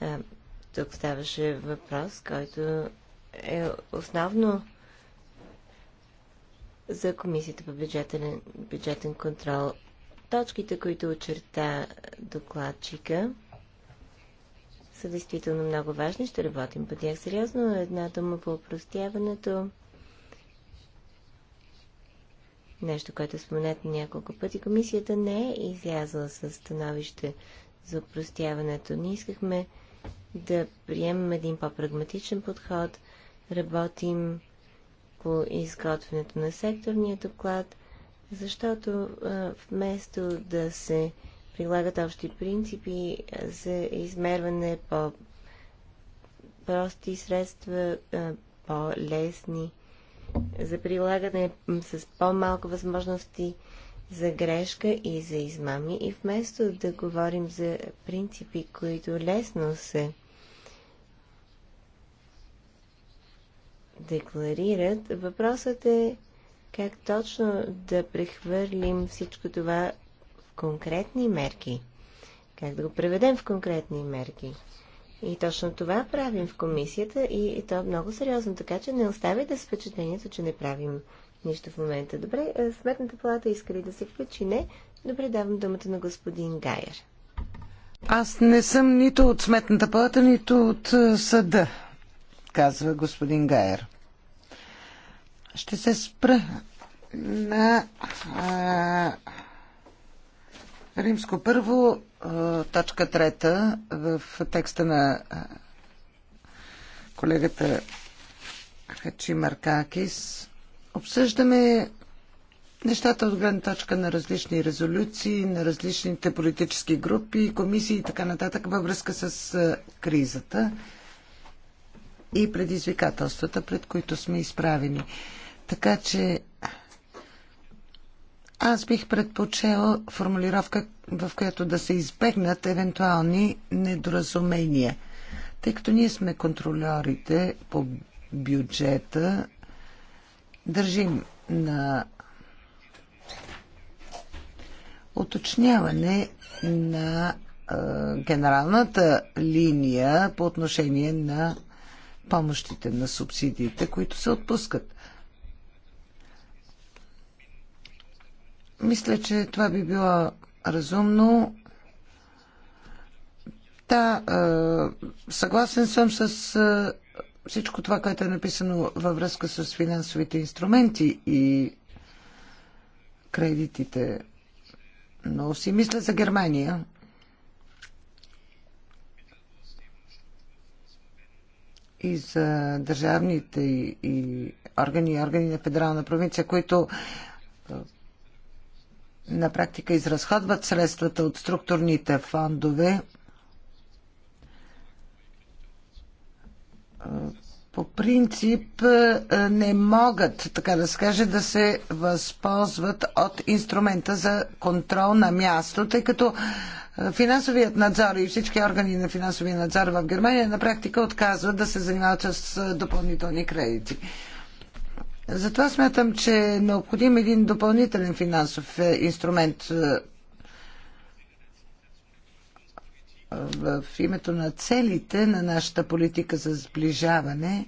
а, тук ставаше въпрос, който е основно за Комисията по бюджетен, бюджетен контрол. Точките, които очерта докладчика, са действително много важни. Ще работим по тях сериозно. Една дума по упростяването. Нещо, което е споменете няколко пъти. Комисията не е излязла с становище за простяването. Ние искахме да приемем един по-прагматичен подход, работим по изготвянето на секторния доклад, защото вместо да се прилагат общи принципи за измерване по прости средства, по-лесни, за прилагане с по-малко възможности за грешка и за измами и вместо да говорим за принципи, които лесно се декларират, въпросът е как точно да прехвърлим всичко това в конкретни мерки. Как да го преведем в конкретни мерки. И точно това правим в комисията и, и то е много сериозно, така че не оставяйте да с впечатлението, че не правим нищо в момента. Добре, Сметната палата иска ли да се включи? Не. Добре, давам думата на господин Гайер. Аз не съм нито от Сметната палата, нито от съда, казва господин Гайер. Ще се спра на а, Римско първо, точка трета в текста на колегата Хачи Маркакис Обсъждаме нещата от гледна точка на различни резолюции, на различните политически групи, комисии и така нататък във връзка с кризата и предизвикателствата, пред които сме изправени. Така че аз бих предпочела формулировка, в която да се избегнат евентуални недоразумения. Тъй като ние сме контролерите по бюджета Държим на уточняване на генералната линия по отношение на помощите, на субсидиите, които се отпускат. Мисля, че това би било разумно. Да, съгласен съм с всичко това, което е написано във връзка с финансовите инструменти и кредитите. Но си мисля за Германия. И за държавните и, органи и органи на федерална провинция, които е, на практика изразходват средствата от структурните фондове по принцип е, не могат, така да се каже, да се възползват от инструмента за контрол на място, тъй като е, финансовият надзор и всички органи на финансовия надзор в Германия на практика отказват да се занимават с е, допълнителни кредити. Затова смятам, че е необходим един допълнителен финансов инструмент в името на целите на нашата политика за сближаване,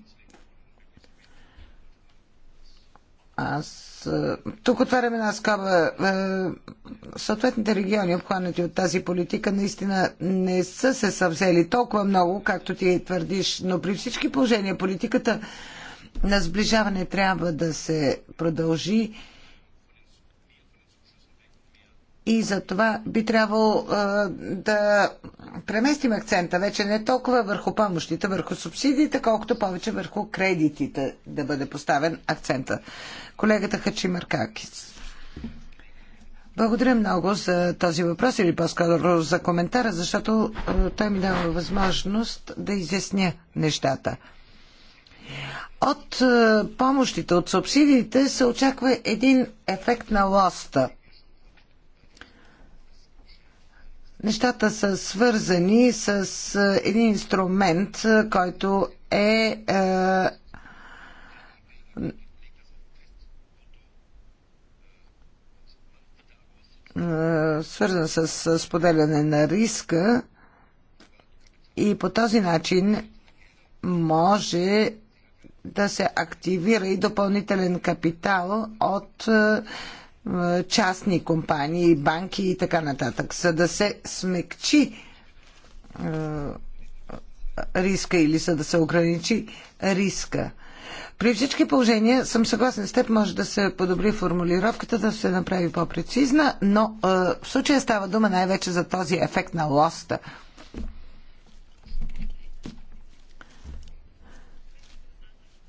аз е, тук отварям една скоба. Е, съответните региони, обхванати от тази политика, наистина не са се съвзели толкова много, както ти твърдиш, но при всички положения политиката на сближаване трябва да се продължи и за това би трябвало да преместим акцента вече не толкова върху помощите, върху субсидиите, колкото повече върху кредитите да бъде поставен акцента. Колегата Хачи Маркакис. Благодаря много за този въпрос или по-скоро за коментара, защото той ми дава възможност да изясня нещата. От помощите, от субсидиите се очаква един ефект на лоста – Нещата са свързани с е, един инструмент, е, който е, е свързан с споделяне на риска и по този начин може да се активира и допълнителен капитал от частни компании, банки и така нататък, за да се смекчи риска или за да се ограничи риска. При всички положения съм съгласен с теб, може да се подобри формулировката, да се направи по-прецизна, но е, в случая става дума най-вече за този ефект на лоста.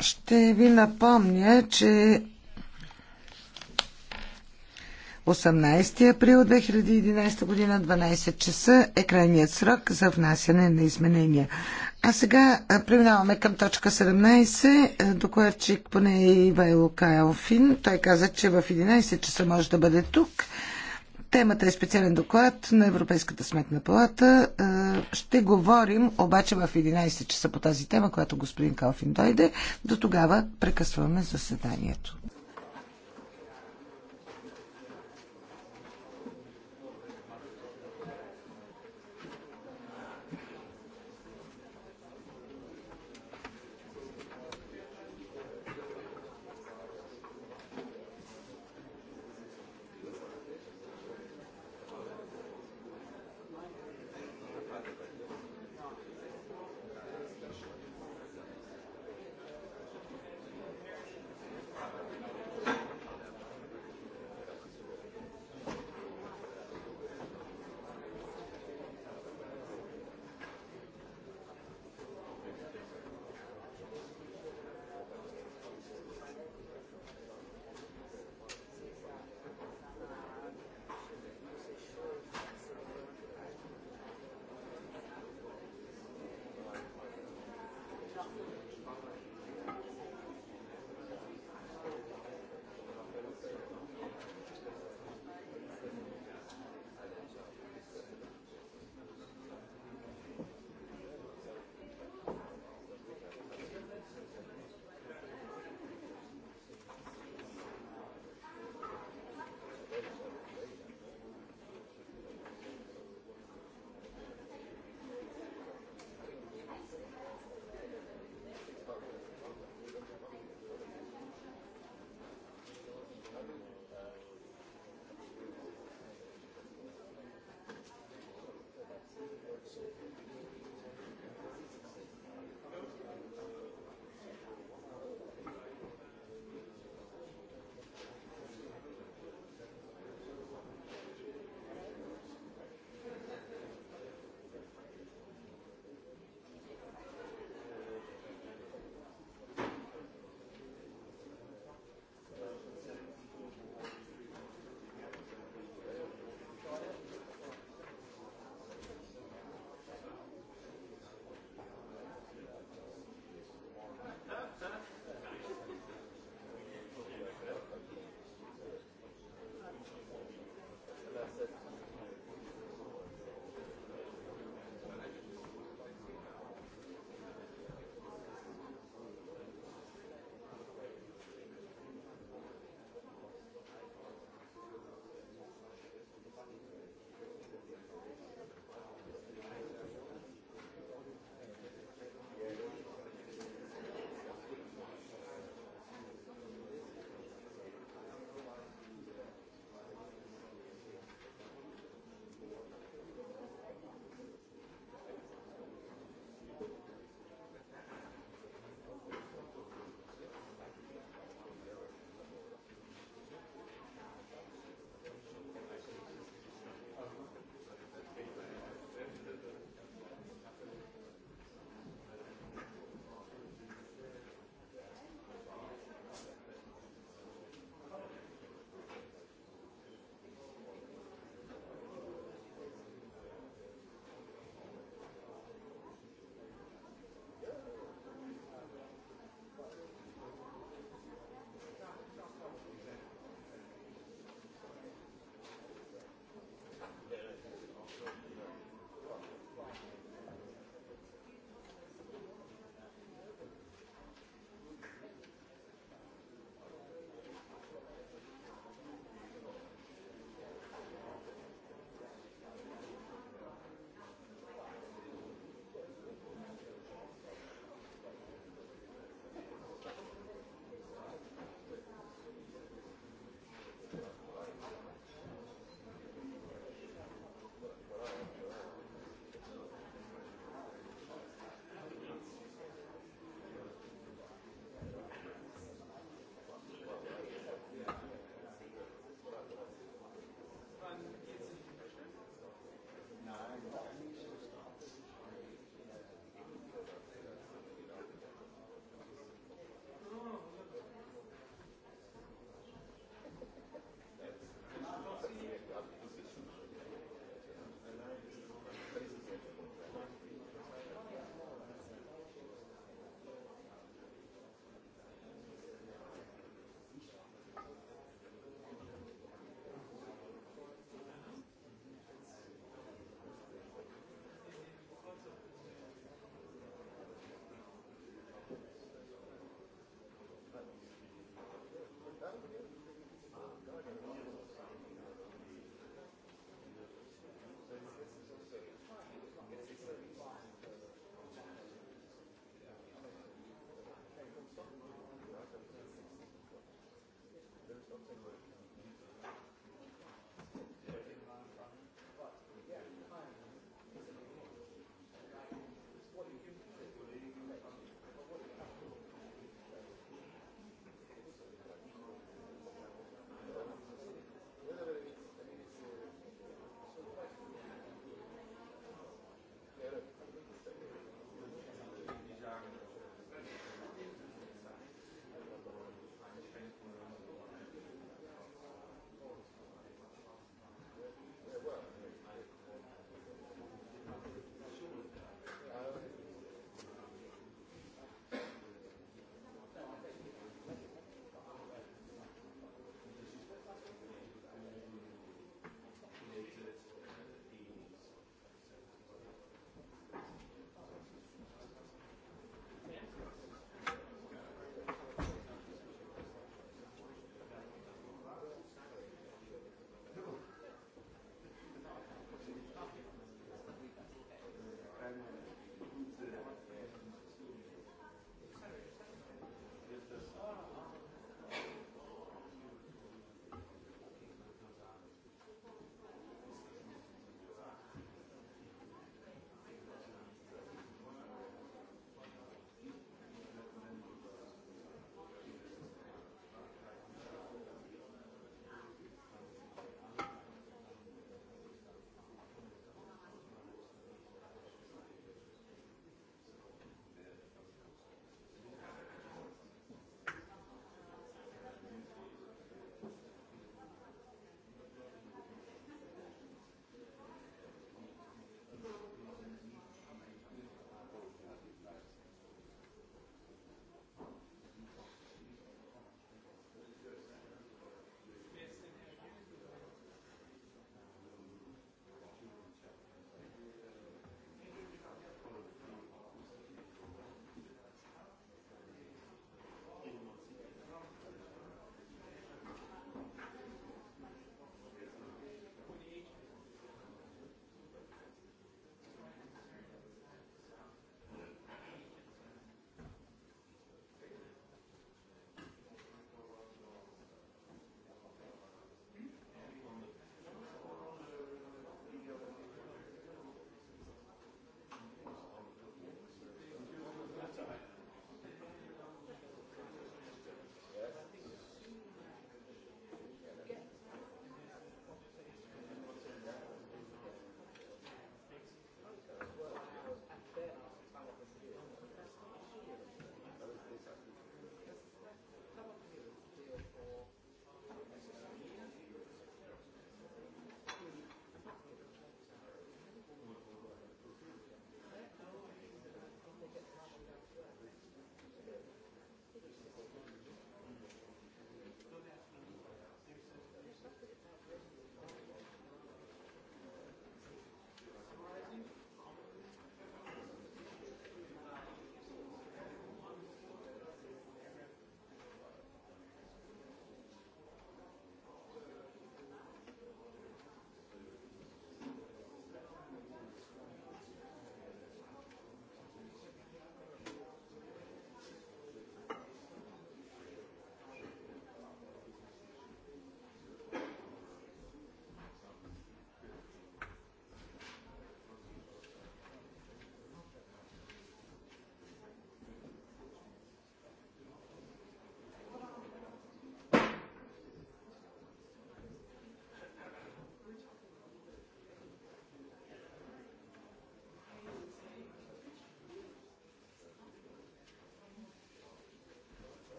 Ще ви напомня, че 18 април 2011 година, 12 часа е крайният срок за внасяне на изменения. А сега преминаваме към точка 17. Докладчик поне е Ивайло Кайлфин. Той каза, че в 11 часа може да бъде тук. Темата е специален доклад на Европейската сметна палата. Ще говорим обаче в 11 часа по тази тема, която господин Калфин дойде. До тогава прекъсваме заседанието.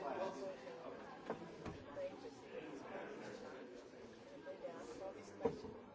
Thank you.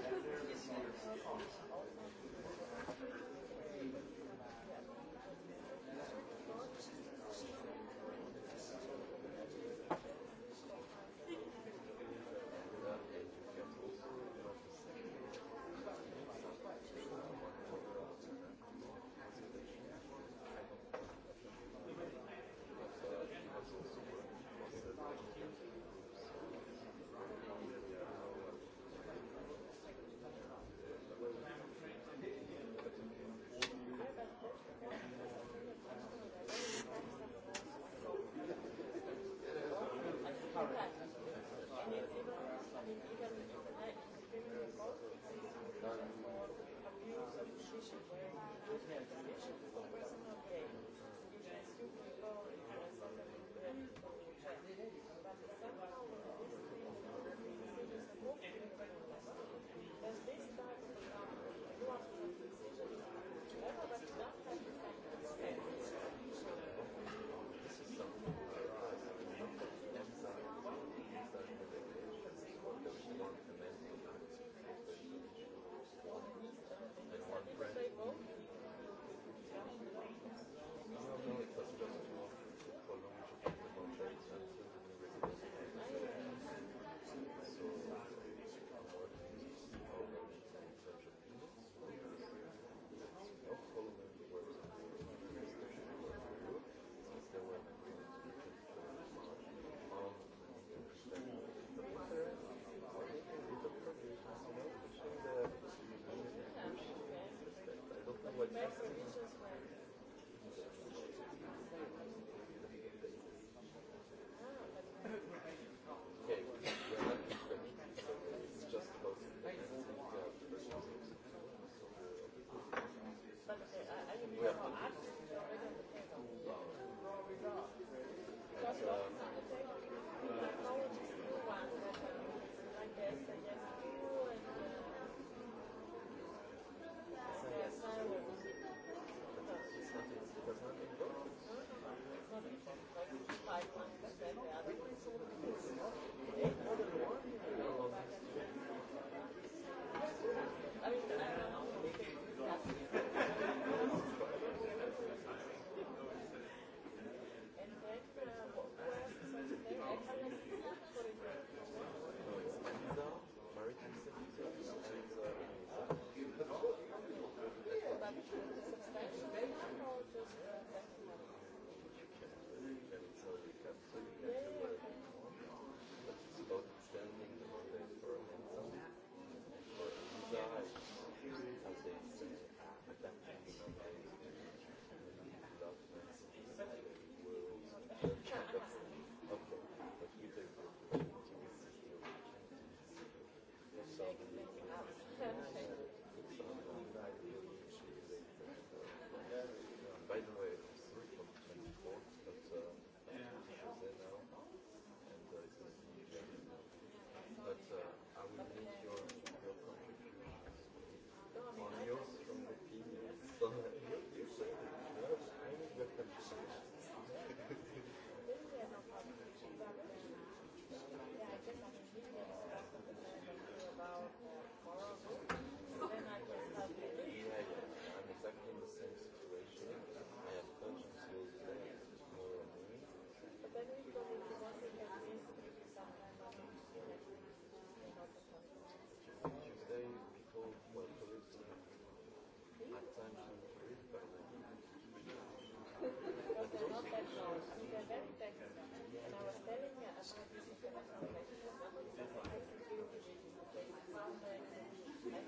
Thank you. Yes.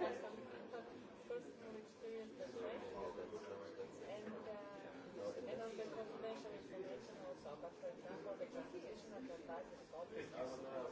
personal experience as well. And, uh, and on the confidential information also, but for example, the translation of the Bible is obviously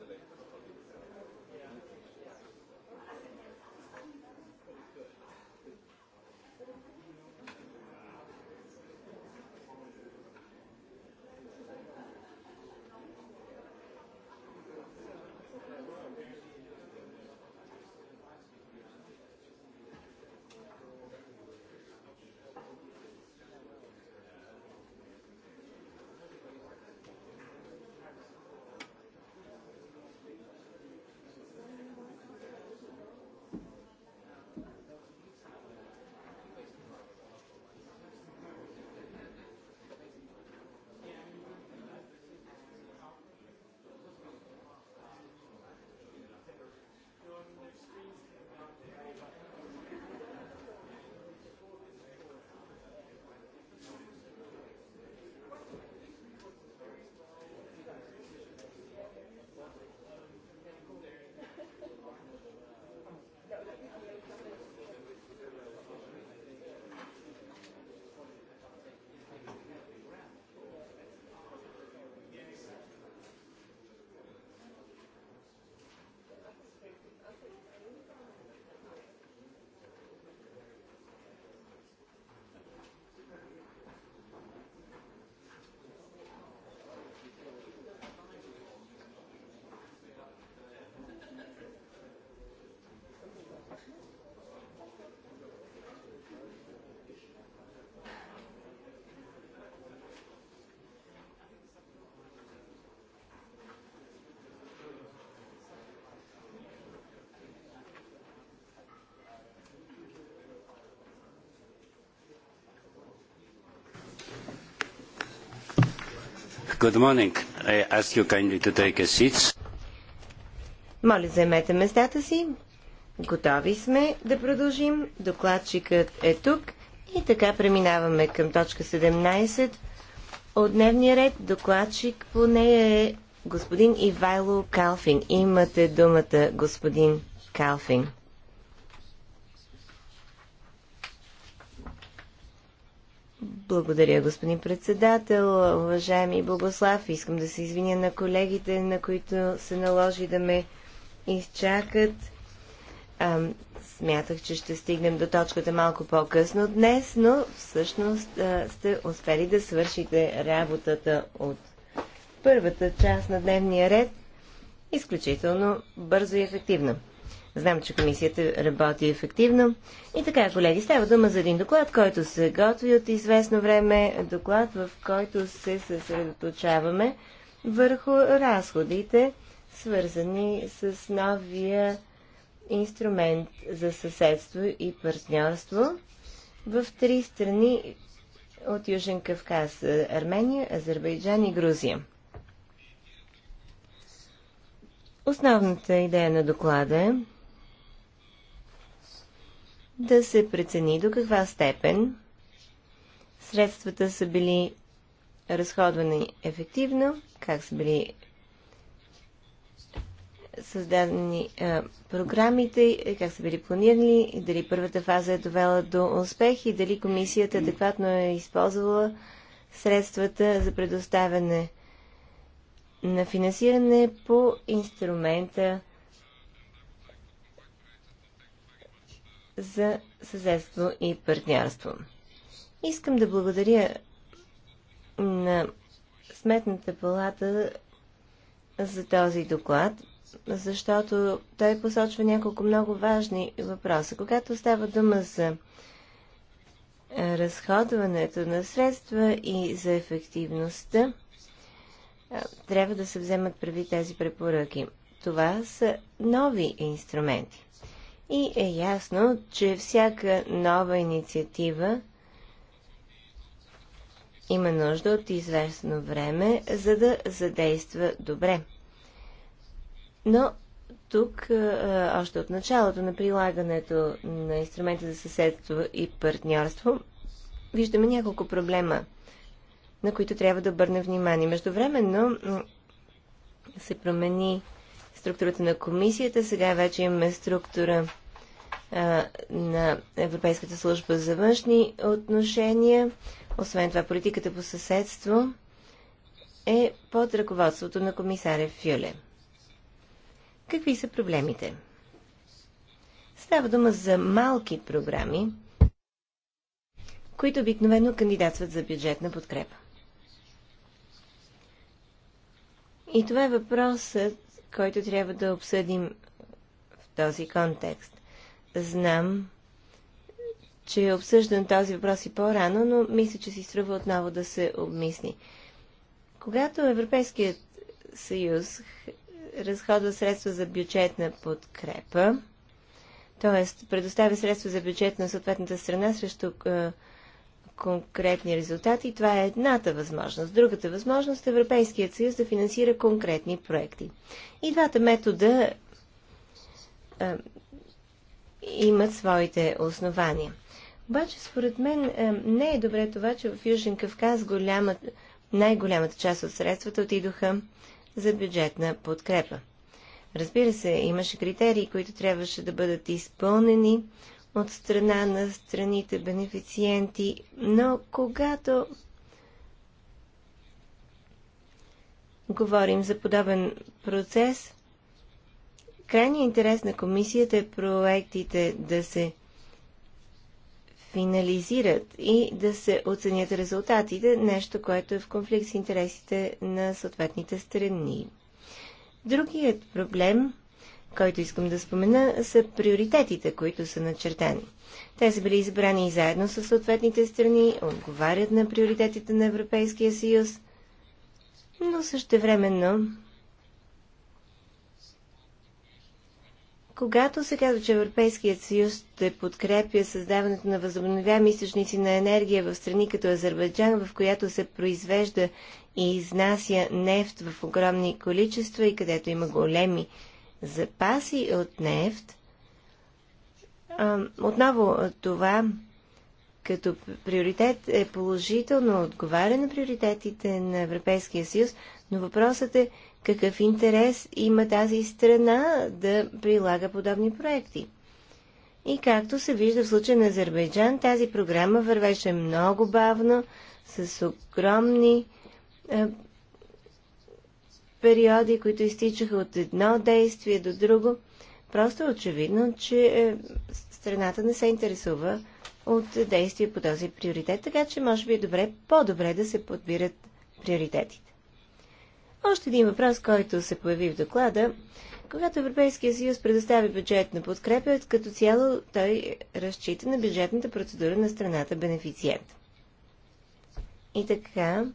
определение. Good morning. I ask you kindly to take a seat. Моля, заемете местата си. Готови сме да продължим. Докладчикът е тук. И така преминаваме към точка 17 от дневния ред. Докладчик по нея е господин Ивайло Калфин. Имате думата, господин Калфин. Благодаря, господин председател. Уважаеми Богослав, искам да се извиня на колегите, на които се наложи да ме изчакат. смятах, че ще стигнем до точката малко по-късно днес, но всъщност а, сте успели да свършите работата от първата част на дневния ред изключително бързо и ефективно. Знам, че комисията работи ефективно. И така, колеги, става дума за един доклад, който се готви от известно време, доклад, в който се съсредоточаваме върху разходите, свързани с новия инструмент за съседство и партньорство в три страни от Южен Кавказ – Армения, Азербайджан и Грузия. Основната идея на доклада е да се прецени до каква степен средствата са били разходвани ефективно, как са били създадени а, програмите, как са били планирани, дали първата фаза е довела до успех и дали комисията адекватно е използвала средствата за предоставяне на финансиране по инструмента за съседство и партньорство. Искам да благодаря на Сметната палата за този доклад, защото той посочва няколко много важни въпроса. Когато става дума за разходването на средства и за ефективността, трябва да се вземат прави тези препоръки. Това са нови инструменти. И е ясно, че всяка нова инициатива има нужда от известно време, за да задейства добре. Но тук, още от началото на прилагането на инструмента за съседство и партньорство, виждаме няколко проблема, на които трябва да обърнем внимание. Междувременно се промени структурата на комисията, сега вече имаме структура на Европейската служба за външни отношения. Освен това, политиката по съседство е под ръководството на комисаря Фюле. Какви са проблемите? Става дума за малки програми, които обикновено кандидатстват за бюджетна подкрепа. И това е въпросът, който трябва да обсъдим в този контекст. Знам, че е обсъждан този въпрос и по-рано, но мисля, че си струва отново да се обмисли. Когато Европейският съюз разходва средства за бюджетна подкрепа, т.е. предоставя средства за бюджет на съответната страна срещу е, конкретни резултати, това е едната възможност. Другата възможност е Европейският съюз да финансира конкретни проекти. И двата метода е, имат своите основания. Обаче, според мен, е, не е добре това, че в Южен Кавказ голяма, най-голямата част от средствата отидоха за бюджетна подкрепа. Разбира се, имаше критерии, които трябваше да бъдат изпълнени от страна на страните бенефициенти, но когато говорим за подобен процес, крайният интерес на комисията е проектите да се финализират и да се оценят резултатите, нещо, което е в конфликт с интересите на съответните страни. Другият проблем, който искам да спомена, са приоритетите, които са начертани. Те са били избрани и заедно с съответните страни, отговарят на приоритетите на Европейския съюз, но същевременно Когато се казва, че Европейският съюз ще подкрепя създаването на възобновяеми източници на енергия в страни като Азербайджан, в която се произвежда и изнася нефт в огромни количества и където има големи запаси от нефт, отново това като приоритет е положително, отговаря на приоритетите на Европейския съюз, но въпросът е какъв интерес има тази страна да прилага подобни проекти? И както се вижда в случая на Азербайджан, тази програма вървеше много бавно, с огромни е, периоди, които изтичаха от едно действие до друго. Просто е очевидно, че е, страната не се интересува от действия по този приоритет, така че може би е добре, по-добре да се подбират приоритетите. Още един въпрос, който се появи в доклада. Когато Европейския съюз предостави бюджет на подкрепа, като цяло той разчита на бюджетната процедура на страната бенефициент. И така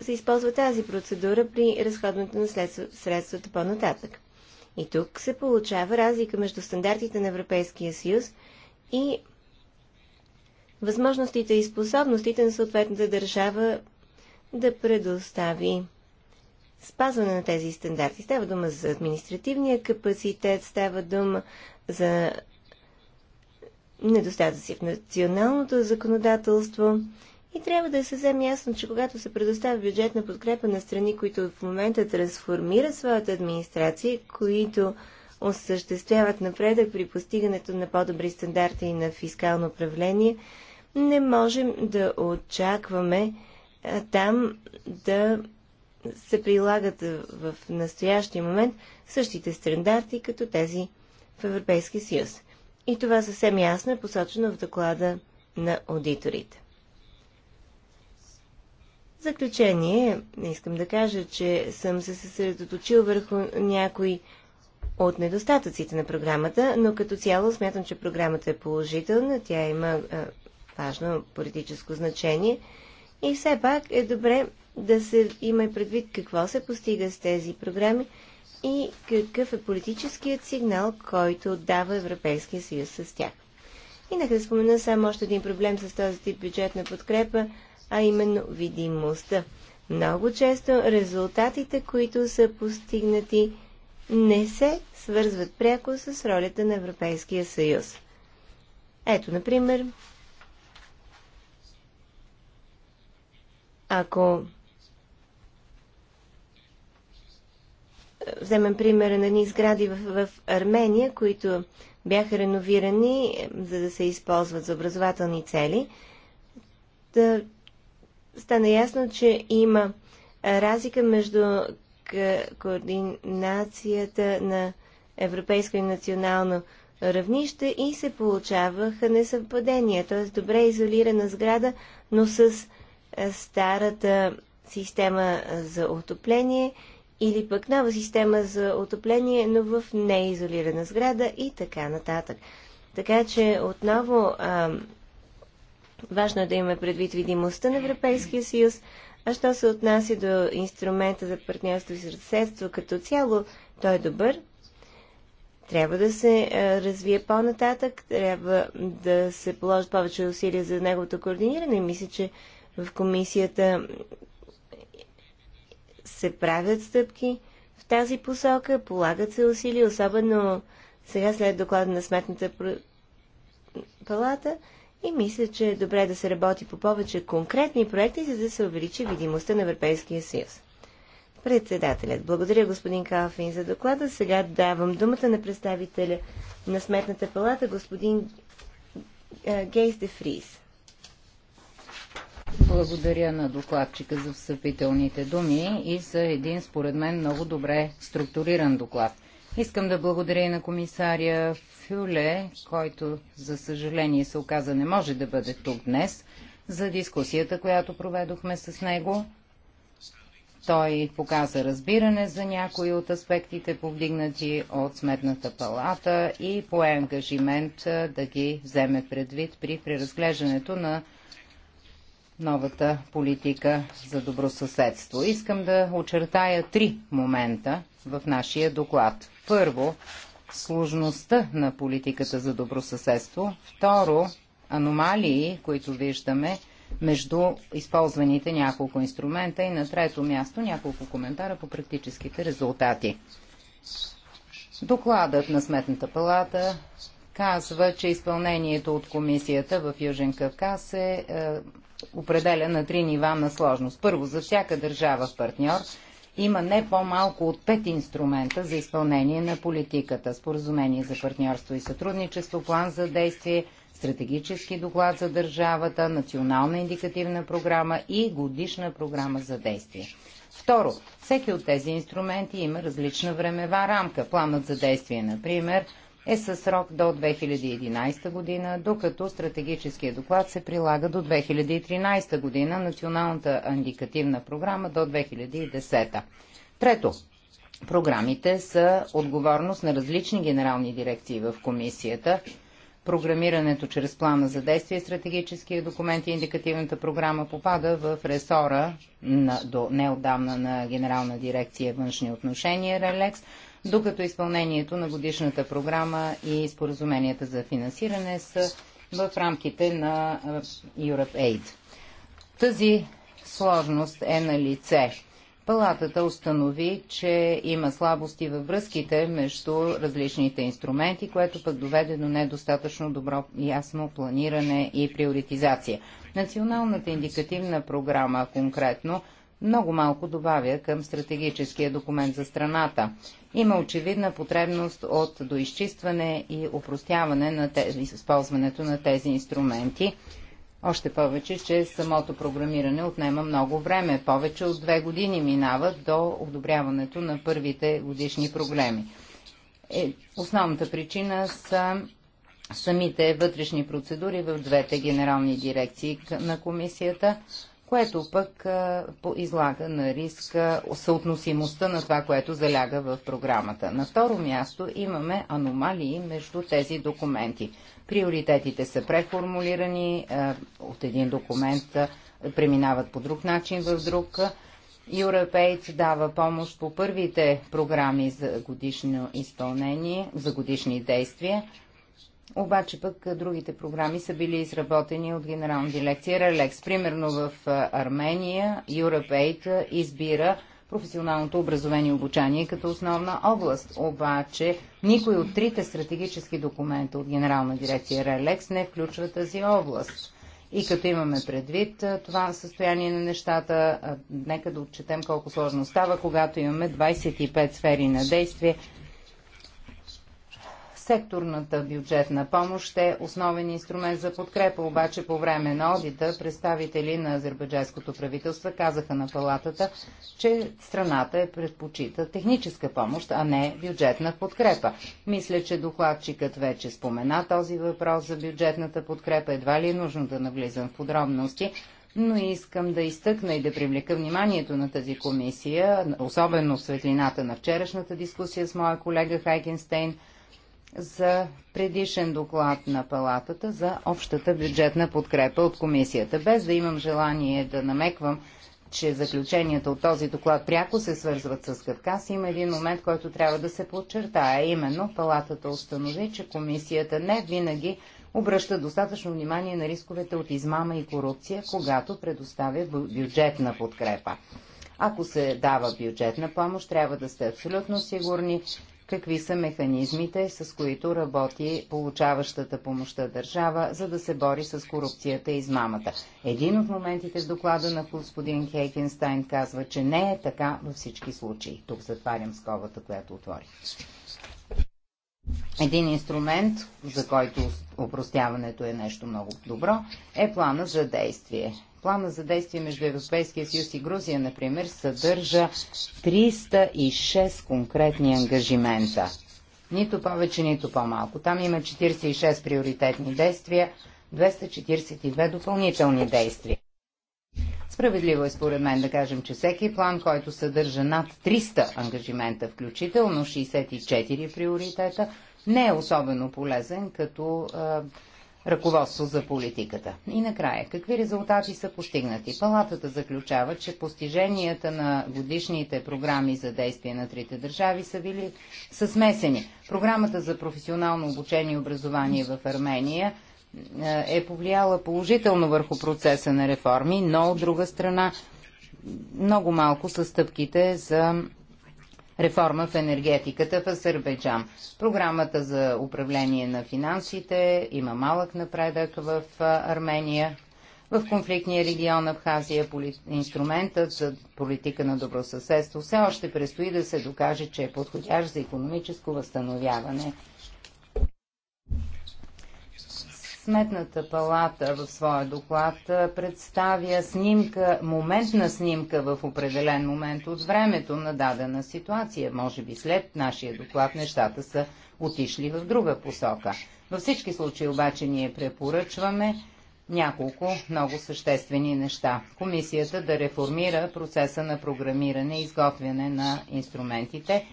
се използва тази процедура при разходването на средствата по-нататък. И тук се получава разлика между стандартите на Европейския съюз и възможностите и способностите на съответната държава да предостави спазване на тези стандарти. Става дума за административния капацитет, става дума за недостатъци в националното законодателство. И трябва да е съвсем ясно, че когато се предоставя бюджетна подкрепа на страни, които в момента трансформират своята администрация, които осъществяват напредък при постигането на по-добри стандарти на фискално управление, не можем да очакваме а, там да се прилагат в настоящия момент същите стандарти, като тези в Европейския съюз. И това съвсем ясно е посочено в доклада на аудиторите. В заключение, искам да кажа, че съм се съсредоточил върху някои от недостатъците на програмата, но като цяло смятам, че програмата е положителна. Тя има важно политическо значение. И все пак е добре да се има предвид какво се постига с тези програми и какъв е политическият сигнал, който дава Европейския съюз с тях. И нека да спомена само още един проблем с този тип бюджетна подкрепа, а именно видимостта. Много често резултатите, които са постигнати, не се свързват пряко с ролята на Европейския съюз. Ето, например, Ако вземем примера на едни сгради в, в Армения, които бяха реновирани, е, за да се използват за образователни цели, да стана ясно, че има разлика между координацията на европейско и национално равнище и се получаваха несъвпадения, т.е. добре изолирана сграда, но с старата система за отопление или пък нова система за отопление, но в неизолирана сграда и така нататък. Така че отново а, важно е да имаме предвид видимостта на Европейския съюз, а що се отнася до инструмента за партньорство и съседство като цяло, той е добър. Трябва да се а, развие по-нататък, трябва да се положат повече усилия за неговото координиране. Мисля, че в комисията се правят стъпки в тази посока, полагат се усилия, особено сега след доклада на Сметната палата и мисля, че е добре да се работи по повече конкретни проекти, за да се увеличи видимостта на Европейския съюз. Председателят. Благодаря господин Калфин за доклада. Сега давам думата на представителя на Сметната палата, господин Гейс де Фриз. Благодаря на докладчика за встъпителните думи и за един, според мен, много добре структуриран доклад. Искам да благодаря и на комисаря Фюле, който, за съжаление, се оказа не може да бъде тук днес, за дискусията, която проведохме с него. Той показа разбиране за някои от аспектите, повдигнати от Сметната палата и пое ангажимент да ги вземе предвид при преразглеждането на новата политика за добросъседство. Искам да очертая три момента в нашия доклад. Първо, сложността на политиката за добросъседство. Второ, аномалии, които виждаме между използваните няколко инструмента и на трето място няколко коментара по практическите резултати. Докладът на Сметната палата казва, че изпълнението от комисията в Южен Кавказ е, е определя на три нива на сложност. Първо, за всяка държава в партньор има не по-малко от пет инструмента за изпълнение на политиката. Споразумение за партньорство и сътрудничество, план за действие, стратегически доклад за държавата, национална индикативна програма и годишна програма за действие. Второ, всеки от тези инструменти има различна времева рамка. Планът за действие, например, е със срок до 2011 година, докато стратегическия доклад се прилага до 2013 година, националната индикативна програма до 2010. Трето, програмите са отговорност на различни генерални дирекции в комисията, програмирането чрез плана за действие, стратегическия документ и индикативната програма попада в ресора на, до неодавна на Генерална дирекция външни отношения РЕЛЕКС, докато изпълнението на годишната програма и споразуменията за финансиране са в рамките на Europe Aid. Тази сложност е на лице. Палатата установи, че има слабости във връзките между различните инструменти, което пък доведе до недостатъчно добро и ясно планиране и приоритизация. Националната индикативна програма конкретно много малко добавя към стратегическия документ за страната. Има очевидна потребност от доизчистване и упростяване на тези, използването на тези инструменти. Още повече, че самото програмиране отнема много време. Повече от две години минават до одобряването на първите годишни проблеми. Е, основната причина са самите вътрешни процедури в двете генерални дирекции на комисията, което пък излага на риск съотносимостта на това, което заляга в програмата. На второ място имаме аномалии между тези документи. Приоритетите са преформулирани от един документ, преминават по друг начин в друг. Europaid дава помощ по първите програми за годишно изпълнение, за годишни действия, обаче пък другите програми са били изработени от генерална дирекция Релекс. Примерно в Армения EuropeAid избира професионалното образование и обучание като основна област. Обаче никой от трите стратегически документа от генерална дирекция Релекс не включва тази област. И като имаме предвид това състояние на нещата, нека да отчетем колко сложно става, когато имаме 25 сфери на действие – Секторната бюджетна помощ е основен инструмент за подкрепа, обаче по време на одита представители на азербайджанското правителство казаха на палатата, че страната е предпочита техническа помощ, а не бюджетна подкрепа. Мисля, че докладчикът вече спомена този въпрос за бюджетната подкрепа. Едва ли е нужно да навлизам в подробности, но искам да изтъкна и да привлека вниманието на тази комисия, особено в светлината на вчерашната дискусия с моя колега Хайкенстейн – за предишен доклад на палатата за общата бюджетна подкрепа от комисията. Без да имам желание да намеквам, че заключенията от този доклад пряко се свързват с Кавказ, има един момент, който трябва да се подчертая. Именно палатата установи, че комисията не винаги обръща достатъчно внимание на рисковете от измама и корупция, когато предоставя бюджетна подкрепа. Ако се дава бюджетна помощ, трябва да сте абсолютно сигурни, какви са механизмите, с които работи получаващата помощта държава, за да се бори с корупцията и измамата. Един от моментите в доклада на господин Хейкенстайн казва, че не е така във всички случаи. Тук затварям скобата, която отворих. Един инструмент, за който упростяването е нещо много добро, е плана за действие. Плана за действие между Европейския съюз и Грузия, например, съдържа 306 конкретни ангажимента. Нито повече, нито по-малко. Там има 46 приоритетни действия, 242 допълнителни действия. Справедливо е според мен да кажем, че всеки план, който съдържа над 300 ангажимента, включително 64 приоритета, не е особено полезен като ръководство за политиката. И накрая, какви резултати са постигнати? Палатата заключава, че постиженията на годишните програми за действие на трите държави са били са смесени. Програмата за професионално обучение и образование в Армения е, е повлияла положително върху процеса на реформи, но от друга страна много малко са стъпките за реформа в енергетиката в Азербайджан. Програмата за управление на финансите има малък напредък в Армения. В конфликтния регион Абхазия инструментът за политика на добросъседство все още предстои да се докаже, че е подходящ за економическо възстановяване Сметната палата в своя доклад представя снимка, моментна снимка в определен момент от времето на дадена ситуация. Може би след нашия доклад нещата са отишли в друга посока. Във всички случаи обаче ние препоръчваме няколко много съществени неща. Комисията да реформира процеса на програмиране и изготвяне на инструментите,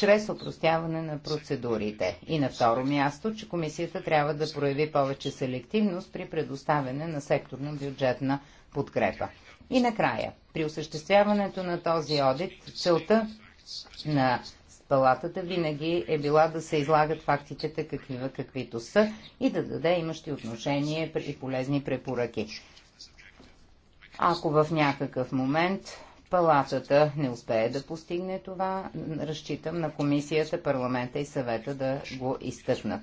чрез опростяване на процедурите. И на второ място, че комисията трябва да прояви повече селективност при предоставяне на секторна бюджетна подкрепа. И накрая, при осъществяването на този одит, целта на палатата винаги е била да се излагат фактите такива каквито са и да даде имащи отношение и полезни препоръки. Ако в някакъв момент Палатата не успее да постигне това. Разчитам на комисията, парламента и съвета да го изтъкнат.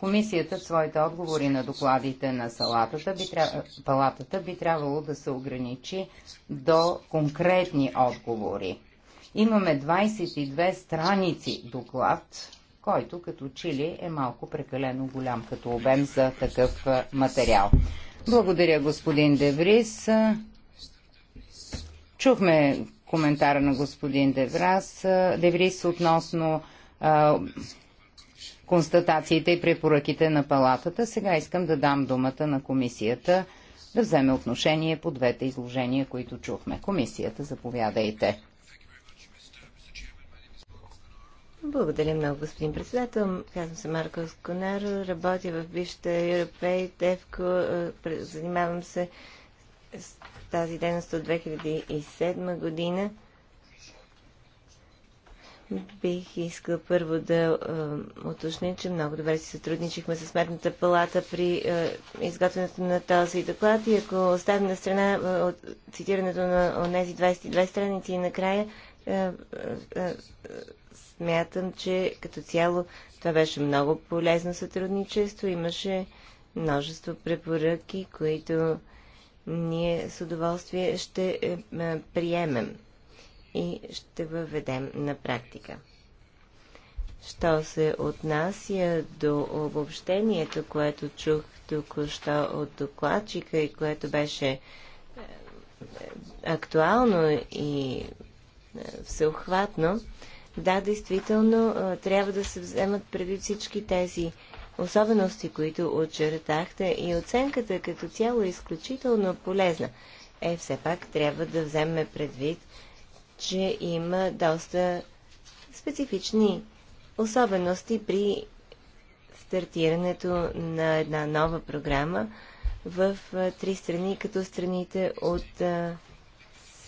Комисията в своите отговори на докладите на салатата би тря... палатата би трябвало да се ограничи до конкретни отговори. Имаме 22 страници доклад, който като чили е малко прекалено голям като обем за такъв материал. Благодаря, господин Деврис. Чухме коментара на господин Деврас, Деврис относно а, констатациите и препоръките на палатата. Сега искам да дам думата на комисията да вземе отношение по двете изложения, които чухме. Комисията, заповядайте. Благодаря много, господин председател. Казвам се Марко Сконер, работя в бившата Европей, Тевко, занимавам се с тази дейност от 2007 година. Бих искал първо да е, уточня, че много добре си сътрудничихме с Сметната палата при е, изготвянето на този доклад и ако оставим на страна е, от цитирането на тези 22 страници и накрая, е, е, е, смятам, че като цяло това беше много полезно сътрудничество. Имаше множество препоръки, които ние с удоволствие ще е, е, приемем и ще въведем на практика. Що се отнася до обобщението, което чух току-що от докладчика и което беше е, актуално и всеохватно, да, действително трябва да се вземат преди всички тези особености, които очертахте и оценката като цяло е изключително полезна. Е, все пак трябва да вземе предвид, че има доста специфични особености при стартирането на една нова програма в три страни, като страните от а,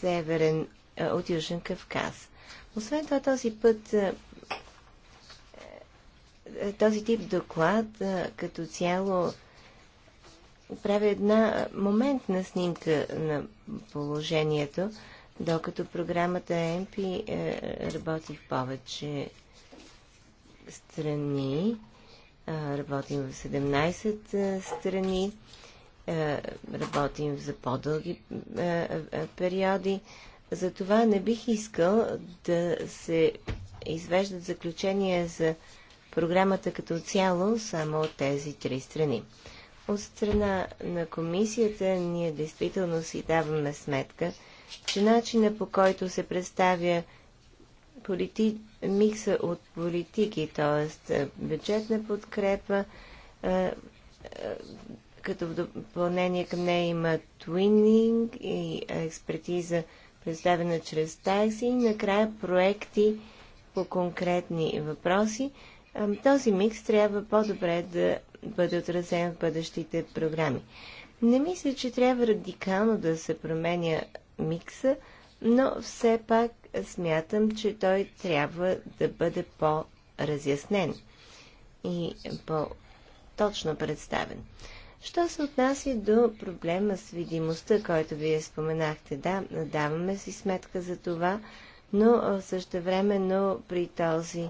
Северен, а, от Южен Кавказ. Освен това, този път а, този тип доклад като цяло прави една моментна снимка на положението, докато програмата EMPI е, работи в повече страни. Работим в 17 страни, работим за по-дълги периоди. Затова не бих искал да се извеждат заключения за програмата като цяло само от тези три страни. От страна на комисията ние действително си даваме сметка, че начина по който се представя полити... микса от политики, т.е. бюджетна подкрепа, е, е, като в допълнение към нея има твининг и експертиза, представена чрез такси и накрая проекти по конкретни въпроси, този микс трябва по-добре да бъде отразен в бъдещите програми. Не мисля, че трябва радикално да се променя микса, но все пак смятам, че той трябва да бъде по-разяснен и по-точно представен. Що се отнася до проблема с видимостта, който вие споменахте, да, даваме си сметка за това, но също времено при този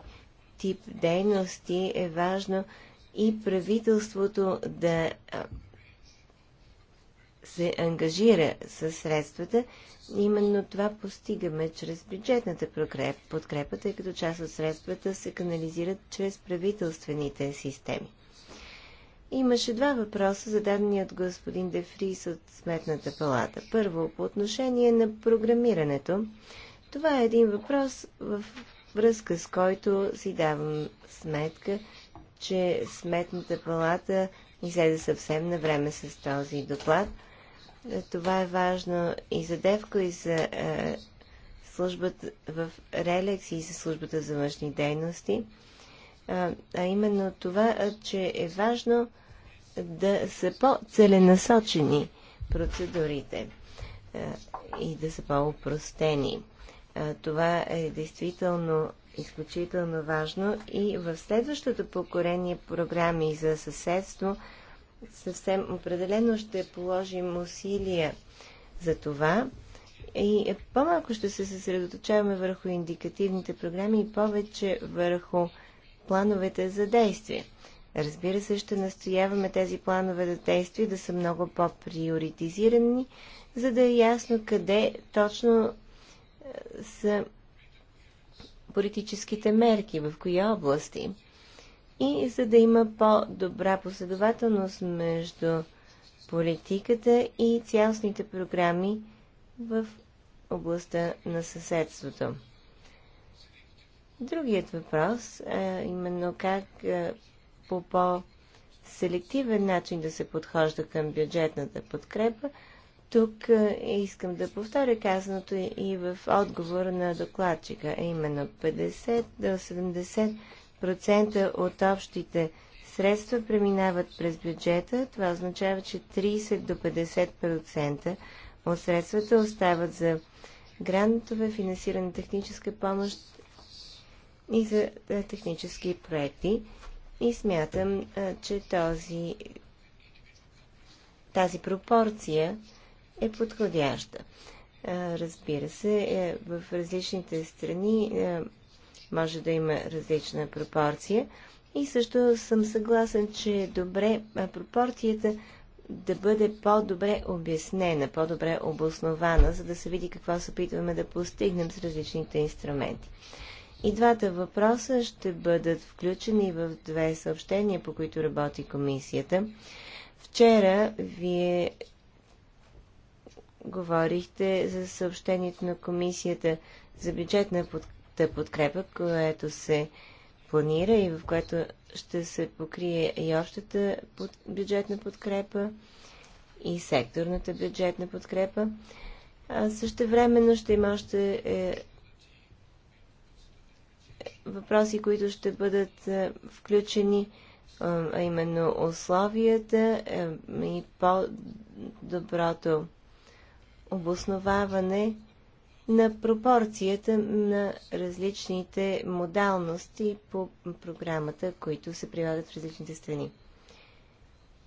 тип дейности е важно и правителството да се ангажира с средствата. Именно това постигаме чрез бюджетната подкрепа, тъй като част от средствата се канализират чрез правителствените системи. Имаше два въпроса, зададени от господин Дефрис от Сметната палата. Първо, по отношение на програмирането. Това е един въпрос, в връзка с който си давам сметка, че Сметната палата излезе съвсем на време с този доклад. Това е важно и за Девко, и за е, службата в Релекс, и за службата за външни дейности. А, е, а именно това, е, че е важно да са по-целенасочени процедурите е, и да са по-упростени. Това е действително изключително важно и в следващото поколение програми за съседство съвсем определено ще положим усилия за това. И по-малко ще се съсредоточаваме върху индикативните програми и повече върху плановете за действие. Разбира се, ще настояваме тези планове за действие да са много по-приоритизирани, за да е ясно къде точно са политическите мерки, в кои области. И за да има по-добра последователност между политиката и цялостните програми в областта на съседството. Другият въпрос е именно как по по-селективен начин да се подхожда към бюджетната подкрепа, тук искам да повторя казаното и в отговор на докладчика, а именно 50 до 70% от общите средства преминават през бюджета. Това означава, че 30 до 50% от средствата остават за грантове, финансиране на техническа помощ и за технически проекти. И смятам, че този, тази пропорция е подходяща. Разбира се, е, в различните страни е, може да има различна пропорция и също съм съгласен, че е добре пропорцията да бъде по-добре обяснена, по-добре обоснована, за да се види какво се опитваме да постигнем с различните инструменти. И двата въпроса ще бъдат включени в две съобщения, по които работи комисията. Вчера вие говорихте за съобщението на комисията за бюджетна подкрепа, което се планира и в което ще се покрие и общата бюджетна подкрепа и секторната бюджетна подкрепа. А също времено ще има още е, въпроси, които ще бъдат е, включени, а именно условията е, и по-доброто обосноваване на пропорцията на различните модалности по програмата, които се прилагат в различните страни.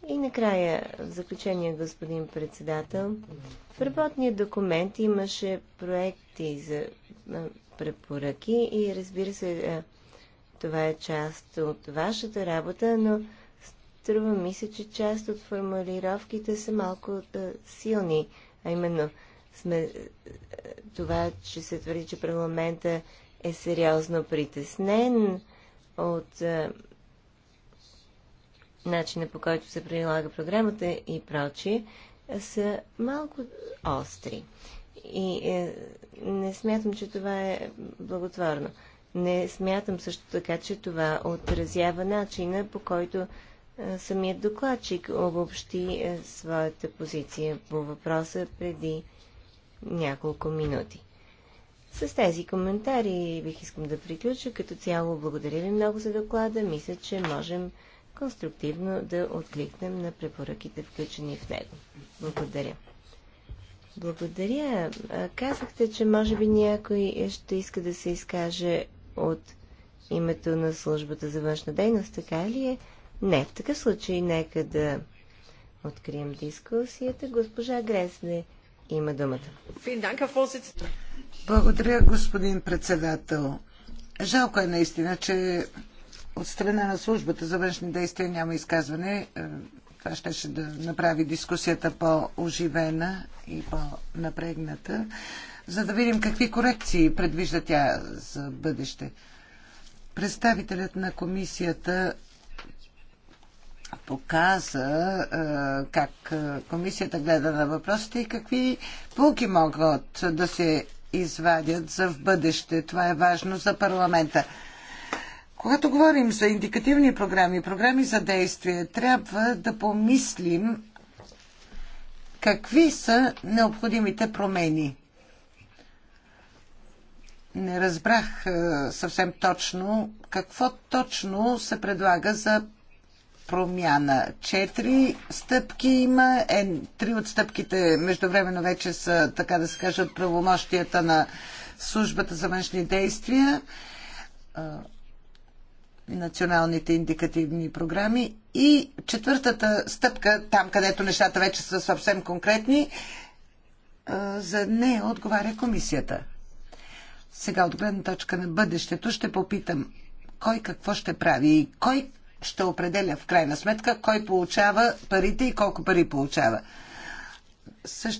И накрая, в заключение, господин председател, в работния документ имаше проекти за препоръки и разбира се, това е част от вашата работа, но струва ми се, че част от формулировките са малко силни а именно сме, е, това, че се твърди, че парламента е сериозно притеснен от е, начина по който се прилага програмата и прочие, са малко остри. И е, не смятам, че това е благотворно. Не смятам също така, че това отразява начина по който самият докладчик обобщи е, своята позиция по въпроса преди няколко минути. С тези коментари бих искам да приключа. Като цяло благодаря ви много за доклада. Мисля, че можем конструктивно да откликнем на препоръките, включени в него. Благодаря. Благодаря. Казахте, че може би някой ще иска да се изкаже от името на службата за външна дейност, така ли е? Не, в такъв случай нека да открием дискусията. Госпожа Гресне има думата. Благодаря, господин председател. Жалко е наистина, че от страна на службата за външни действия няма изказване. Е, това ще, ще да направи дискусията по-оживена и по-напрегната, за да видим какви корекции предвижда тя за бъдеще. Представителят на комисията показа е, как е, комисията гледа на въпросите и какви полки могат да се извадят за в бъдеще. Това е важно за парламента. Когато говорим за индикативни програми, програми за действие, трябва да помислим какви са необходимите промени. Не разбрах е, съвсем точно какво точно се предлага за промяна. Четири стъпки има. Е, три от стъпките междувременно вече са, така да се каже, от правомощията на службата за външни действия, националните индикативни програми. И четвъртата стъпка, там където нещата вече са съвсем конкретни, за нея отговаря комисията. Сега от гледна точка на бъдещето ще попитам кой какво ще прави и кой ще определя в крайна сметка кой получава парите и колко пари получава.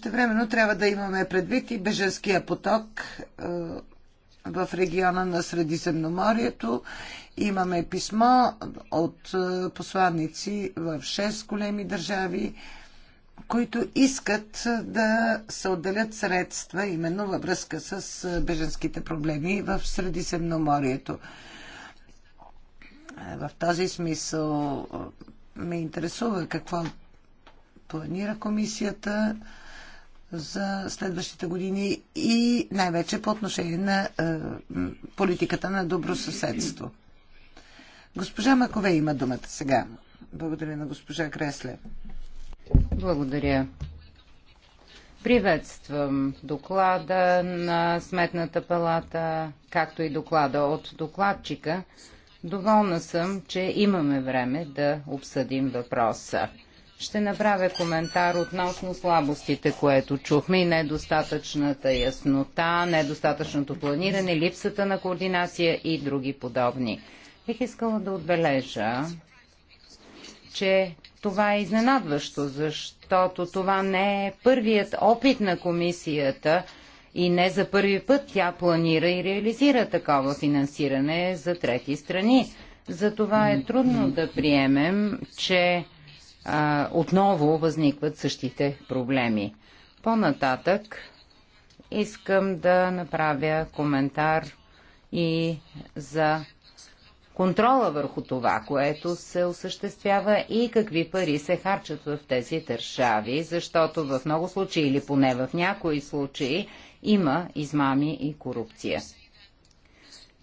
времено трябва да имаме предвид и беженския поток е, в региона на Средиземноморието. Имаме писмо от е, посланници в 6 големи държави, които искат е, да се отделят средства именно във връзка с беженските проблеми в Средиземноморието. Е, в този смисъл е, ме интересува какво планира комисията за следващите години и най-вече по отношение на е, политиката на добро съседство. Госпожа Макове има думата сега. Благодаря на госпожа Кресле. Благодаря. Приветствам доклада на Сметната палата, както и доклада от докладчика. Доволна съм, че имаме време да обсъдим въпроса. Ще направя коментар относно слабостите, което чухме и недостатъчната яснота, недостатъчното планиране, липсата на координация и други подобни. Бих искала да отбележа, че това е изненадващо, защото това не е първият опит на комисията – и не за първи път тя планира и реализира такова финансиране за трети страни. Затова е трудно да приемем, че а, отново възникват същите проблеми. По-нататък искам да направя коментар и за контрола върху това, което се осъществява и какви пари се харчат в тези държави, защото в много случаи или поне в някои случаи има измами и корупция.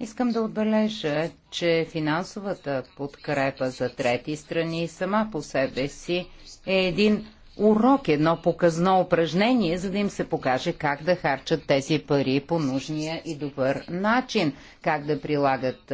Искам да отбележа, че финансовата подкрепа за трети страни сама по себе си е един урок, едно показно упражнение, за да им се покаже как да харчат тези пари по нужния и добър начин, как да прилагат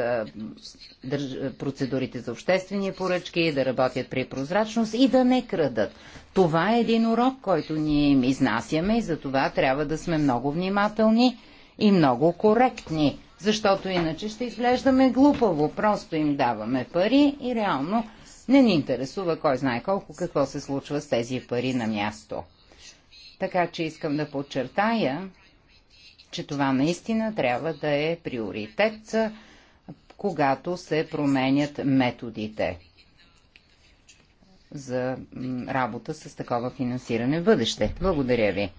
процедурите за обществени поръчки, да работят при прозрачност и да не крадат. Това е един урок, който ние им изнасяме и за това трябва да сме много внимателни и много коректни, защото иначе ще изглеждаме глупаво. Просто им даваме пари и реално не ни интересува кой знае колко какво се случва с тези пари на място. Така че искам да подчертая, че това наистина трябва да е приоритет, когато се променят методите за работа с такова финансиране в бъдеще. Благодаря ви.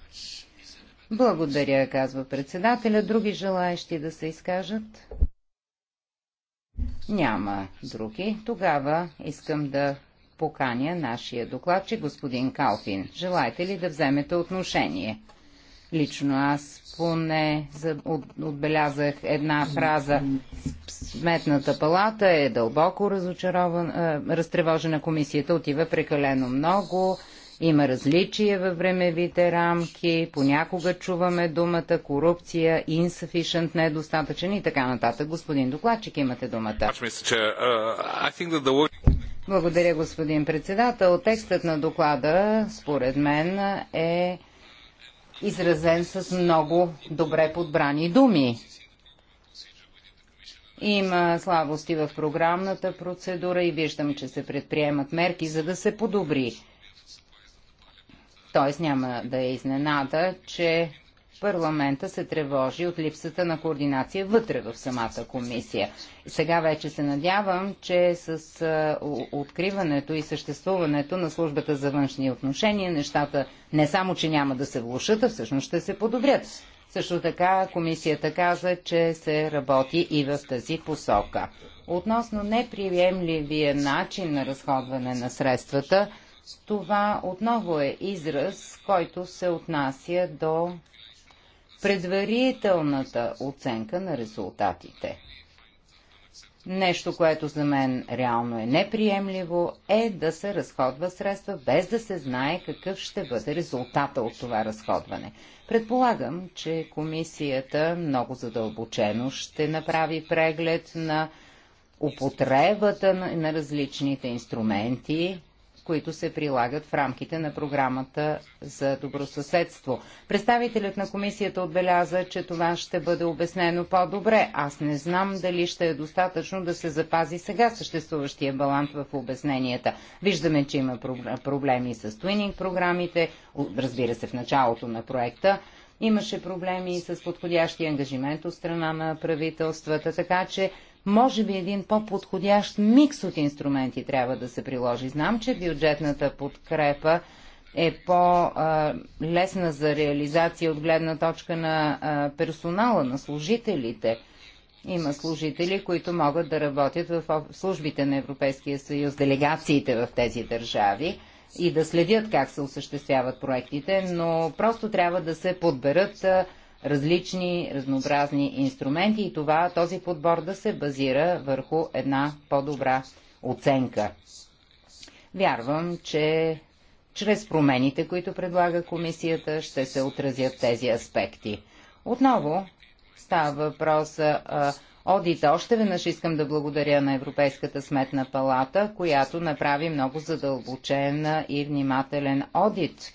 Благодаря, казва председателя. Други желаещи да се изкажат? Няма други. Тогава искам да поканя нашия докладчик, господин Калфин. Желаете ли да вземете отношение? Лично аз поне отбелязах една фраза. Сметната палата е дълбоко разочарована, е, разтревожена комисията, отива прекалено много. Има различия във времевите рамки, понякога чуваме думата корупция, insufficient, недостатъчен и така нататък. Господин докладчик, имате думата. Благодаря, господин председател. Текстът на доклада, според мен, е изразен с много добре подбрани думи. Има слабости в програмната процедура и виждам, че се предприемат мерки, за да се подобри т.е. няма да е изненада, че парламента се тревожи от липсата на координация вътре в самата комисия. Сега вече се надявам, че с откриването и съществуването на службата за външни отношения нещата не само, че няма да се влушат, а всъщност ще се подобрят. Също така комисията каза, че се работи и в тази посока. Относно неприемливия начин на разходване на средствата, това отново е израз, който се отнася до предварителната оценка на резултатите. Нещо, което за мен реално е неприемливо, е да се разходва средства без да се знае какъв ще бъде резултата от това разходване. Предполагам, че комисията много задълбочено ще направи преглед на употребата на различните инструменти, които се прилагат в рамките на програмата за добросъседство. Представителят на комисията отбеляза, че това ще бъде обяснено по-добре. Аз не знам дали ще е достатъчно да се запази сега съществуващия баланс в обясненията. Виждаме, че има проблеми с твининг програмите, разбира се в началото на проекта, Имаше проблеми с подходящия ангажимент от страна на правителствата, така че може би един по-подходящ микс от инструменти трябва да се приложи. Знам, че бюджетната подкрепа е по-лесна за реализация от гледна точка на персонала, на служителите. Има служители, които могат да работят в службите на Европейския съюз, делегациите в тези държави и да следят как се осъществяват проектите, но просто трябва да се подберат различни, разнообразни инструменти и това, този подбор да се базира върху една по-добра оценка. Вярвам, че чрез промените, които предлага комисията, ще се отразят тези аспекти. Отново става въпрос а, одита. Още веднъж искам да благодаря на Европейската сметна палата, която направи много задълбочен и внимателен одит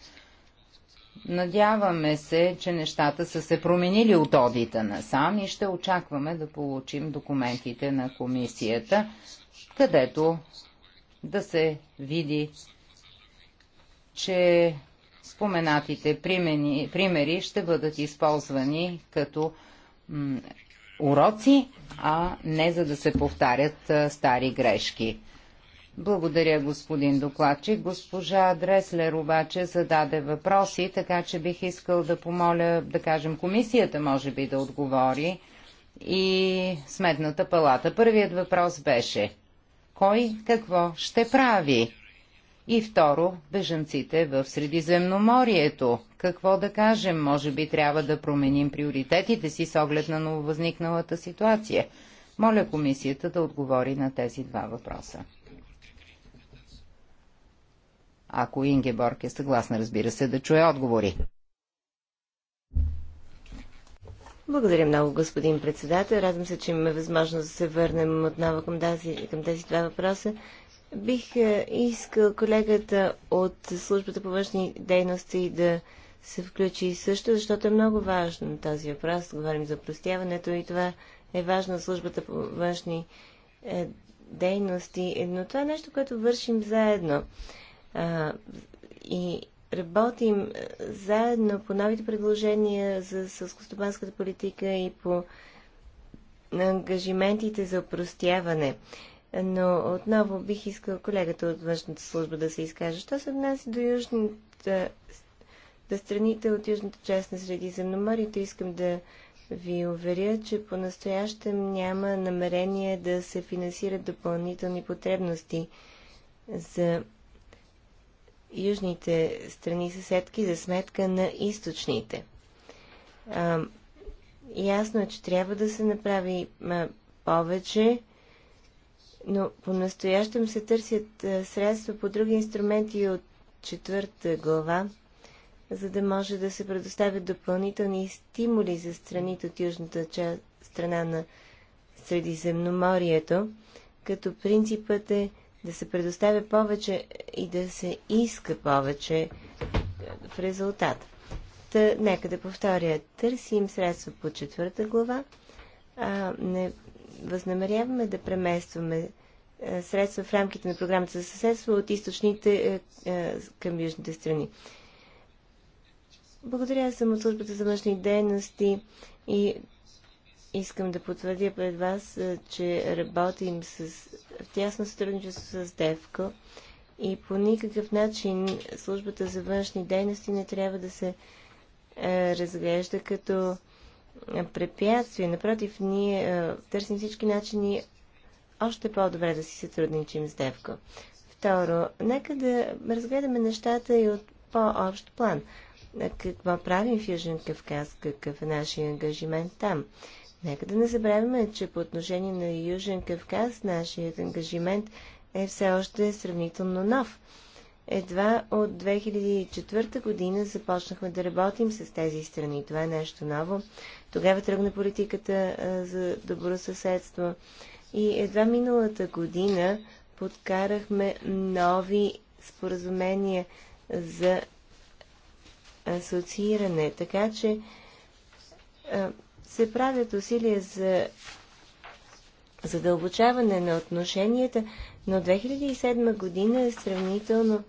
Надяваме се, че нещата са се променили от одита насам и ще очакваме да получим документите на комисията, където да се види, че споменатите примени, примери ще бъдат използвани като уроци, а не за да се повтарят стари грешки. Благодаря, господин докладчик. Госпожа Дреслер обаче зададе въпроси, така че бих искал да помоля, да кажем, комисията може би да отговори и сметната палата. Първият въпрос беше кой какво ще прави? И второ, бежанците в Средиземноморието. Какво да кажем? Може би трябва да променим приоритетите си с оглед на нововъзникналата ситуация. Моля комисията да отговори на тези два въпроса. Ако Ингеборг е съгласна, разбира се, да чуе отговори. Благодаря много, господин председател. Радвам се, че имаме възможност да се върнем отново към тези, към тези два въпроса. Бих е, искал колегата от службата по външни дейности да се включи също, защото е много важен този въпрос. Говорим за простяването и това е важно службата по външни е, дейности, но това е нещо, което вършим заедно. А, и работим заедно по новите предложения за сълскостопанската политика и по ангажиментите за опростяване. Но отново бих искал колегата от външната служба да се изкаже. Що се отнася до южната, да страните от южната част на Средиземноморието, искам да ви уверя, че по-настоящем няма намерение да се финансират допълнителни потребности за южните страни съседки за сметка на източните. А, ясно е, че трябва да се направи а, повече, но по-настоящем се търсят а, средства по други инструменти от четвърта глава, за да може да се предоставят допълнителни стимули за страните от южната част, страна на Средиземноморието, като принципът е да се предоставя повече и да се иска повече в резултат. Та, нека да повторя. Търсим средства по четвърта глава. А, не възнамеряваме да преместваме средства в рамките на програмата за съседство от източните към южните страни. Благодаря съм от службата за външни дейности и Искам да потвърдя пред вас, че работим с, в тясно сътрудничество с ДЕВКО и по никакъв начин службата за външни дейности не трябва да се е, разглежда като е, препятствие. Напротив, ние е, търсим всички начини още по-добре да си сътрудничим с ДЕВКО. Второ, нека да разгледаме нещата и от по-общ план. Какво правим в Южен Кавказ, какъв е нашия ангажимент там. Нека да не забравяме, че по отношение на Южен Кавказ нашият ангажимент е все още сравнително нов. Едва от 2004 година започнахме да работим с тези страни. Това е нещо ново. Тогава тръгна политиката за добро съседство. И едва миналата година подкарахме нови споразумения за асоцииране. Така че се правят усилия за задълбочаване на отношенията, но 2007 година е сравнително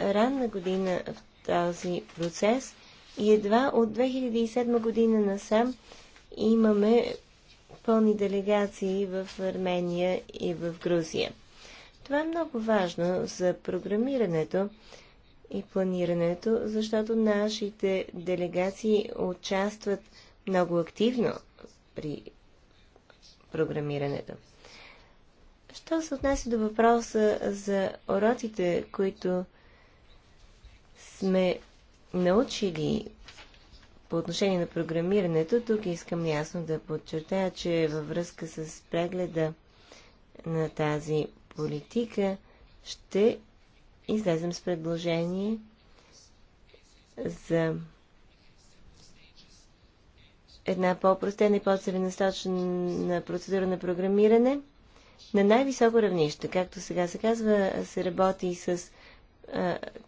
ранна година в този процес и едва от 2007 година насам имаме пълни делегации в Армения и в Грузия. Това е много важно за програмирането и планирането, защото нашите делегации участват много активно при програмирането. Що се отнася до въпроса за уроките, които сме научили по отношение на програмирането, тук искам ясно да подчертая, че във връзка с прегледа на тази политика ще излезем с предложение за една по-простена и по-целенасочена процедура на програмиране на най-високо равнище. Както сега се казва, се работи с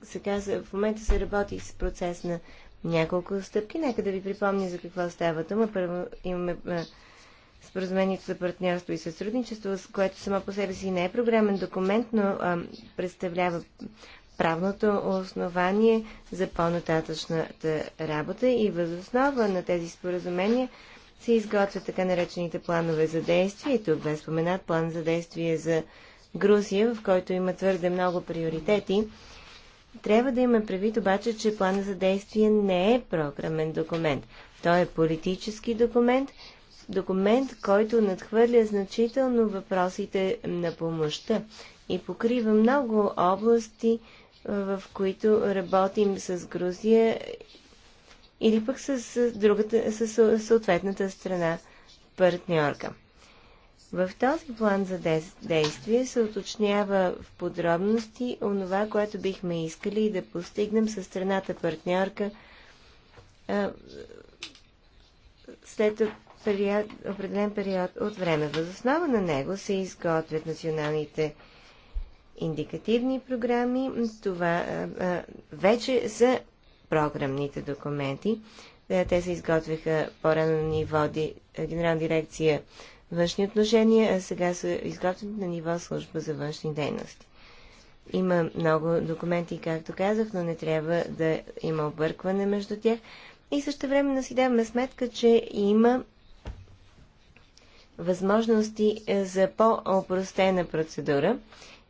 се казва, в момента се работи с процес на няколко стъпки. Нека да ви припомня за какво става дума. Първо имаме споразумението за партньорство и сътрудничество, което само по себе си не е програмен документ, но а, представлява правното основание за по-нататъчната работа и възоснова на тези споразумения се изготвят така наречените планове за действие. И тук бе споменат план за действие за Грузия, в който има твърде много приоритети. Трябва да има предвид обаче, че плана за действие не е програмен документ. Той е политически документ, документ, който надхвърля значително въпросите на помощта и покрива много области, в които работим с Грузия или пък с, другата, с съответната страна партньорка. В този план за действие се уточнява в подробности онова, което бихме искали да постигнем с страната партньорка след период, определен период от време. Възоснова на него се изготвят националните индикативни програми, това вече са програмните документи. Е, те се изготвяха по-рано на ниво е, Генерална дирекция външни отношения, а сега са изготвят на ниво служба за външни дейности. Има много документи, както казах, но не трябва да има объркване между тях. И също време да си даваме сметка, че има възможности е, за по-опростена процедура.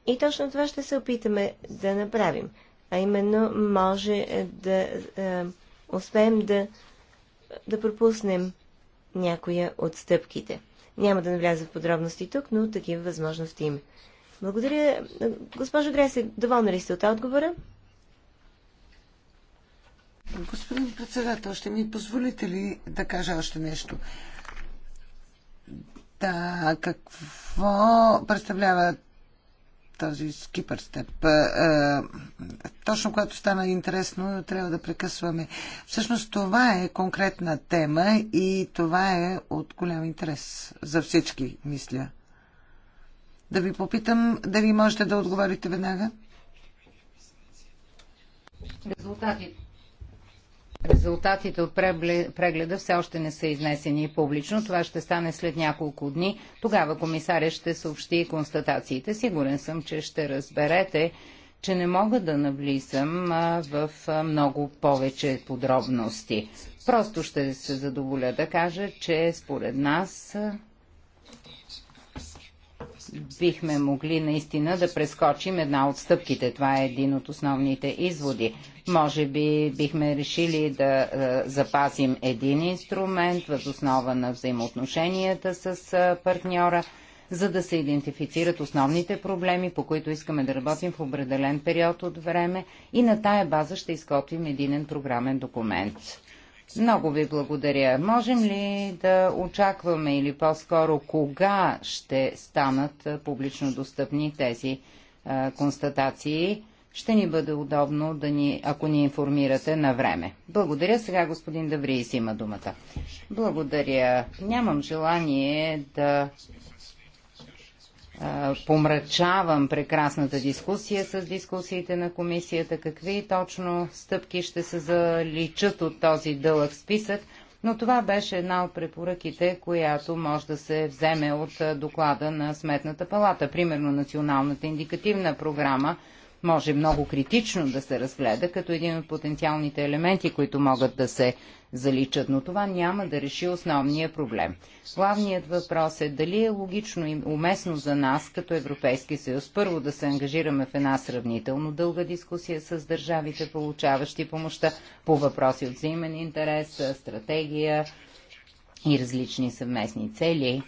И точно това ще се опитаме да направим. А именно, може е, да е, успеем да, да пропуснем някоя от стъпките. Няма да навляза в подробности тук, но такива възможности има. Благодаря. Госпожо Гресе, доволна ли сте от отговора? Господин председател, ще ми позволите ли да кажа още нещо? Да, какво представляват този скипър степ. Е, е, точно което стана интересно, трябва да прекъсваме. Всъщност това е конкретна тема и това е от голям интерес за всички, мисля. Да ви попитам дали можете да отговорите веднага. Резултатите Резултатите от прегледа все още не са изнесени публично. Това ще стане след няколко дни. Тогава комисаря ще съобщи констатациите. Сигурен съм, че ще разберете, че не мога да навлизам в много повече подробности. Просто ще се задоволя да кажа, че според нас бихме могли наистина да прескочим една от стъпките. Това е един от основните изводи. Може би бихме решили да е, запазим един инструмент въз основа на взаимоотношенията с е, партньора, за да се идентифицират основните проблеми, по които искаме да работим в определен период от време и на тая база ще изготвим единен програмен документ. Много ви благодаря. Можем ли да очакваме или по-скоро кога ще станат публично достъпни тези а, констатации? Ще ни бъде удобно, да ни, ако ни информирате на време. Благодаря. Сега господин Давриис има думата. Благодаря. Нямам желание да помрачавам прекрасната дискусия с дискусиите на комисията, какви точно стъпки ще се заличат от този дълъг списък, но това беше една от препоръките, която може да се вземе от доклада на Сметната палата. Примерно Националната индикативна програма може много критично да се разгледа като един от потенциалните елементи, които могат да се заличат, но това няма да реши основния проблем. Главният въпрос е дали е логично и уместно за нас, като Европейски съюз, първо да се ангажираме в една сравнително дълга дискусия с държавите, получаващи помощта по въпроси от взаимен интерес, стратегия и различни съвместни цели.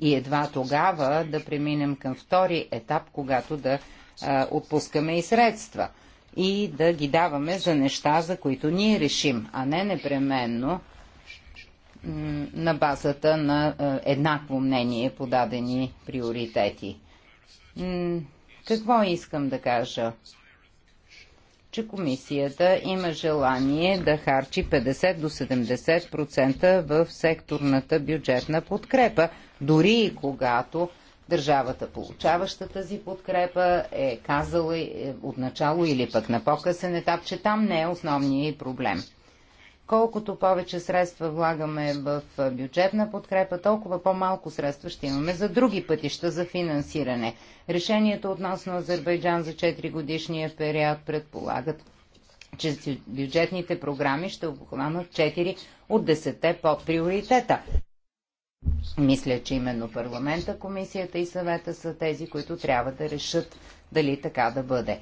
И едва тогава да преминем към втори етап, когато да а, отпускаме и средства – и да ги даваме за неща, за които ние решим, а не непременно на базата на еднакво мнение по дадени приоритети. Какво искам да кажа? че комисията има желание да харчи 50 до 70% в секторната бюджетна подкрепа, дори и когато Държавата, получаваща тази подкрепа, е казала е, отначало или пък на по-късен етап, че там не е основният проблем. Колкото повече средства влагаме в е, бюджетна подкрепа, толкова по-малко средства ще имаме за други пътища за финансиране. Решението относно Азербайджан за 4 годишния период предполагат че бюджетните програми ще обхванат 4 от 10 приоритета. Мисля, че именно парламента, комисията и съвета са тези, които трябва да решат дали така да бъде.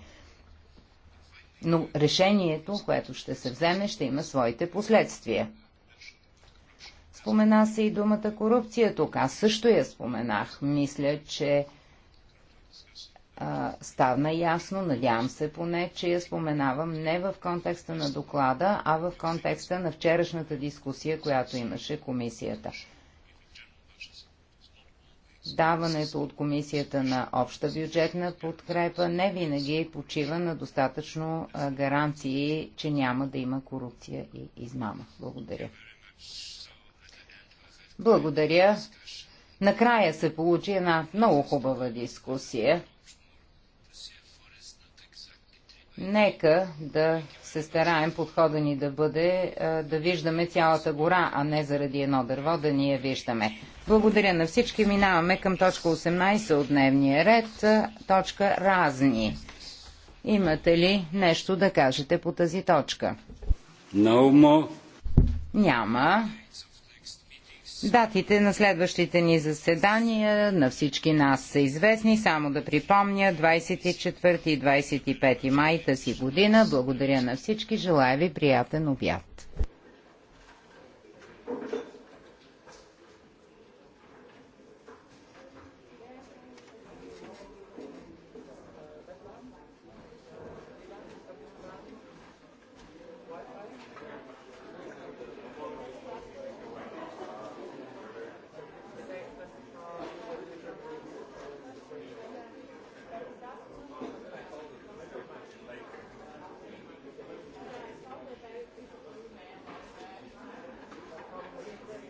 Но решението, което ще се вземе, ще има своите последствия. Спомена се и думата корупция тук. Аз също я споменах. Мисля, че а, ставна ясно, надявам се поне, че я споменавам не в контекста на доклада, а в контекста на вчерашната дискусия, която имаше комисията даването от комисията на обща бюджетна подкрепа не винаги почива на достатъчно гаранции, че няма да има корупция и измама. Благодаря. Благодаря. Накрая се получи една много хубава дискусия. Нека да се стараем подхода ни да бъде да виждаме цялата гора, а не заради едно дърво да ни я виждаме. Благодаря на всички. Минаваме към точка 18 от дневния ред. Точка разни. Имате ли нещо да кажете по тази точка? No more. Няма. Датите на следващите ни заседания на всички нас са известни. Само да припомня 24 и 25 май тази година. Благодаря на всички. Желая ви приятен обяд.